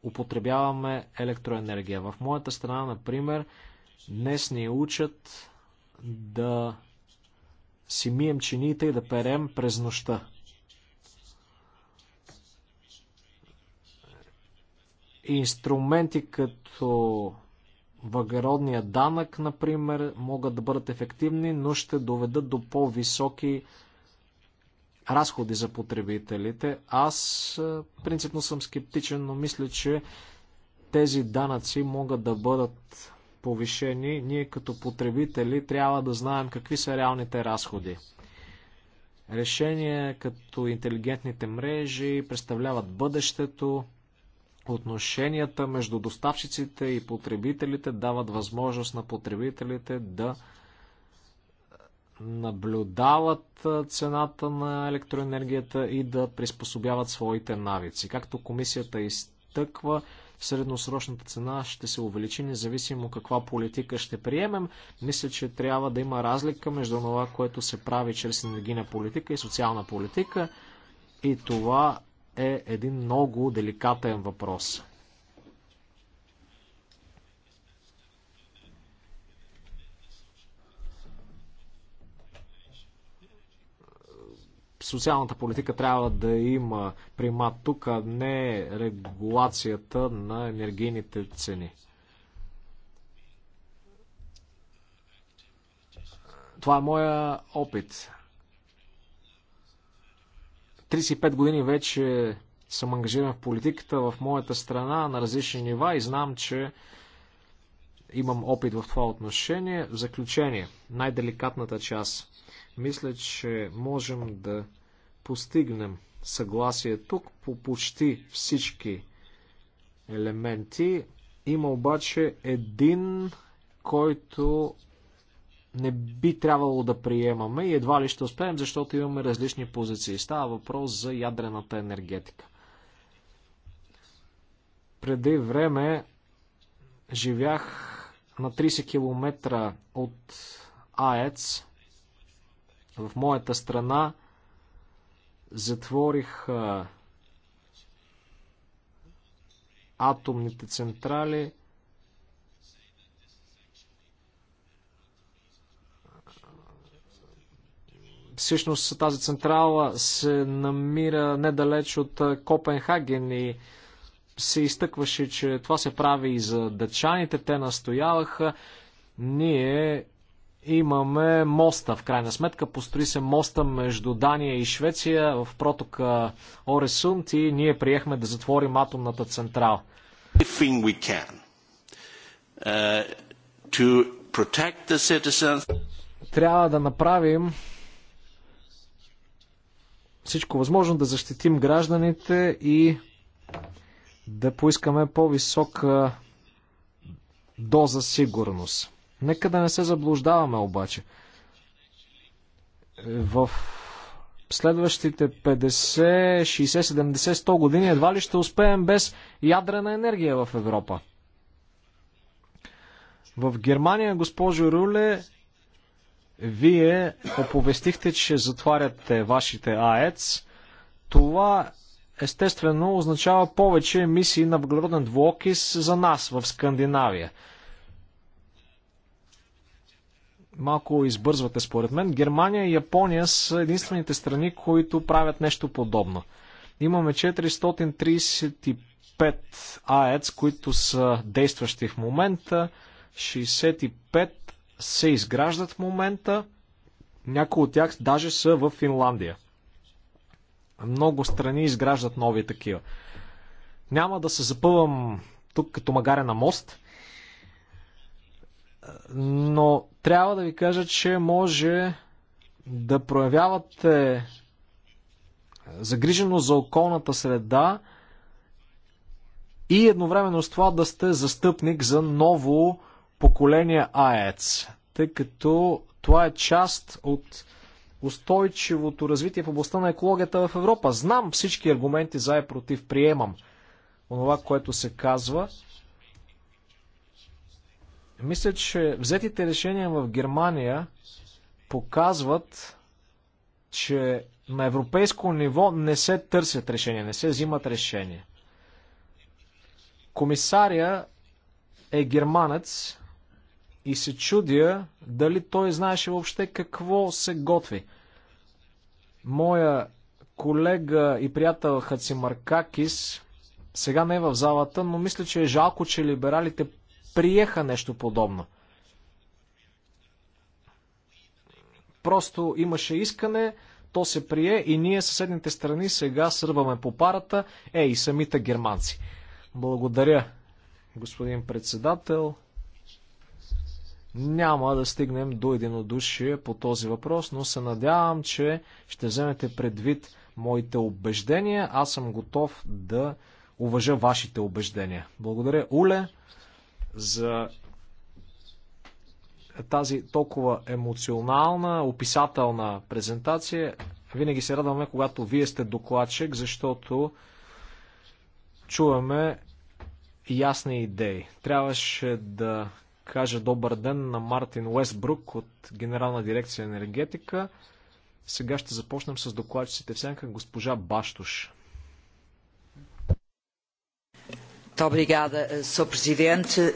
употребяваме електроенергия. В моята страна, например, днес ни учат да си мием чините и да перем през нощта. Инструменти като въглеродния данък, например, могат да бъдат ефективни, но ще доведат до по-високи разходи за потребителите. Аз е, принципно съм скептичен, но мисля, че тези данъци могат да бъдат повишени. Ние като потребители трябва да знаем какви са реалните разходи. Решения като интелигентните мрежи представляват бъдещето. Отношенията между доставчиците и потребителите дават възможност на потребителите да наблюдават цената на електроенергията и да приспособяват своите навици. Както комисията изтъква, средносрочната цена ще се увеличи, независимо каква политика ще приемем. Мисля, че трябва да има разлика между това, което се прави чрез енергийна политика и социална политика. И това е един много деликатен въпрос. социалната политика трябва да има примат тук, а не регулацията на енергийните цени. Това е моя опит. 35 години вече съм ангажиран в политиката в моята страна на различни нива и знам, че имам опит в това отношение. В заключение, най-деликатната част мисля, че можем да постигнем съгласие тук по почти всички елементи. Има обаче един, който не би трябвало да приемаме и едва ли ще успеем, защото имаме различни позиции. Става въпрос за ядрената енергетика. Преди време живях на 30 км от АЕЦ в моята страна затворих атомните централи. Всъщност тази централа се намира недалеч от Копенхаген и се изтъкваше, че това се прави и за дъчаните. Те настояваха. Ние имаме моста. В крайна сметка построи се моста между Дания и Швеция в протока Оресунт и ние приехме да затворим атомната централа. Uh, Трябва да направим всичко възможно да защитим гражданите и да поискаме по-висока доза сигурност. Нека да не се заблуждаваме обаче. Е, в следващите 50, 60, 70, 100 години едва ли ще успеем без ядрена енергия в Европа. В Германия, госпожо Руле, вие оповестихте, че затваряте вашите АЕЦ. Това естествено означава повече емисии на въглероден двуокис за нас в Скандинавия малко избързвате според мен. Германия и Япония са единствените страни, които правят нещо подобно. Имаме 435 АЕЦ, които са действащи в момента. 65 се изграждат в момента. Някои от тях даже са в Финландия. Много страни изграждат нови такива. Няма да се запъвам тук като магаре на мост, но трябва да ви кажа, че може да проявявате загриженост за околната среда и едновременно с това да сте застъпник за ново поколение АЕЦ, тъй като това е част от устойчивото развитие в областта на екологията в Европа. Знам всички аргументи за и против, приемам онова, което се казва. Мисля, че взетите решения в Германия показват, че на европейско ниво не се търсят решения, не се взимат решения. Комисария е германец и се чудя дали той знаеше въобще какво се готви. Моя колега и приятел Хацимаркакис сега не е в залата, но мисля, че е жалко, че либералите приеха нещо подобно. Просто имаше искане, то се прие и ние съседните страни сега сърваме по парата, е и самите германци. Благодаря, господин председател. Няма да стигнем до единодушие по този въпрос, но се надявам, че ще вземете предвид моите убеждения. Аз съм готов да уважа вашите убеждения. Благодаря, Уле за тази толкова емоционална, описателна презентация. Винаги се радваме, когато вие сте докладчик, защото чуваме ясни идеи. Трябваше да кажа добър ден на Мартин Уестбрук от Генерална дирекция енергетика. Сега ще започнем с докладчиците в сянка госпожа Баштош. Eh,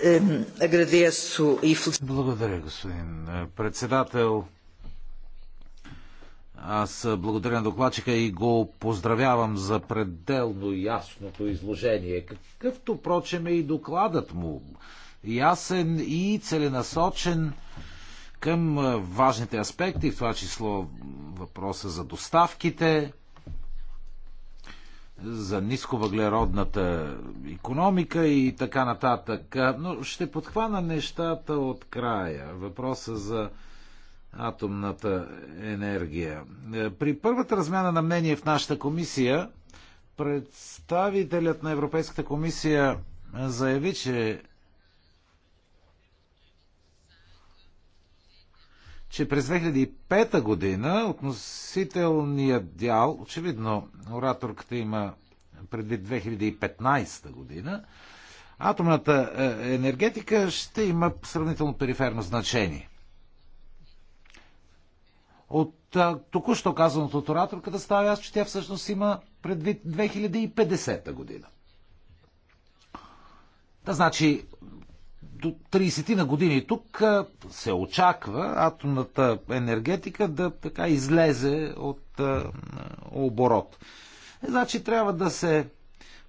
ehm, e
благодаря, господин е, председател. Аз е, благодаря на докладчика и го поздравявам за пределно ясното изложение, какъвто, прочем, е и докладът му. Ясен и целенасочен към е, важните аспекти, в това число въпроса за доставките, за нисковъглеродната економика и така нататък. Но ще подхвана нещата от края. Въпроса за атомната енергия. При първата размяна на мнение в нашата комисия, представителят на Европейската комисия заяви, че че през 2005 година относителният дял, очевидно ораторката има преди 2015 година, атомната е, енергетика ще има сравнително периферно значение. От току-що казаното от ораторката става аз, че тя всъщност има предвид 2050 година. Та значи до 30 на години тук се очаква атомната енергетика да така излезе от оборот. Е, значи трябва да се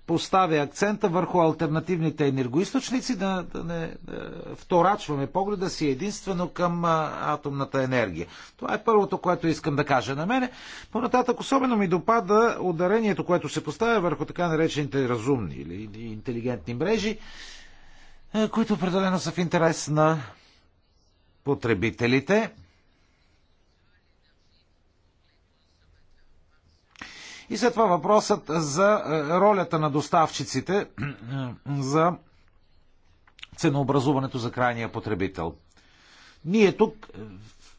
поставя акцента върху альтернативните енергоисточници, да, да не да е, вторачваме погледа си единствено към а, атомната енергия. Това е първото, което искам да кажа на мене. Понататък особено ми допада ударението, което се поставя върху така наречените разумни или интелигентни мрежи. Е, които определено са в интерес на потребителите. И след това въпросът за е, ролята на доставчиците е, за ценообразуването за крайния потребител. Ние тук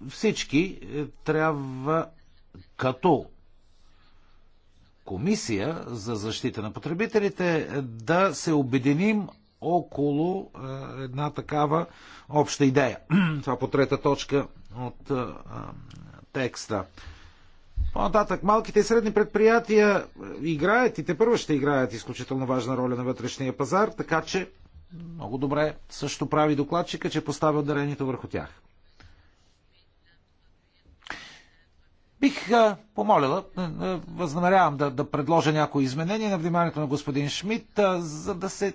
всички трябва като комисия за защита на потребителите да се обединим около една такава обща идея. (clears throat) Това по трета точка от текста. По-нататък, малките и средни предприятия играят и те първо ще играят изключително важна роля на вътрешния пазар, така че много добре също прави докладчика, че поставя ударението върху тях. Бих а, помолила, възнамерявам да, да предложа някои изменения на вниманието на господин Шмидт, а, за да се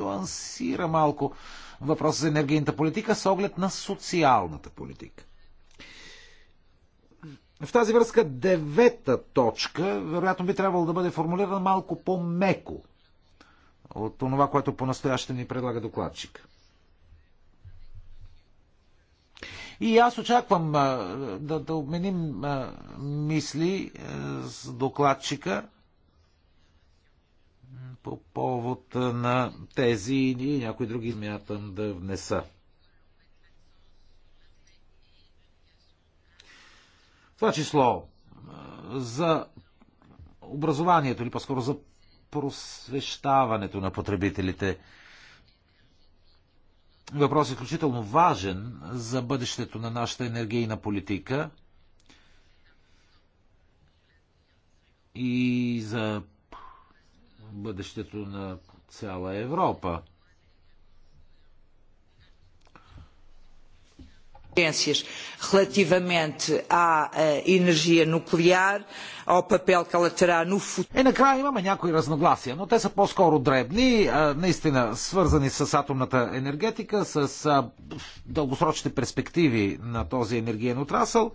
нюансира малко въпроса за енергийната политика с оглед на социалната политика. В тази връзка девета точка, вероятно би трябвало да бъде формулирана малко по-меко от това, което по-настояще ни предлага докладчик. И аз очаквам да, да обменим мисли с докладчика по повод на тези и някои други мятам да внеса. това число за образованието или по-скоро за просвещаването на потребителите. Въпрос е изключително важен за бъдещето на нашата енергийна политика и за бъдещето на цяла Европа. relativamente à energia nuclear, ao papel que ela terá no futuro. Е, накрая имаме някои разногласия, но те са по-скоро дребни, наистина свързани с атомната енергетика, с дългосрочните перспективи на този енергиен отрасъл,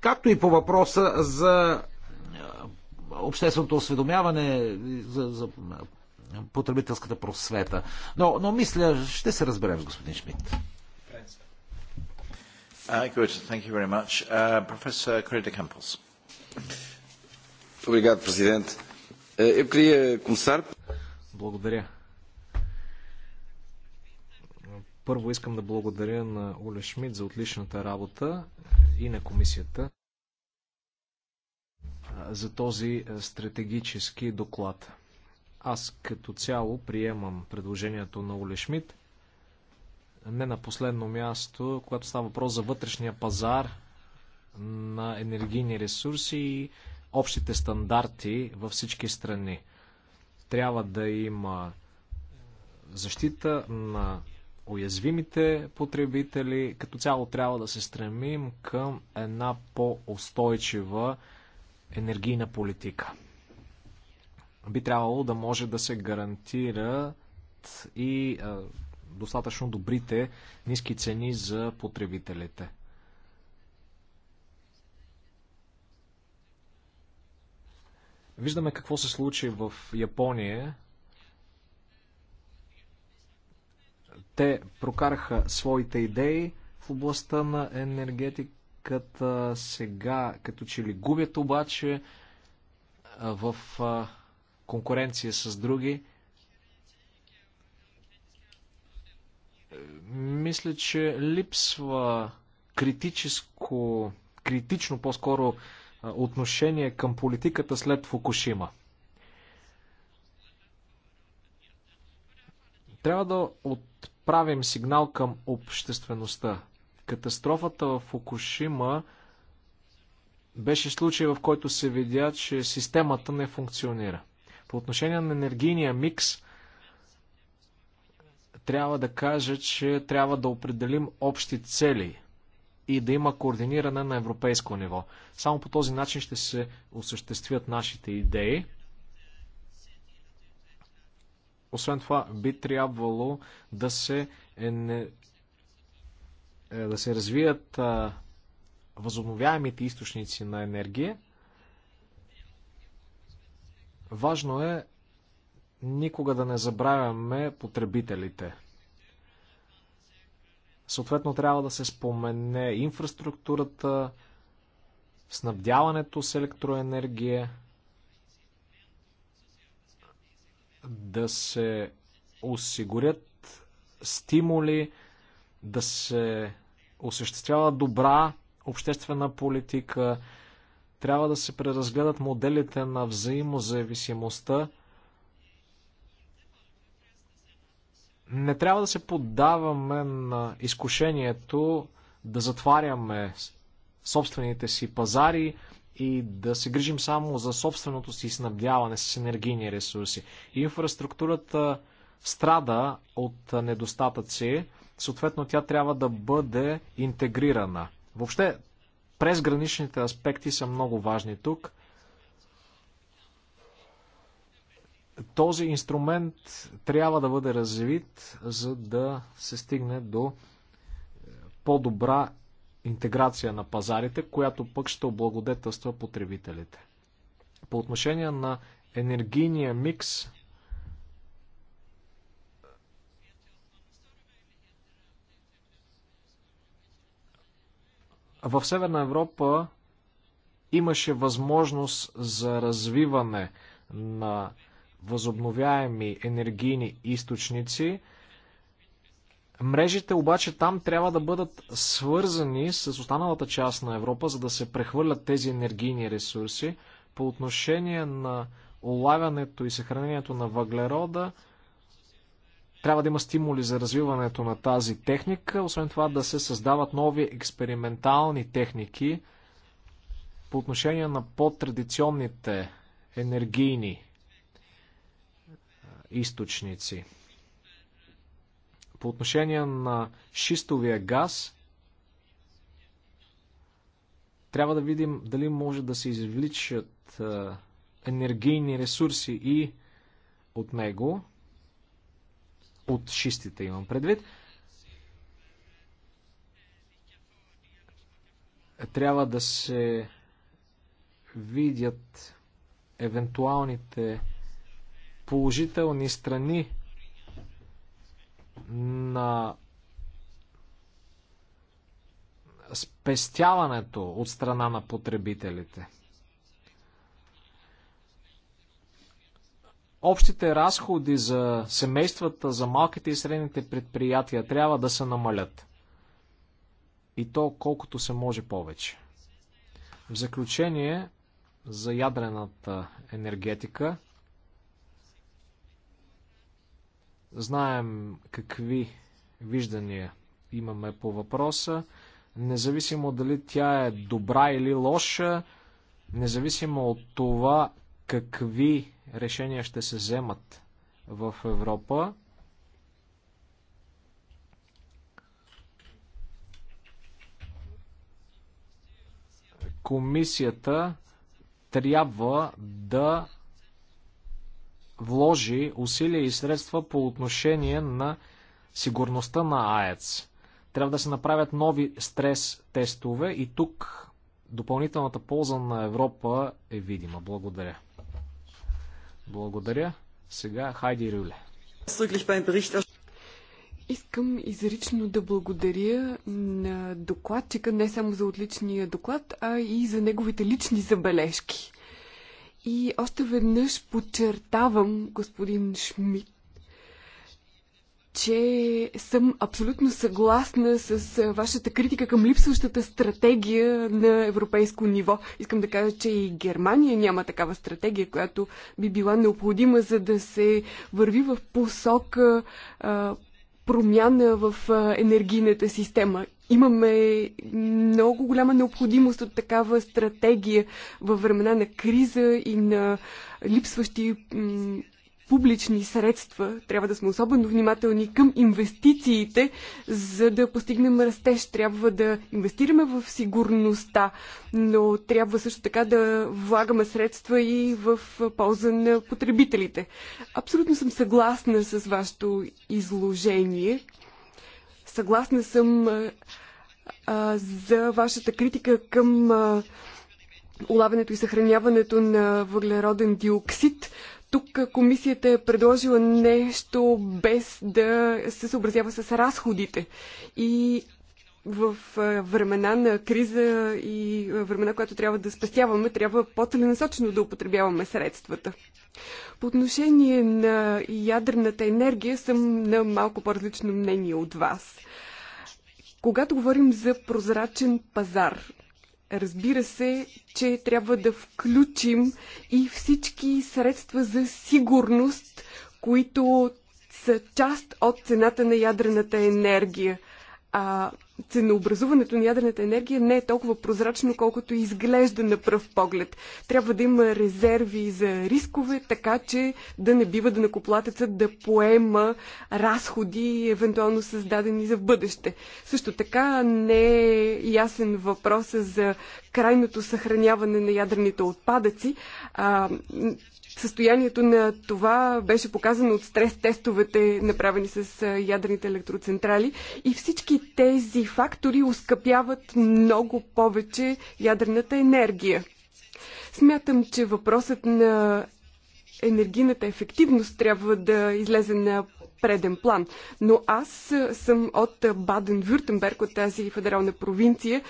както и по въпроса за общественото осведомяване за, за потребителската просвета. Но, но мисля, ще се разберем с господин Шмидт.
Uh, uh, uh,
благодаря. Първо искам да благодаря на Оле Шмидт за отличната работа и на комисията за този е, стратегически доклад. Аз като цяло приемам предложението на Оле Шмидт. Не на последно място, когато става въпрос за вътрешния пазар на енергийни ресурси и общите стандарти във всички страни. Трябва да има защита на уязвимите потребители. Като цяло трябва да се стремим към една по-устойчива енергийна политика. Би трябвало да може да се гарантират и достатъчно добрите ниски цени за потребителите. Виждаме какво се случи в Япония. Те прокараха своите идеи в областта на енергетик... Банката сега като че ли губят обаче в конкуренция с други. Мисля, че липсва критическо, критично по-скоро отношение към политиката след Фукушима. Трябва да отправим сигнал към обществеността. Катастрофата в Фукушима беше случай, в който се видя, че системата не функционира. По отношение на енергийния микс, трябва да кажа, че трябва да определим общи цели и да има координиране на европейско ниво. Само по този начин ще се осъществят нашите идеи. Освен това, би трябвало да се е, да се развият възобновяемите източници на енергия. Важно е никога да не забравяме потребителите. Съответно трябва да се спомене инфраструктурата, снабдяването с електроенергия, да се осигурят стимули, да се осъществява добра обществена политика, трябва да се преразгледат моделите на взаимозависимостта. Не трябва да се поддаваме на изкушението да затваряме собствените си пазари и да се грижим само за собственото си снабдяване с енергийни ресурси. Инфраструктурата страда от недостатъци съответно тя трябва да бъде интегрирана. Въобще, презграничните аспекти са много важни тук. Този инструмент трябва да бъде развит, за да се стигне до е, по-добра интеграция на пазарите, която пък ще облагодетелства потребителите. По отношение на енергийния микс, В Северна Европа имаше възможност за развиване на възобновяеми енергийни източници. Мрежите обаче там трябва да бъдат свързани с останалата част на Европа, за да се прехвърлят тези енергийни ресурси. По отношение на улавянето и съхранението на въглерода, трябва да има стимули за развиването на тази техника, освен това да се създават нови експериментални техники по отношение на по-традиционните енергийни източници. По отношение на шистовия газ, трябва да видим дали може да се извличат енергийни ресурси и от него от шистите имам предвид. Трябва да се видят евентуалните положителни страни на спестяването от страна на потребителите. общите разходи за семействата, за малките и средните предприятия трябва да се намалят. И то колкото се може повече. В заключение, за ядрената енергетика, знаем какви виждания имаме по въпроса. Независимо дали тя е добра или лоша, независимо от това какви решения ще се вземат в Европа. Комисията трябва да вложи усилия и средства по отношение на сигурността на АЕЦ. Трябва да се направят нови стрес тестове и тук допълнителната полза на Европа е видима. Благодаря. Благодаря. Сега
Хайди Рюле. Искам изрично да благодаря на докладчика не само за отличния доклад, а и за неговите лични забележки. И още веднъж подчертавам, господин Шмидт, че съм абсолютно съгласна с вашата критика към липсващата стратегия на европейско ниво. Искам да кажа, че и Германия няма такава стратегия, която би била необходима, за да се върви в посока промяна в енергийната система. Имаме много голяма необходимост от такава стратегия във времена на криза и на липсващи публични средства. Трябва да сме особено внимателни към инвестициите, за да постигнем растеж. Трябва да инвестираме в сигурността, но трябва също така да влагаме средства и в полза на потребителите. Абсолютно съм съгласна с вашето изложение. Съгласна съм а, за вашата критика към а, улавянето и съхраняването на въглероден диоксид. Тук комисията е предложила нещо без да се съобразява с разходите. И в времена на криза и времена, която трябва да спестяваме, трябва по-целенасочено да употребяваме средствата. По отношение на ядрената енергия съм на малко по-различно мнение от вас. Когато говорим за прозрачен пазар, Разбира се, че трябва да включим и всички средства за сигурност, които са част от цената на ядрената енергия а, ценообразуването на ядрената енергия не е толкова прозрачно, колкото изглежда на пръв поглед. Трябва да има резерви за рискове, така че да не бива да накоплатецът да поема разходи, евентуално създадени за бъдеще. Също така не е ясен въпроса за крайното съхраняване на ядрените отпадъци. А, Състоянието на това беше показано от стрес-тестовете, направени с ядрените електроцентрали. И всички тези фактори ускъпяват много повече ядрената енергия. Смятам, че въпросът на енергийната ефективност трябва да излезе на преден план. Но аз съм от Баден-Вюртенберг, от тази федерална провинция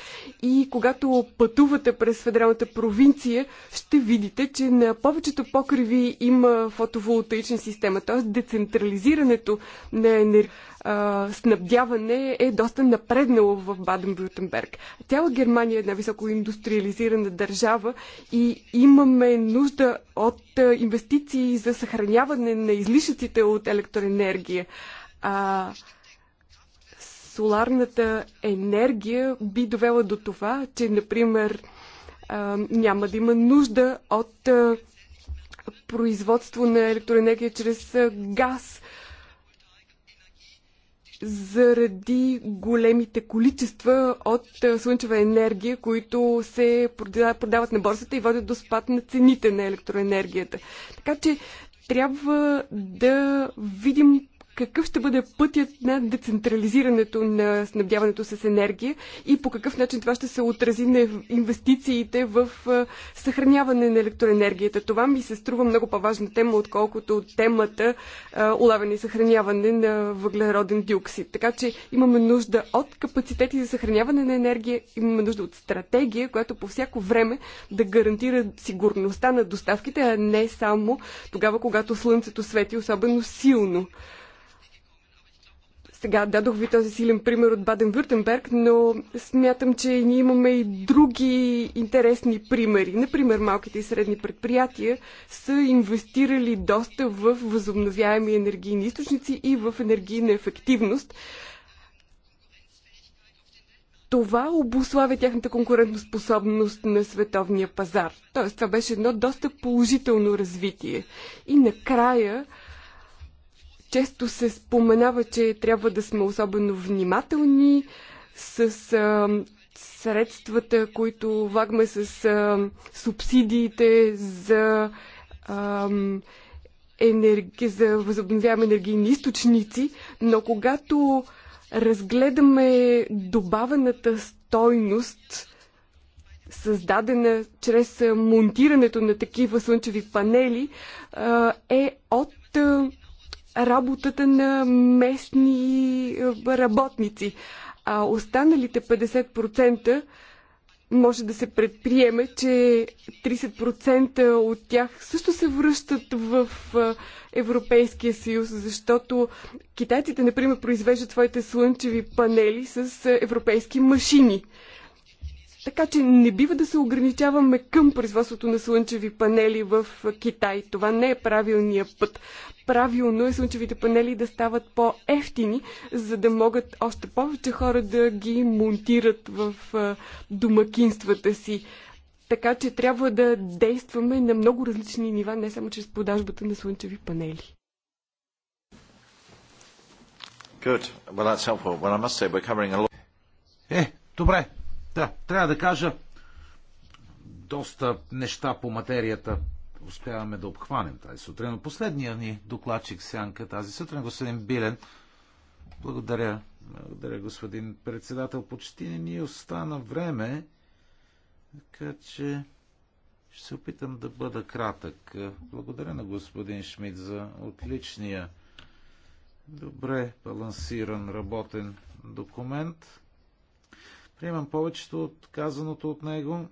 и когато пътувате през федералната провинция, ще видите, че на повечето покриви има фотоволтаична система, т.е. децентрализирането на енергия снабдяване е доста напреднало в Баден-Бютенберг. Цяла Германия е една високо индустриализирана държава и имаме нужда от инвестиции за съхраняване на излишъците от електроенергия. А, соларната енергия би довела до това, че, например, а, няма да има нужда от а, производство на електроенергия чрез а, газ заради големите количества от слънчева енергия, които се продават на борсата и водят до спад на цените на електроенергията. Така че трябва да видим какъв ще бъде пътят на децентрализирането на снабдяването с енергия и по какъв начин това ще се отрази на инвестициите в съхраняване на електроенергията. Това ми се струва много по-важна тема, отколкото темата улавяне и съхраняване на въглероден диоксид. Така че имаме нужда от капацитети за съхраняване на енергия, имаме нужда от стратегия, която по всяко време да гарантира сигурността на доставките, а не само тогава, когато слънцето свети особено силно. Сега дадох ви този силен пример от Баден-Вюртенберг, но смятам, че ние имаме и други интересни примери. Например, малките и средни предприятия са инвестирали доста в възобновяеми енергийни източници и в енергийна ефективност. Това обославя тяхната конкурентоспособност на световния пазар. Тоест, това беше едно доста положително развитие. И накрая, често се споменава, че трябва да сме особено внимателни с а, средствата, които влагаме с а, субсидиите за, а, енерги, за възобновяваме енергийни източници, но когато разгледаме добавената стойност, създадена чрез монтирането на такива слънчеви панели, е от работата на местни работници. А останалите 50% може да се предприеме, че 30% от тях също се връщат в Европейския съюз, защото китайците, например, произвеждат своите слънчеви панели с европейски машини. Така че не бива да се ограничаваме към производството на слънчеви панели в Китай. Това не е правилният път правилно е слънчевите панели да стават по-ефтини, за да могат още повече хора да ги монтират в домакинствата си. Така че трябва да действаме на много различни нива, не само чрез продажбата на слънчеви панели.
е, добре. Да, трябва да кажа доста неща по материята успяваме да обхванем тази сутрин. Но последния ни докладчик Сянка тази сутрин, господин Билен, благодаря. Благодаря, господин председател. Почти не ни остана време, така че ще се опитам да бъда кратък. Благодаря на господин Шмидт за отличния, добре балансиран, работен документ. Приемам повечето от казаното от него.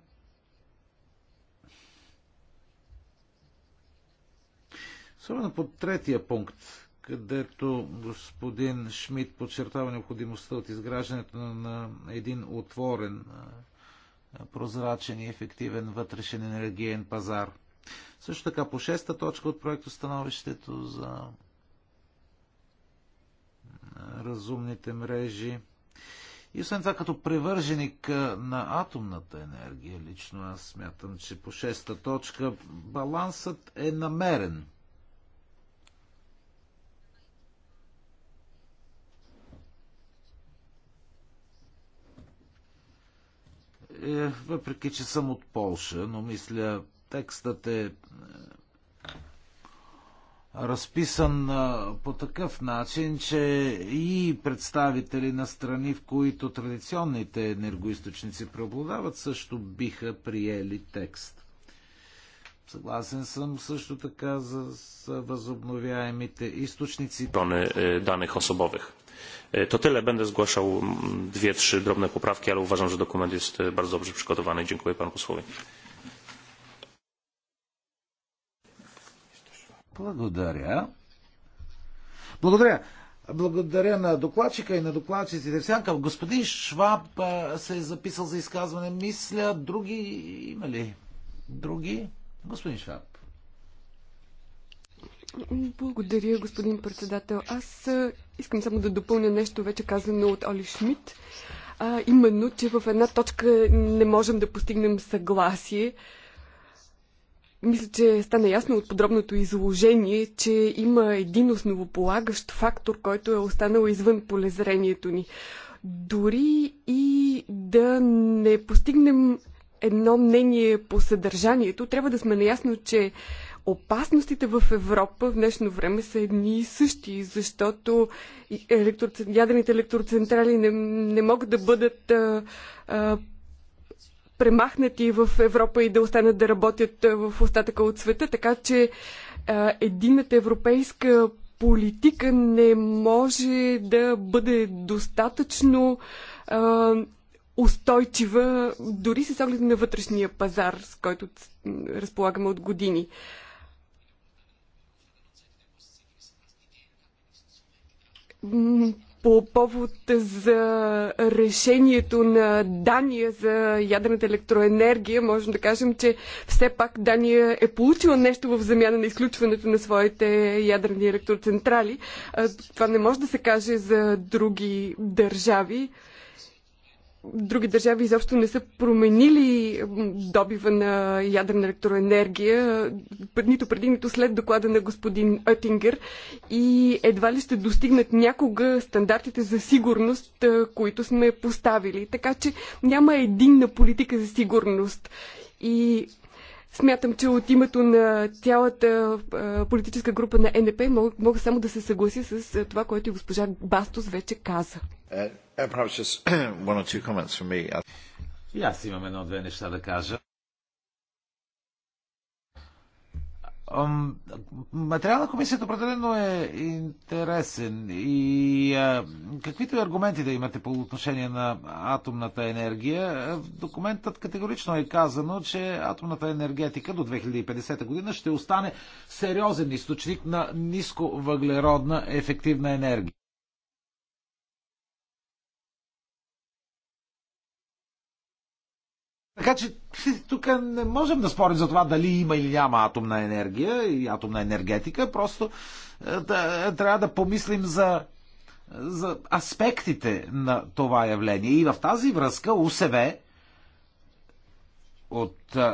Особено по третия пункт, където господин Шмидт подчертава необходимостта от изграждането на един отворен, прозрачен и ефективен вътрешен енергиен пазар. Също така по шеста точка от проекта становището за разумните мрежи. И освен това, като превърженик на атомната енергия, лично аз смятам, че по шеста точка балансът е намерен. Е, въпреки че съм от Полша, но мисля, текстът е, е разписан е, по такъв начин, че и представители на страни, в които традиционните енергоисточници преобладават, също биха приели текст. Съгласен съм също така за, възобновяемите източници. Е, даних osobowych. To tyle. Będę zgłaszał dwie,
trzy drobne poprawki, ale uważam, że dokument jest e, bardzo dobrze przygotowany. Dziękuję panu posłowi.
Благодаря. Благодаря. на докладчика и на докладчиците. Всяка господин Шваб е, се е записал за изказване. Мисля, други има ли? Други? Господин Шап.
Благодаря, господин председател. Аз искам само да допълня нещо вече казано от Оли Шмидт. А, именно, че в една точка не можем да постигнем съгласие. Мисля, че стана ясно от подробното изложение, че има един основополагащ фактор, който е останал извън полезрението ни. Дори и да не постигнем едно мнение по съдържанието, трябва да сме наясно, че опасностите в Европа в днешно време са едни и същи, защото електроцен... ядрените електроцентрали не, не могат да бъдат а, а, премахнати в Европа и да останат да работят в остатъка от света, така че а, единната европейска политика не може да бъде достатъчно а, устойчива, дори с оглед на вътрешния пазар, с който разполагаме от години. По повод за решението на Дания за ядрената електроенергия, можем да кажем, че все пак Дания е получила нещо в замяна на изключването на своите ядрени електроцентрали. Това не може да се каже за други държави други държави изобщо не са променили добива на ядрена електроенергия, нито преди, нито след доклада на господин Оттингер и едва ли ще достигнат някога стандартите за сигурност, които сме поставили. Така че няма единна политика за сигурност. И Смятам, че от името на цялата политическа група на НП мога, мога само да се съгласи с това, което и госпожа Бастос вече каза.
Е, е, (clears throat)
и аз имам едно-две неща да кажа. Материал на комисията определено е интересен и а, каквито и аргументи да имате по отношение на атомната енергия, в документът категорично е казано, че атомната енергетика до 2050 година ще остане сериозен източник на ниско въглеродна ефективна енергия. Така че (laughs) тук не можем да спорим за това дали има или няма атомна енергия и атомна енергетика. Просто е, да, е, трябва да помислим за, за аспектите на това явление. И в тази връзка УСВ от е,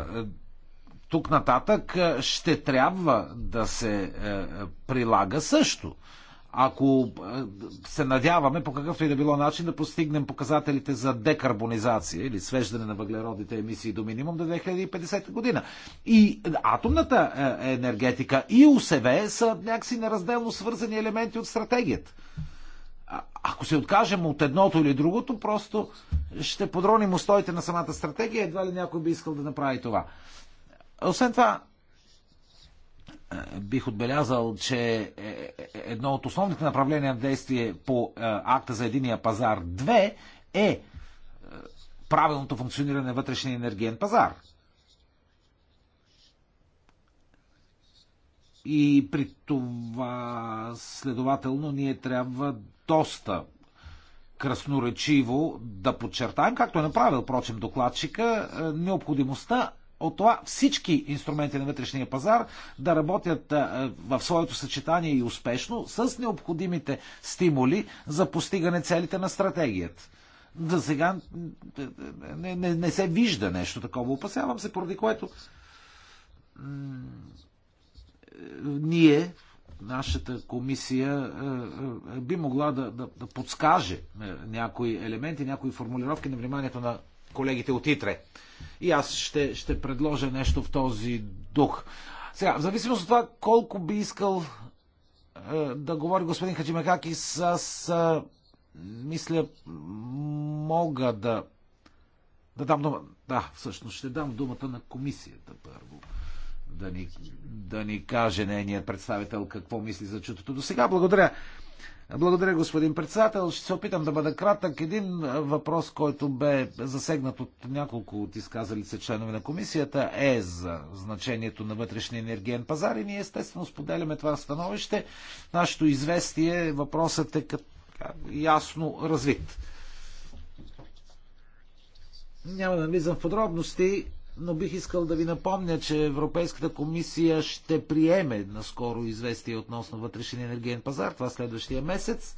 тук нататък ще трябва да се прилага също ако е, се надяваме по какъвто и да било начин да постигнем показателите за декарбонизация или свеждане на въглеродните емисии до минимум до 2050 година. И атомната е, енергетика и ОСВ са някакси неразделно свързани елементи от стратегията. Ако се откажем от едното или другото, просто ще подроним устоите на самата стратегия, едва ли някой би искал да направи това. Освен това, бих отбелязал, че е, е, едно от основните направления на действие по е, акта за единия пазар 2 е правилното функциониране на вътрешния енергиен пазар. И при това, следователно, ние трябва доста красноречиво да подчертаем, както е направил, прочим, докладчика, необходимостта от това всички инструменти на вътрешния пазар да работят в своето съчетание и успешно с необходимите стимули за постигане целите на стратегията. За сега не, не, не се вижда нещо такова. Опасявам се, поради което ние, нашата комисия, би могла да, да, да подскаже някои елементи, някои формулировки на вниманието на колегите от ИТРЕ. И аз ще, ще предложа нещо в този дух. Сега, в зависимост от това колко би искал е, да говори господин Хаджимакакис, аз е, мисля, мога да, да дам дума. Да, всъщност ще дам думата на комисията първо. Да ни, да ни каже нейният представител какво мисли за чутото до сега. Благодаря. Благодаря, господин председател. Ще се опитам да бъда кратък. Един въпрос, който бе засегнат от няколко от изказали се членове на комисията е за значението на вътрешния енергиен пазар и ние естествено споделяме това становище. Нашето известие, въпросът е като ясно развит. Няма да влизам в подробности но бих искал да ви напомня, че Европейската комисия ще приеме наскоро известие относно вътрешен енергиен пазар, това следващия месец.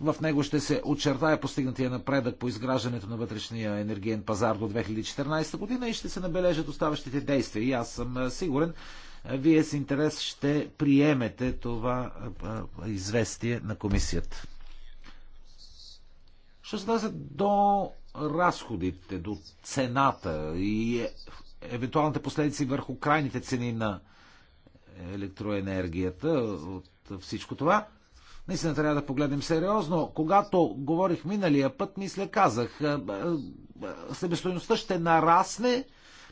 В него ще се очертая постигнатия напредък по изграждането на вътрешния енергиен пазар до 2014 година и ще се набележат оставащите действия. И аз съм сигурен, вие с интерес ще приемете това известие на комисията. Що се до разходите, до цената и е- евентуалните последици върху крайните цени на електроенергията от всичко това. Наистина трябва да погледнем сериозно. Когато говорих миналия път, мисля, казах, е, е, себестоеността ще нарасне,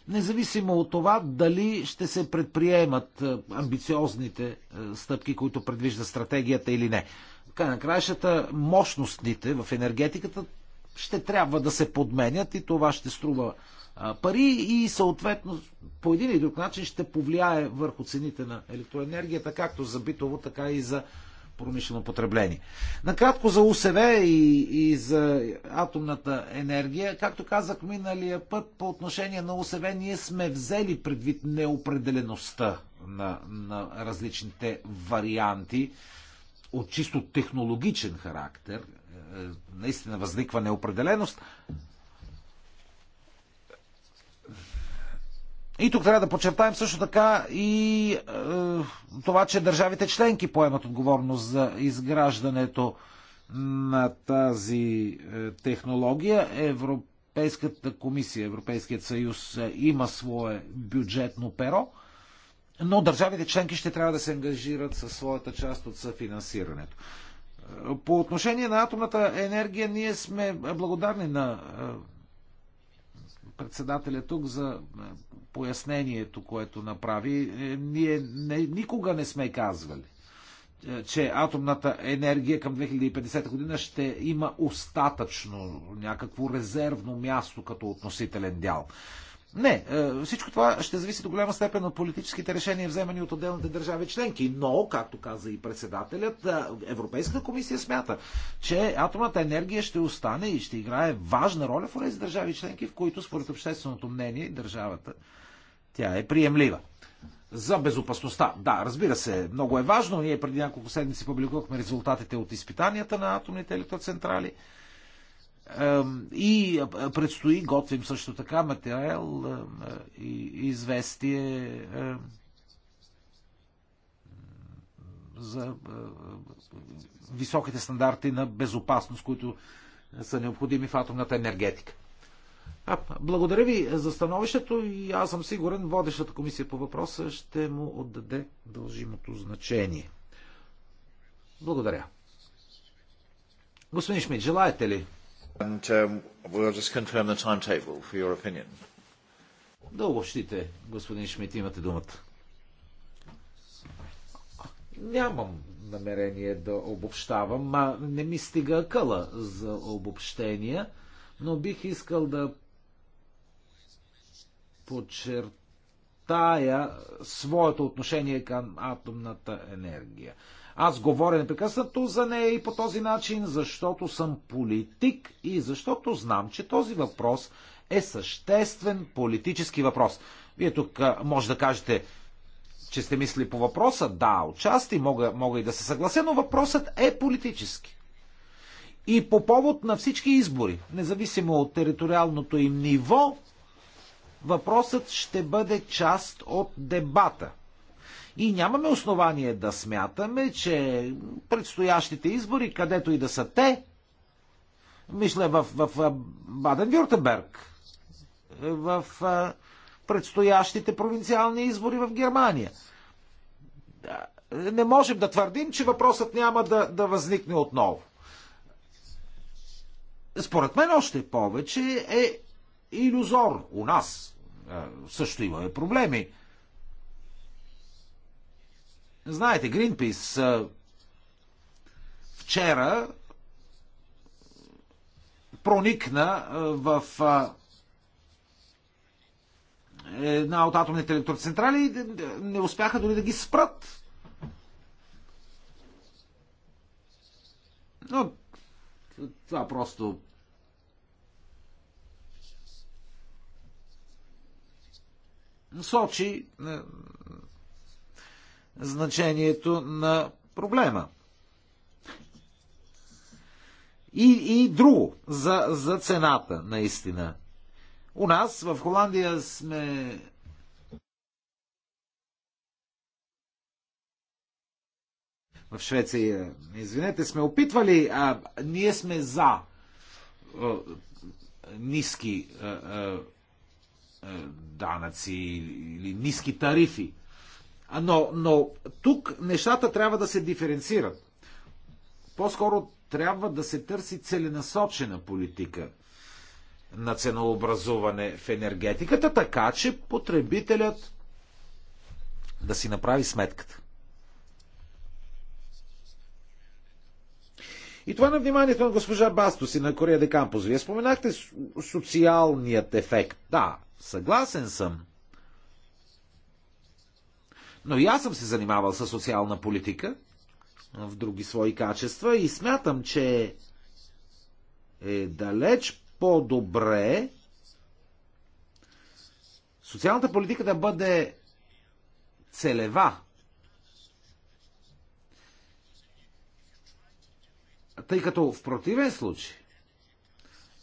независимо от това дали ще се предприемат амбициозните стъпки, които предвижда стратегията или не. Така на краищата, мощностните в енергетиката ще трябва да се подменят и това ще струва пари и съответно по един или друг начин ще повлияе върху цените на електроенергията, както за битово, така и за промишлено потребление. Накратко за УСВ и, и за атомната енергия. Както казах миналия път, по отношение на УСВ ние сме взели предвид неопределеността на, на различните варианти от чисто технологичен характер е, наистина възниква неопределеност. И тук трябва да подчертаем също така и е, това, че държавите членки поемат отговорност за изграждането на тази е, технология. Европейската комисия, Европейският съюз е, има свое бюджетно перо, но държавите членки ще трябва да се ангажират със своята част от съфинансирането. По отношение на атомната енергия ние сме благодарни на е, председателя тук за е, пояснението, което направи. Е, ние не, никога не сме казвали, че атомната енергия към 2050 година ще има остатъчно някакво резервно място като относителен дял. Не, е, всичко това ще зависи до голяма степен от политическите решения, вземани от отделните държави членки. Но, както каза и председателят, е, Европейската комисия смята, че атомната енергия ще остане и ще играе важна роля в тези държави членки, в които според общественото мнение държавата тя е приемлива. За безопасността. Да, разбира се, много е важно. Ние преди няколко седмици публикувахме резултатите от изпитанията на атомните електроцентрали. И предстои, готвим също така материал и известие за високите стандарти на безопасност, които са необходими в атомната енергетика. А, благодаря ви за становището и аз съм сигурен, водещата комисия по въпроса ще му отдаде дължимото значение. Благодаря. Господин Шмидт,
желаете ли? And um, we'll just confirm the timetable for your opinion.
Да обобщите, господин Шмидт, имате думата. Нямам намерение да обобщавам, а не ми стига къла за обобщения, но бих искал да подчертая своето отношение към атомната енергия. Аз говоря непрекъснато за нея и по този начин, защото съм политик и защото знам, че този въпрос е съществен политически въпрос. Вие тук може да кажете, че сте мислили по въпроса. Да, отчасти мога, мога и да се съглася, но въпросът е политически. И по повод на всички избори, независимо от териториалното им ниво, въпросът ще бъде част от дебата. И нямаме основание да смятаме, че предстоящите избори, където и да са те, мисля в, в, в Баден-Вюртенберг, в предстоящите провинциални избори в Германия. Не можем да твърдим, че въпросът няма да, да възникне отново. Според мен още повече е иллюзор. У нас също имаме проблеми Знаете, Гринпис вчера проникна в една от атомните електроцентрали и не успяха дори да ги спрат. Но това просто сочи значението на проблема. И, и друго, за, за цената, наистина. У нас в Холандия сме в Швеция. Извинете, сме опитвали, а ние сме за а, ниски а, а, данъци или ниски тарифи но, но тук нещата трябва да се диференцират. По-скоро трябва да се търси целенасочена политика на ценообразуване в енергетиката, така че потребителят да си направи сметката. И това на вниманието на госпожа Бастос и на Корея де Кампус. Вие споменахте социалният ефект. Да, съгласен съм. Но и аз съм се занимавал с социална политика в други свои качества и смятам, че е далеч по-добре социалната политика да бъде целева. Тъй като в противен случай,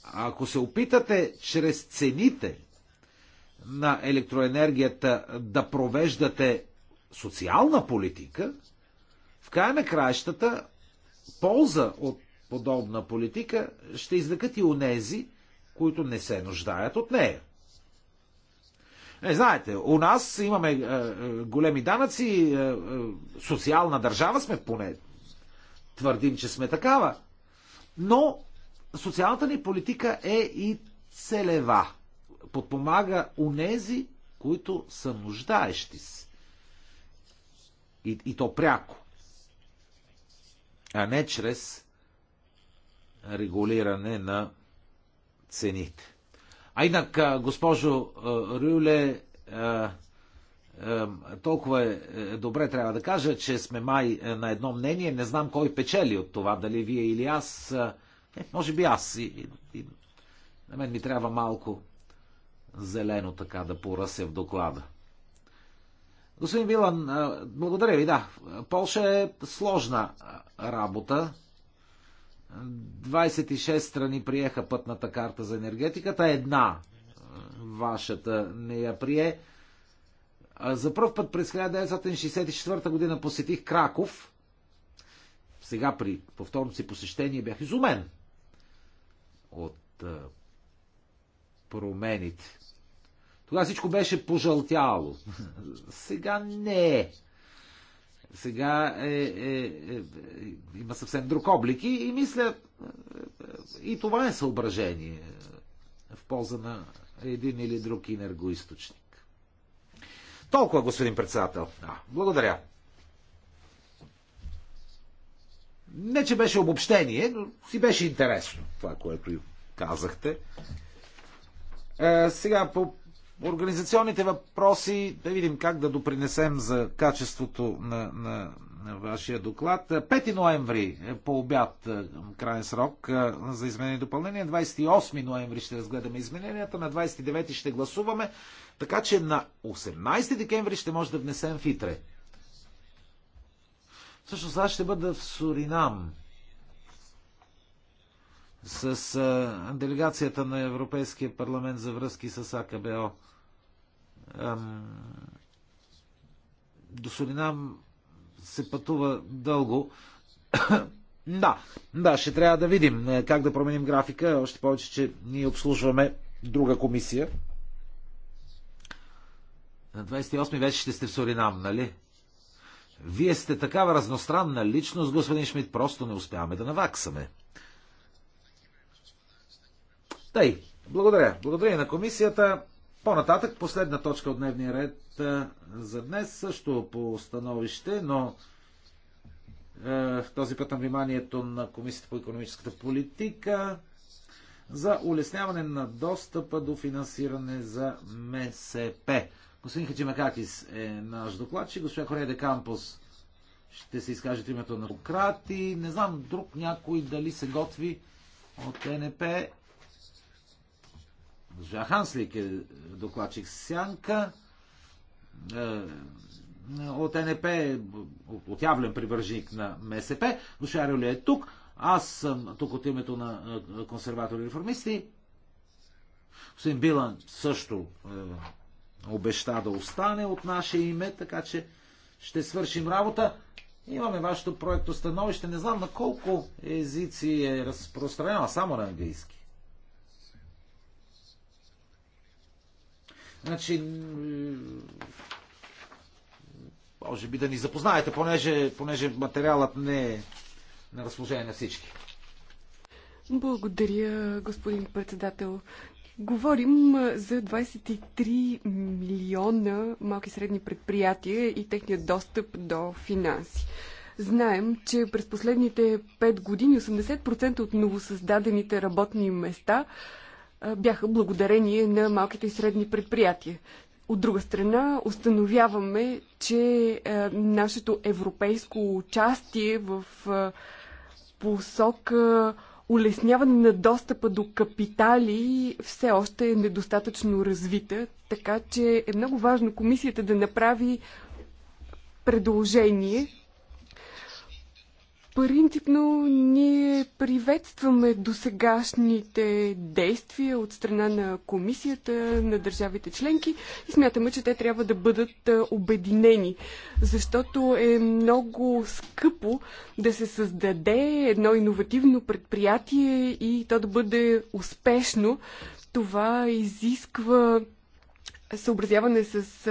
ако се опитате чрез цените на електроенергията да провеждате социална политика, в края на краищата полза от подобна политика ще извлекат и онези, които не се нуждаят от нея. Не, знаете, у нас имаме е, е, големи данъци, е, е, социална държава сме поне. Твърдим, че сме такава. Но социалната ни политика е и целева. Подпомага унези, които са нуждаещи се. И, и то пряко. А не чрез регулиране на цените. А инак, госпожо Рюле, толкова е, е, добре трябва да кажа, че сме май е, на едно мнение. Не знам кой печели от това, дали вие или аз. Е, може би аз. И, и, и, на мен ми трябва малко зелено така да поръся в доклада. Господин Вилан, благодаря ви, да. Полша е сложна работа. 26 страни приеха пътната карта за енергетиката. Една вашата не я прие. За първ път през 1964 година посетих Краков. Сега при повторно си посещение бях изумен от промените. Тогава всичко беше пожълтяло. Сега не е. Сега е, е, е, има съвсем друг облик и, и мисля, е, е, и това е съображение в полза на един или друг енергоисточник. Толкова, господин председател. А, благодаря. Не, че беше обобщение, но си беше интересно това, което казахте. Е, сега по организационните въпроси, да видим как да допринесем за качеството на, на, на вашия доклад. 5 ноември е по обяд е, крайен срок е, за изменение и допълнение. 28 ноември ще разгледаме измененията, на 29 ще гласуваме, така че на 18 декември ще може да внесем фитре. Всъщност аз ще бъда в Суринам с а, делегацията на Европейския парламент за връзки с АКБО. Ам, до Суринам се пътува дълго. (coughs) да, да, ще трябва да видим е, как да променим графика, още повече, че ние обслужваме друга комисия. На 28 вече ще сте в Суринам, нали? Вие сте такава разностранна личност, господин Шмидт, просто не успяваме да наваксаме. Тъй, благодаря. Благодаря на комисията. По-нататък, последна точка от дневния ред за днес, също по становище, но в този път на вниманието на Комисията по економическата политика за улесняване на достъпа до финансиране за МСП. Господин Хачимакакис е наш докладчик, госпожа Корея де Кампус ще се изкаже от името на Кократ и не знам друг някой дали се готви от НП. Госпожа Ханслик е докладчик Сянка е, от НП, е отявлен привържник на МСП. Госпожа Рюли е тук. Аз съм тук от името на консерватори и реформисти. Господин Билан също е, обеща да остане от наше име, така че ще свършим работа. Имаме вашето проекто становище. Не знам на колко езици е разпространено, само на английски. Значи, може би да ни запознаете, понеже, понеже материалът не е на разположение на всички.
Благодаря, господин председател. Говорим за 23 милиона малки и средни предприятия и техният достъп до финанси. Знаем, че през последните 5 години 80% от новосъздадените работни места бяха благодарение на малките и средни предприятия. От друга страна, установяваме, че нашето европейско участие в посока улесняване на достъпа до капитали все още е недостатъчно развита, така че е много важно комисията да направи предложение Принципно ние приветстваме досегашните действия от страна на комисията, на държавите членки и смятаме, че те трябва да бъдат обединени, защото е много скъпо да се създаде едно иновативно предприятие и то да бъде успешно. Това изисква съобразяване с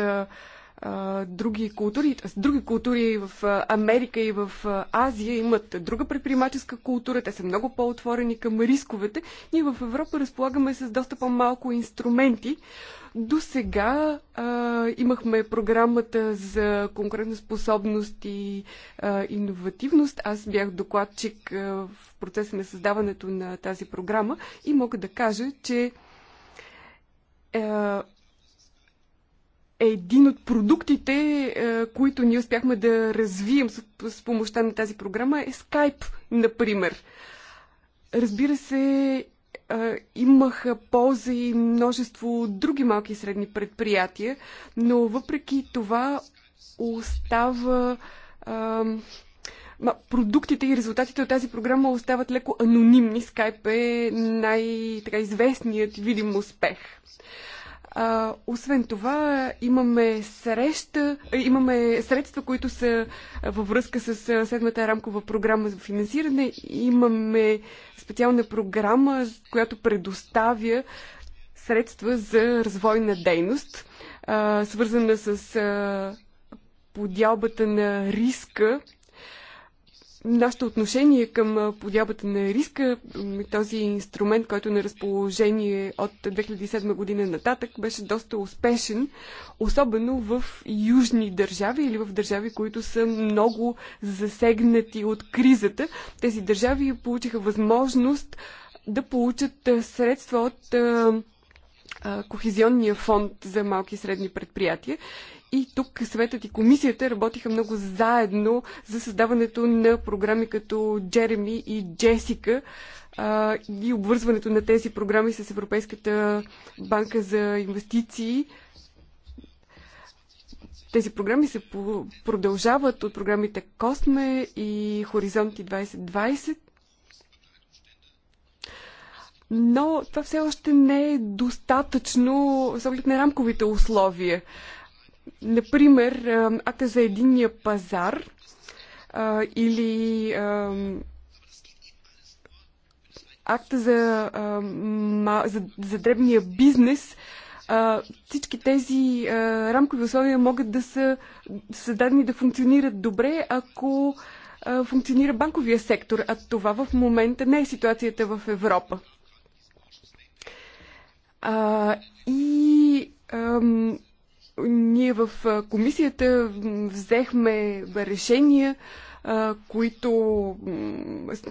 други култури, други култури в Америка и в Азия имат друга предприемаческа култура, те са много по-отворени към рисковете. Ние в Европа разполагаме с доста по-малко инструменти. До сега имахме програмата за конкурентоспособност и а, иновативност. Аз бях докладчик а, в процеса на създаването на тази програма и мога да кажа, че а, е един от продуктите, е, които ние успяхме да развием с помощта на тази програма е Skype, например. Разбира се, е, имаха полза и множество други малки и средни предприятия, но въпреки това остава е, продуктите и резултатите от тази програма остават леко анонимни. Skype е най-известният видим успех. А, освен това, имаме среща, е, имаме средства, които са във връзка с седмата рамкова програма за финансиране. Имаме специална програма, която предоставя средства за развойна дейност, а, свързана с а, подялбата на риска нашето отношение към подябата на риска, този инструмент, който е на разположение от 2007 година нататък, беше доста успешен, особено в южни държави или в държави, които са много засегнати от кризата. Тези държави получиха възможност да получат средства от Кохезионния фонд за малки и средни предприятия. И тук съветът и комисията работиха много заедно за създаването на програми като Джереми и Джесика а, и обвързването на тези програми с Европейската банка за инвестиции. Тези програми се продължават от програмите Косме и Хоризонти 2020 но това все още не е достатъчно с оглед на рамковите условия. Например, акта е за единния пазар а, или а, акта за, а, ма, за, за дребния бизнес, а, всички тези а, рамкови условия могат да са създадени да функционират добре, ако а, функционира банковия сектор, а това в момента не е ситуацията в Европа. А, и ам, ние в комисията взехме решения, а, които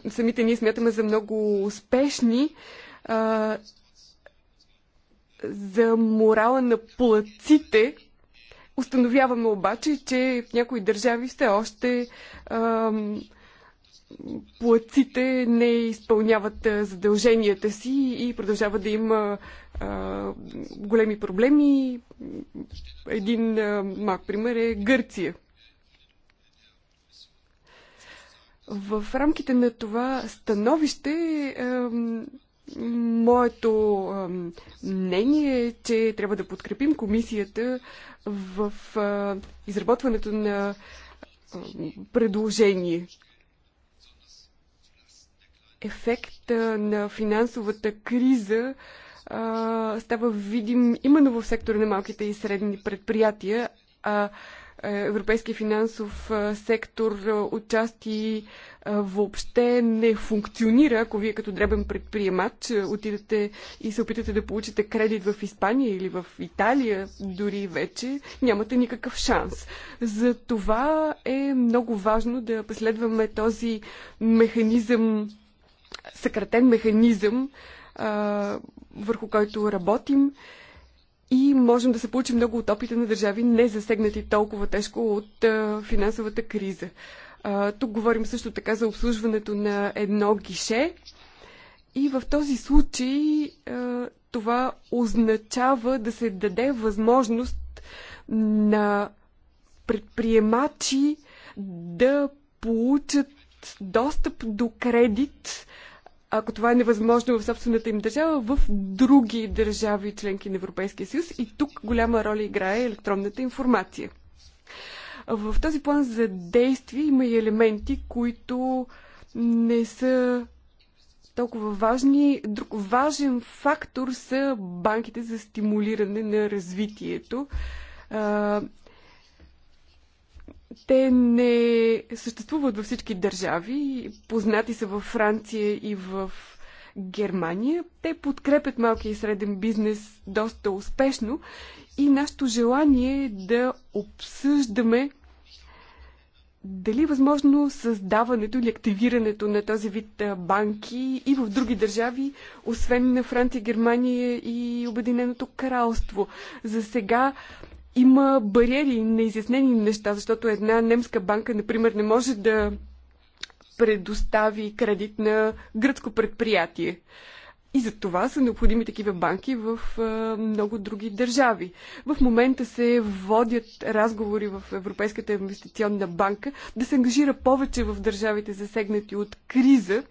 самите ние смятаме за много успешни. А, за морала на плаците. Установяваме обаче, че в някои държави все още ам, плаците не изпълняват задълженията си и продължава да има а, големи проблеми. Един а, мак пример е Гърция. В рамките на това становище а, моето а, мнение е, че трябва да подкрепим комисията в а, изработването на а, предложение. Ефект на финансовата криза а, става видим именно в сектора на малките и средни предприятия, а европейския финансов сектор отчасти въобще не функционира, ако вие като дребен предприемач отидете и се опитате да получите кредит в Испания или в Италия, дори вече нямате никакъв шанс. За това е много важно да последваме този механизъм, съкратен механизъм, върху който работим и можем да се получим много от опита на държави, не засегнати толкова тежко от финансовата криза. Тук говорим също така за обслужването на едно гише. И в този случай това означава да се даде възможност на предприемачи да получат достъп до кредит ако това е невъзможно в собствената им държава, в други държави членки на Европейския съюз. И тук голяма роля играе електронната информация. В този план за действие има и елементи, които не са толкова важни. Друг важен фактор са банките за стимулиране на развитието те не съществуват във всички държави, познати са във Франция и в Германия. Те подкрепят малкия и среден бизнес доста успешно и нашето желание е да обсъждаме дали е възможно създаването или активирането на този вид банки и в други държави, освен на Франция, Германия и Обединеното кралство. За сега има бариери, неизяснени неща, защото една немска банка, например, не може да предостави кредит на гръцко предприятие. И за това са необходими такива банки в много други държави. В момента се водят разговори в Европейската инвестиционна банка да се ангажира повече в държавите засегнати от криза.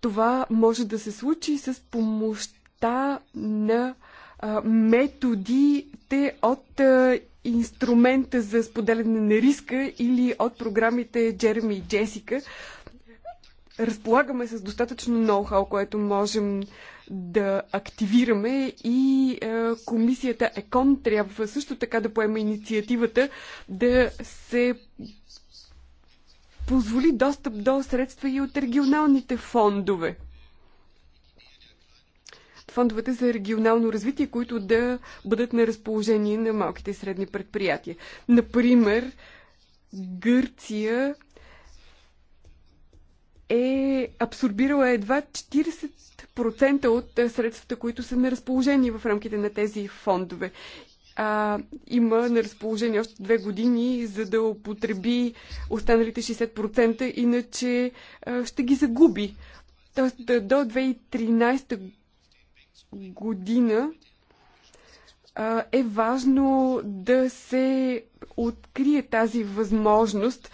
Това може да се случи с помощта на методите от инструмента за споделяне на риска или от програмите Джереми и Джесика. Разполагаме с достатъчно ноу-хау, което можем да активираме и е, комисията ЕКОН трябва също така да поема инициативата да се позволи достъп до средства и от регионалните фондове фондовете за регионално развитие, които да бъдат на разположение на малките и средни предприятия. Например, Гърция е абсорбирала едва 40% от е, средствата, които са на разположение в рамките на тези фондове. А, има на разположение още две години, за да употреби останалите 60%, иначе а, ще ги загуби. Тоест до 2013 година е важно да се открие тази възможност.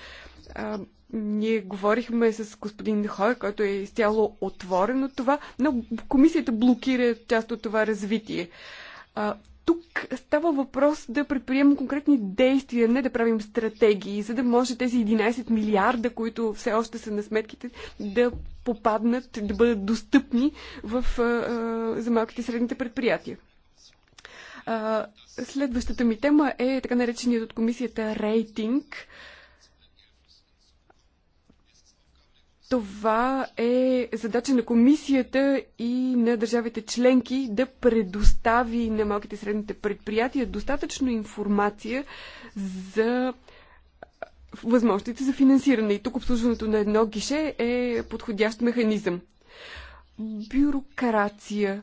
Ние говорихме с господин Хой, който е изцяло отворен от това, но комисията блокира част от това развитие тук става въпрос да предприемем конкретни действия, не да правим стратегии, за да може тези 11 милиарда, които все още са на сметките, да попаднат, да бъдат достъпни в, за малките и средните предприятия. Следващата ми тема е така нареченият от комисията рейтинг. Това е задача на комисията и на държавите членки да предостави на малките и средните предприятия достатъчно информация за възможностите за финансиране. И тук обслужването на едно гише е подходящ механизъм. Бюрокрация.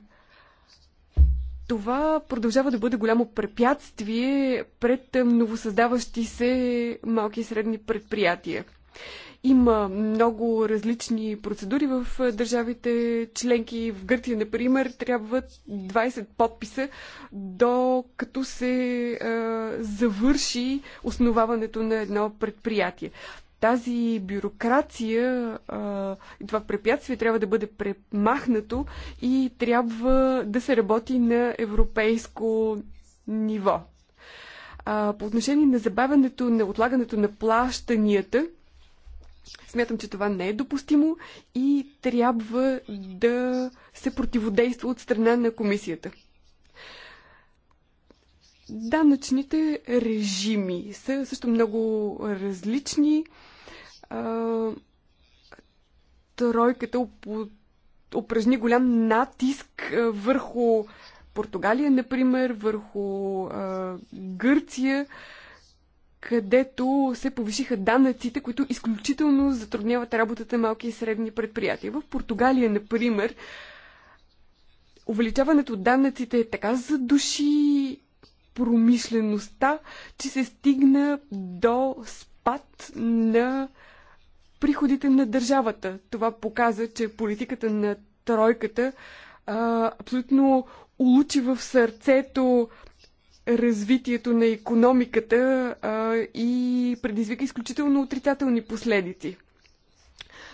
Това продължава да бъде голямо препятствие пред новосъздаващи се малки и средни предприятия. Има много различни процедури в е, държавите членки. В Гърция, например, трябват 20 подписа, докато се е, завърши основаването на едно предприятие. Тази бюрокрация е, и това препятствие трябва да бъде премахнато и трябва да се работи на европейско ниво. по отношение на забавянето, на отлагането на плащанията, Смятам, че това не е допустимо и трябва да се противодейства от страна на комисията. Данъчните режими са също много различни. Тройката упражни голям натиск върху Португалия, например, върху Гърция където се повишиха данъците, които изключително затрудняват работата на малки и средни предприятия. В Португалия, например, увеличаването от данъците е така задуши промишлеността, че се стигна до спад на приходите на държавата. Това показа, че политиката на тройката а, абсолютно улучи в сърцето развитието на економиката а, и предизвика изключително отрицателни последици.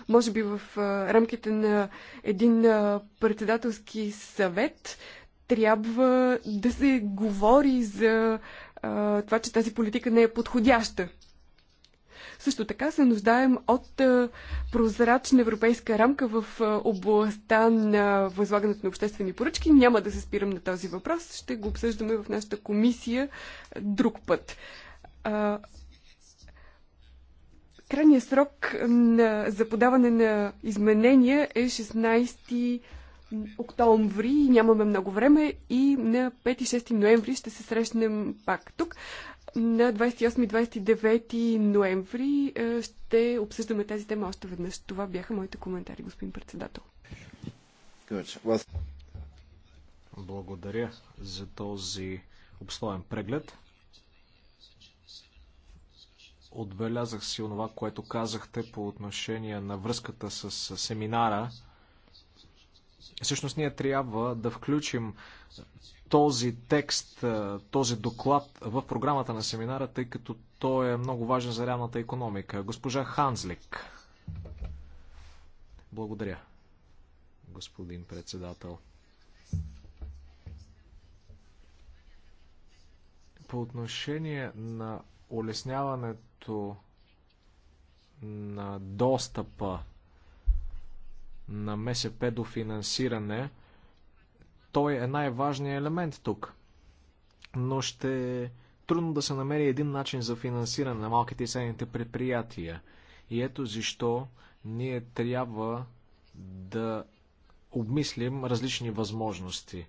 Може би в а, рамките на един а, председателски съвет трябва да се говори за а, това, че тази политика не е подходяща. Също така се нуждаем от прозрачна европейска рамка в областта на възлагането на обществени поръчки. Няма да се спирам на този въпрос. Ще го обсъждаме в нашата комисия друг път. Крайният срок на, за подаване на изменения е 16 октомври, нямаме много време и на 5-6 ноември ще се срещнем пак тук. На 28-29 ноември е, ще обсъждаме тази тема още веднъж. Това бяха моите коментари, господин председател.
Благодаря за този обстоен преглед. Отбелязах си онова, което казахте по отношение на връзката с семинара. Всъщност ние трябва да включим този текст, този доклад в програмата на семинара, тъй като той е много важен за реалната економика. Госпожа Ханзлик. Благодаря, господин председател. По отношение на улесняването на достъпа на МСП до финансиране, той е най-важният елемент тук. Но ще е трудно да се намери един начин за финансиране на малките и средните предприятия. И ето защо ние трябва да обмислим различни възможности.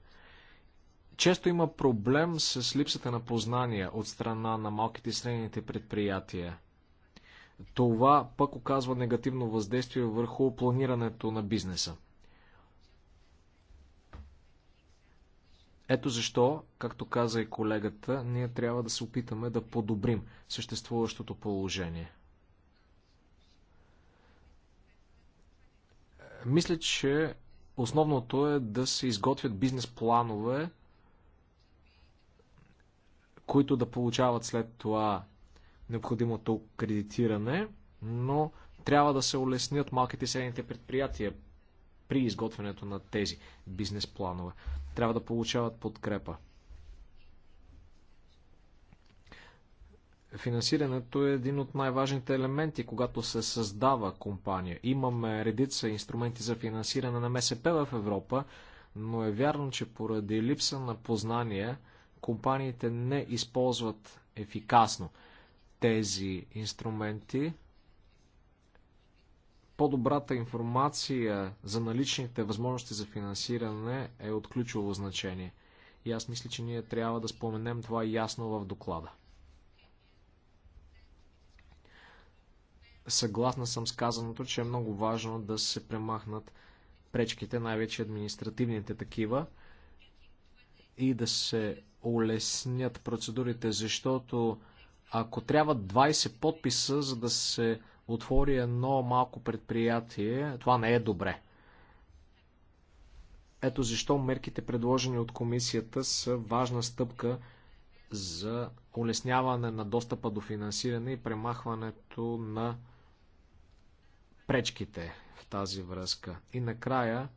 Често има проблем с липсата на познания от страна на малките и средните предприятия. Това пък оказва негативно въздействие върху планирането на бизнеса. Ето защо, както каза и колегата, ние трябва да се опитаме да подобрим съществуващото положение. Мисля, че основното е да се изготвят бизнес планове, които да получават след това необходимото кредитиране, но трябва да се улеснят малките и средните предприятия при изготвянето на тези бизнес планове. Трябва да получават подкрепа. Финансирането е един от най-важните елементи, когато се създава компания. Имаме редица инструменти за финансиране на МСП в Европа, но е вярно, че поради липса на познания компаниите не използват ефикасно тези инструменти по-добрата информация за наличните възможности за финансиране е от ключово значение. И аз мисля, че ние трябва да споменем това ясно в доклада. Съгласна съм с казаното, че е много важно да се премахнат пречките, най-вече административните такива, и да се улеснят процедурите, защото ако трябва 20 подписа, за да се отвори едно малко предприятие, това не е добре. Ето защо мерките, предложени от комисията, са важна стъпка за улесняване на достъпа до финансиране и премахването на пречките в тази връзка. И накрая,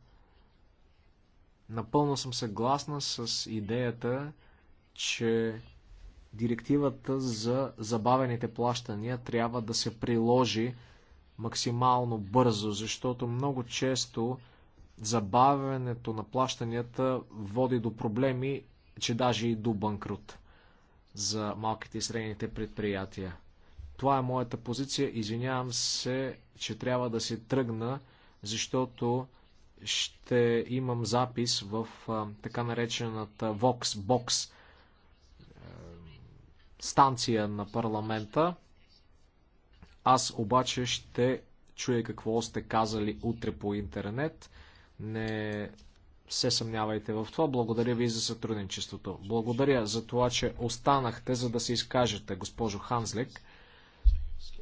напълно съм съгласна с идеята, че директивата за забавените плащания трябва да се приложи максимално бързо, защото много често забавянето на плащанията води до проблеми, че даже и до банкрут за малките и средните предприятия. Това е моята позиция. Извинявам се, че трябва да се тръгна, защото ще имам запис в а, така наречената Vox Box станция на парламента. Аз обаче ще чуя какво сте казали утре по интернет. Не се съмнявайте в това. Благодаря ви за сътрудничеството. Благодаря за това, че останахте, за да се изкажете, госпожо Ханзлек.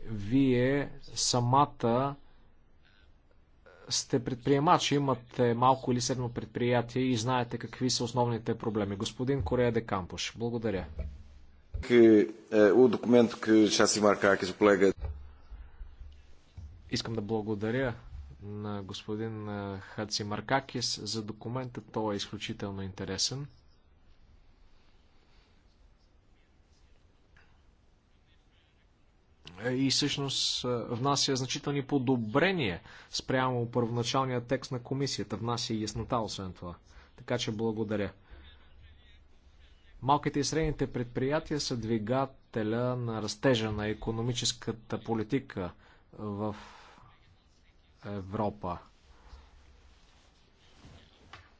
Вие самата сте предприемачи, имате малко или средно предприятие и знаете какви са основните проблеми. Господин Корея де Кампуш, благодаря.
Que, eh,
Искам да благодаря на господин е, Хаци Маркакис за документа. Той е изключително интересен. Е, и всъщност е, внася значителни подобрения спрямо първоначалния текст на комисията. Внася и яснота, освен това. Така че благодаря. Малките и средните предприятия са двигателя на растежа на економическата политика в Европа.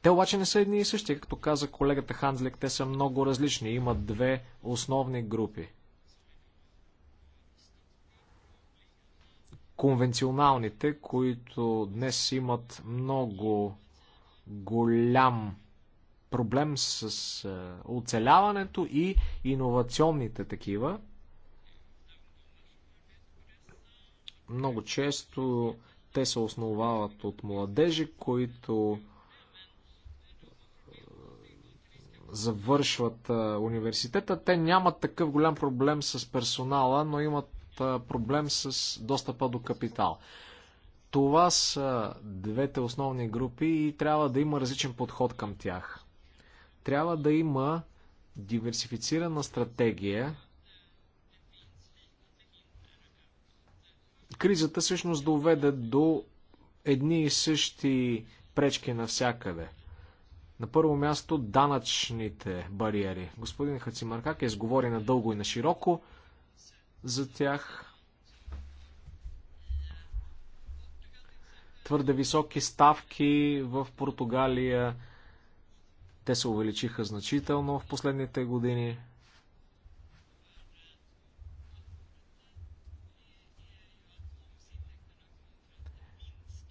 Те обаче не са едни и същи, както каза колегата Ханзлик, те са много различни. Има две основни групи. Конвенционалните, които днес имат много голям проблем с е, оцеляването и иновационните такива. Много често те се основават от младежи, които е, завършват е, университета. Те нямат такъв голям проблем с персонала, но имат проблем с достъпа до капитал. Това са двете основни групи и трябва да има различен подход към тях. Трябва да има диверсифицирана стратегия. Кризата всъщност доведе до едни и същи пречки навсякъде. На първо място данъчните бариери. Господин Хацимаркак е изговори надълго и на широко за тях. Твърде високи ставки в Португалия, те се увеличиха значително в последните години.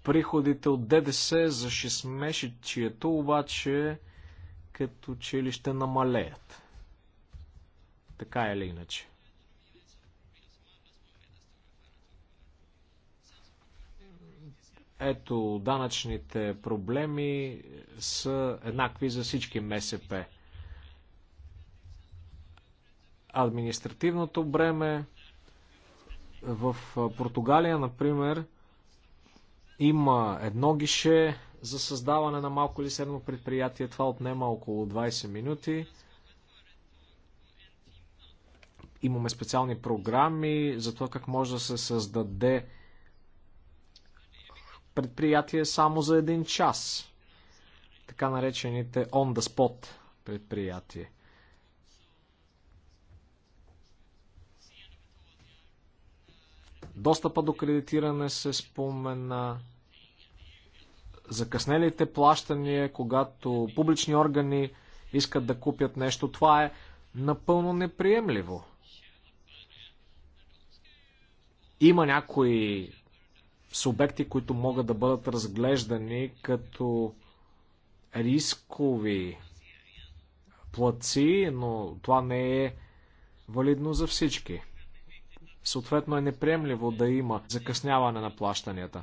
Приходите от ДДС за 6 месечието обаче като че ли ще намалеят. Така или иначе. Ето, данъчните проблеми са еднакви за всички МСП. Административното бреме в Португалия, например, има едно гише за създаване на малко или средно предприятие. Това отнема около 20 минути. Имаме специални програми за това как може да се създаде предприятие само за един час. Така наречените on the spot предприятие. Достъпа до кредитиране се спомена. Закъснелите плащания, когато публични органи искат да купят нещо, това е напълно неприемливо. Има някои субекти, които могат да бъдат разглеждани като рискови плаци, но това не е валидно за всички. Съответно е неприемливо да има закъсняване на плащанията.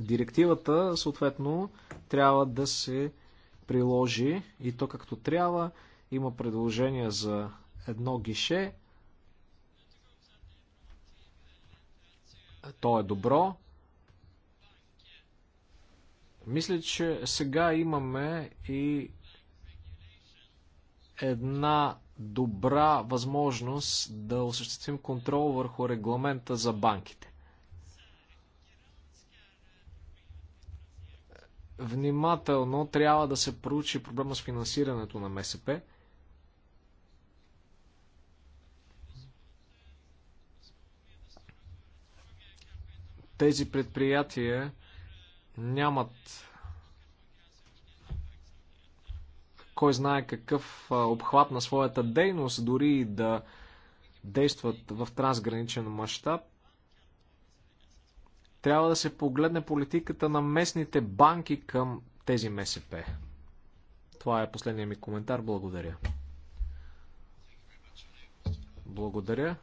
Директивата, съответно, трябва да се приложи и то както трябва. Има предложение за едно гише. То е добро. Мисля, че сега имаме и една добра възможност да осъществим контрол върху регламента за банките. Внимателно трябва да се проучи проблема с финансирането на МСП. Тези предприятия нямат кой знае какъв обхват на своята дейност, дори и да действат в трансграничен мащаб. Трябва да се погледне политиката на местните банки към тези МСП. Това е последният ми коментар. Благодаря. Благодаря.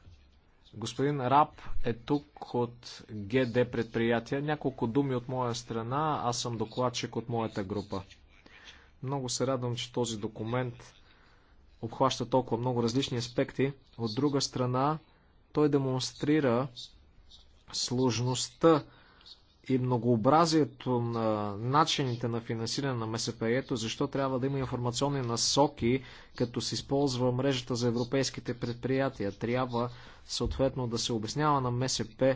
Господин Раб е тук от ГД предприятия. Няколко думи от моя страна. Аз съм докладчик от моята група. Много се радвам, че този документ обхваща толкова много различни аспекти. От друга страна, той демонстрира сложността и многообразието на начините на финансиране на МСП. Ето защо трябва да има информационни насоки, като се използва мрежата за европейските предприятия. Трябва съответно да се обяснява на МСП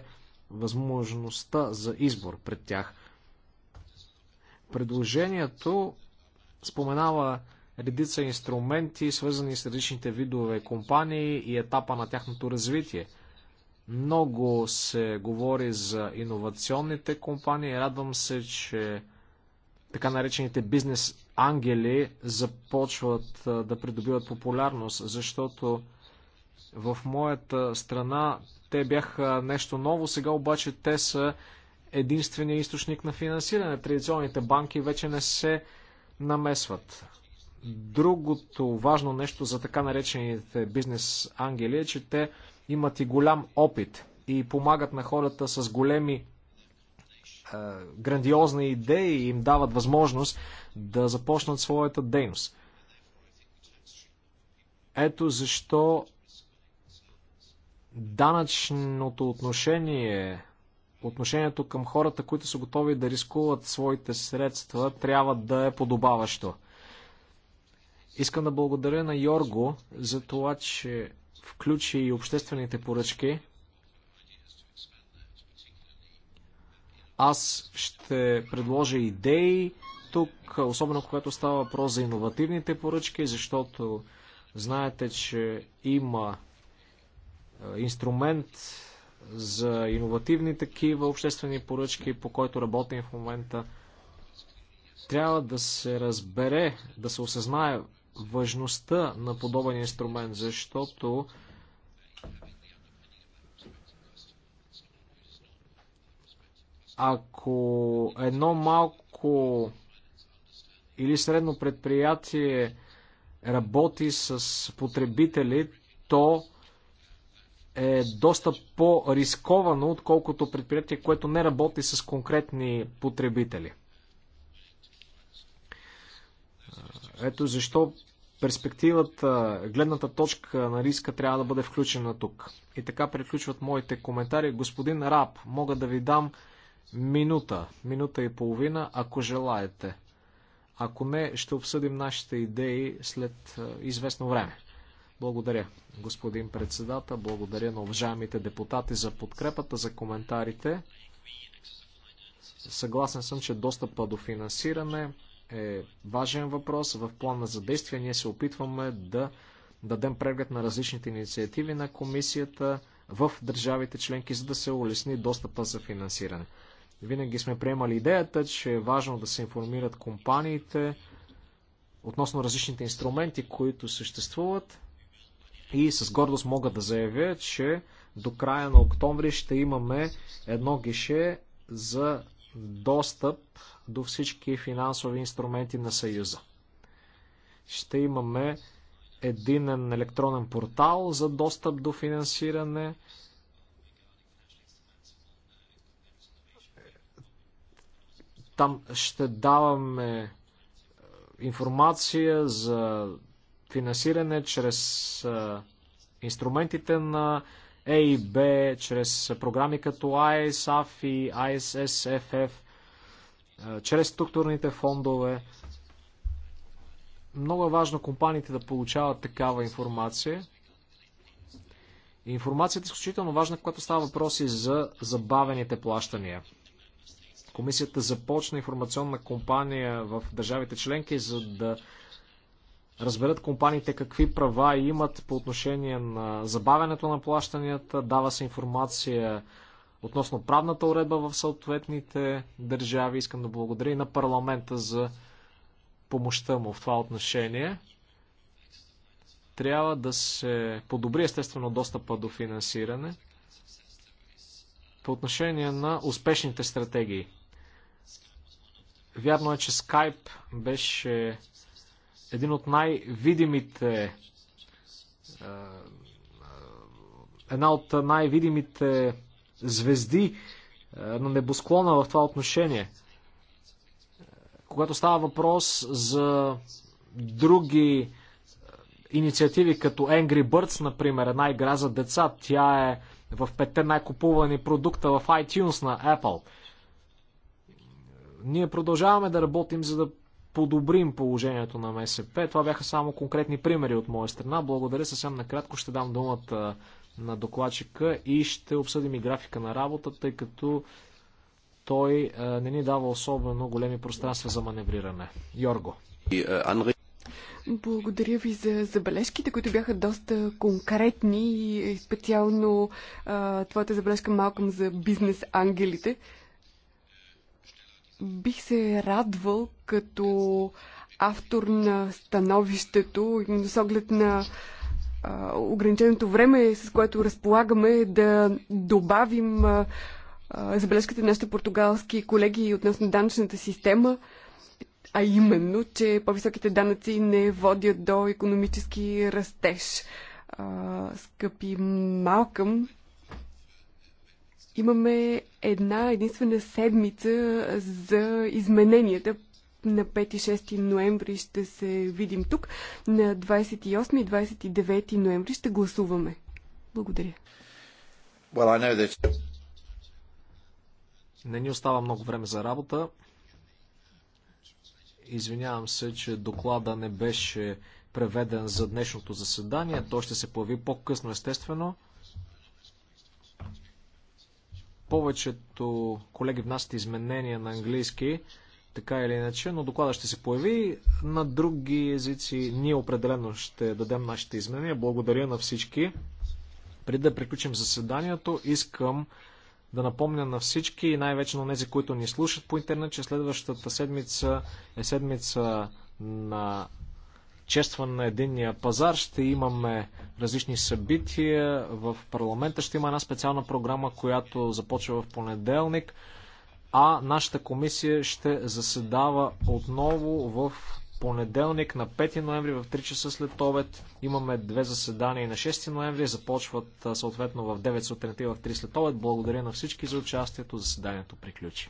възможността за избор пред тях. Предложението споменава редица инструменти, свързани с различните видове компании и етапа на тяхното развитие – много се говори за иновационните компании. Радвам се, че така наречените бизнес ангели започват да придобиват популярност, защото в моята страна те бяха нещо ново, сега обаче те са единствения източник на финансиране. Традиционните банки вече не се намесват. Другото важно нещо за така наречените бизнес ангели е, че те имат и голям опит и помагат на хората с големи е, грандиозни идеи и им дават възможност да започнат своята дейност. Ето защо данъчното отношение, отношението към хората, които са готови да рискуват своите средства, трябва да е подобаващо. Искам да благодаря на Йорго за това, че включи и обществените поръчки. Аз ще предложа идеи тук, особено когато става въпрос за иновативните поръчки, защото знаете, че има инструмент за иновативни такива обществени поръчки, по който работим в момента. Трябва да се разбере, да се осъзнае важността на подобен инструмент, защото ако едно малко или средно предприятие работи с потребители, то е доста по-рисковано, отколкото предприятие, което не работи с конкретни потребители. Ето защо перспективата, гледната точка на риска трябва да бъде включена тук. И така приключват моите коментари. Господин Раб, мога да ви дам минута, минута и половина, ако желаете. Ако не, ще обсъдим нашите идеи след е, известно време. Благодаря, господин председател. Благодаря на уважаемите депутати за подкрепата, за коментарите. Съгласен съм, че достъпа до финансиране е важен въпрос. В плана за действие ние се опитваме да дадем преглед на различните инициативи на комисията в държавите членки, за да се улесни достъпа за финансиране. Винаги сме приемали идеята, че е важно да се информират компаниите относно различните инструменти, които съществуват. И с гордост мога да заявя, че до края на октомври ще имаме едно гише за достъп до всички финансови инструменти на Съюза. Ще имаме единен електронен портал за достъп до финансиране. Там ще даваме е, информация за финансиране чрез е, инструментите на A и B чрез програми като ISAF и ISSFF, чрез структурните фондове. Много е важно компаниите да получават такава информация. Информацията е изключително важна, когато става въпроси за забавените плащания. Комисията започна информационна кампания в държавите членки, за да разберат компаниите какви права имат по отношение на забавянето на плащанията, дава се информация относно правната уредба в съответните държави. Искам да благодаря и на парламента за помощта му в това отношение. Трябва да се подобри естествено достъпа до финансиране по отношение на успешните стратегии. Вярно е, че Skype беше един от най-видимите е, е, една от най-видимите звезди е, на небосклона в това отношение. Когато става въпрос за други инициативи, като Angry Birds, например, една игра за деца, тя е в петте най-купувани продукта в iTunes на Apple. Ние продължаваме да работим, за да подобрим положението на МСП. Това бяха само конкретни примери от моя страна. Благодаря съвсем накратко. Ще дам думата на докладчика и ще обсъдим и графика на работа, тъй като той е, не ни дава особено големи пространства за маневриране. Йорго. Е,
Благодаря ви за забележките, които бяха доста конкретни и специално а, твоята забележка малко за бизнес ангелите. Бих се радвал като автор на становището, с оглед на а, ограниченото време, с което разполагаме, да добавим а, забележката забележките на нашите португалски колеги относно данъчната система, а именно, че по-високите данъци не водят до економически растеж. А, скъпи Малкъм, Имаме една единствена седмица за измененията. На 5 и 6 ноември ще се видим тук. На 28 и 29 ноември ще гласуваме. Благодаря.
Well, I know that... Не ни остава много време за работа. Извинявам се, че доклада не беше преведен за днешното заседание. Той ще се появи по-късно, естествено. Повечето колеги внасят изменения на английски, така или иначе, но доклада ще се появи. На други езици ние определено ще дадем нашите изменения. Благодаря на всички. Преди да приключим заседанието, искам да напомня на всички и най-вече на тези, които ни слушат по интернет, че следващата седмица е седмица на честван на единния пазар. Ще имаме различни събития. В парламента ще има една специална програма, която започва в понеделник. А нашата комисия ще заседава отново в понеделник на 5 ноември в 3 часа след обед. Имаме две заседания на 6 ноември. Започват съответно в 9 сутринта и в 3 след обед. Благодаря на всички за участието. Заседанието приключи.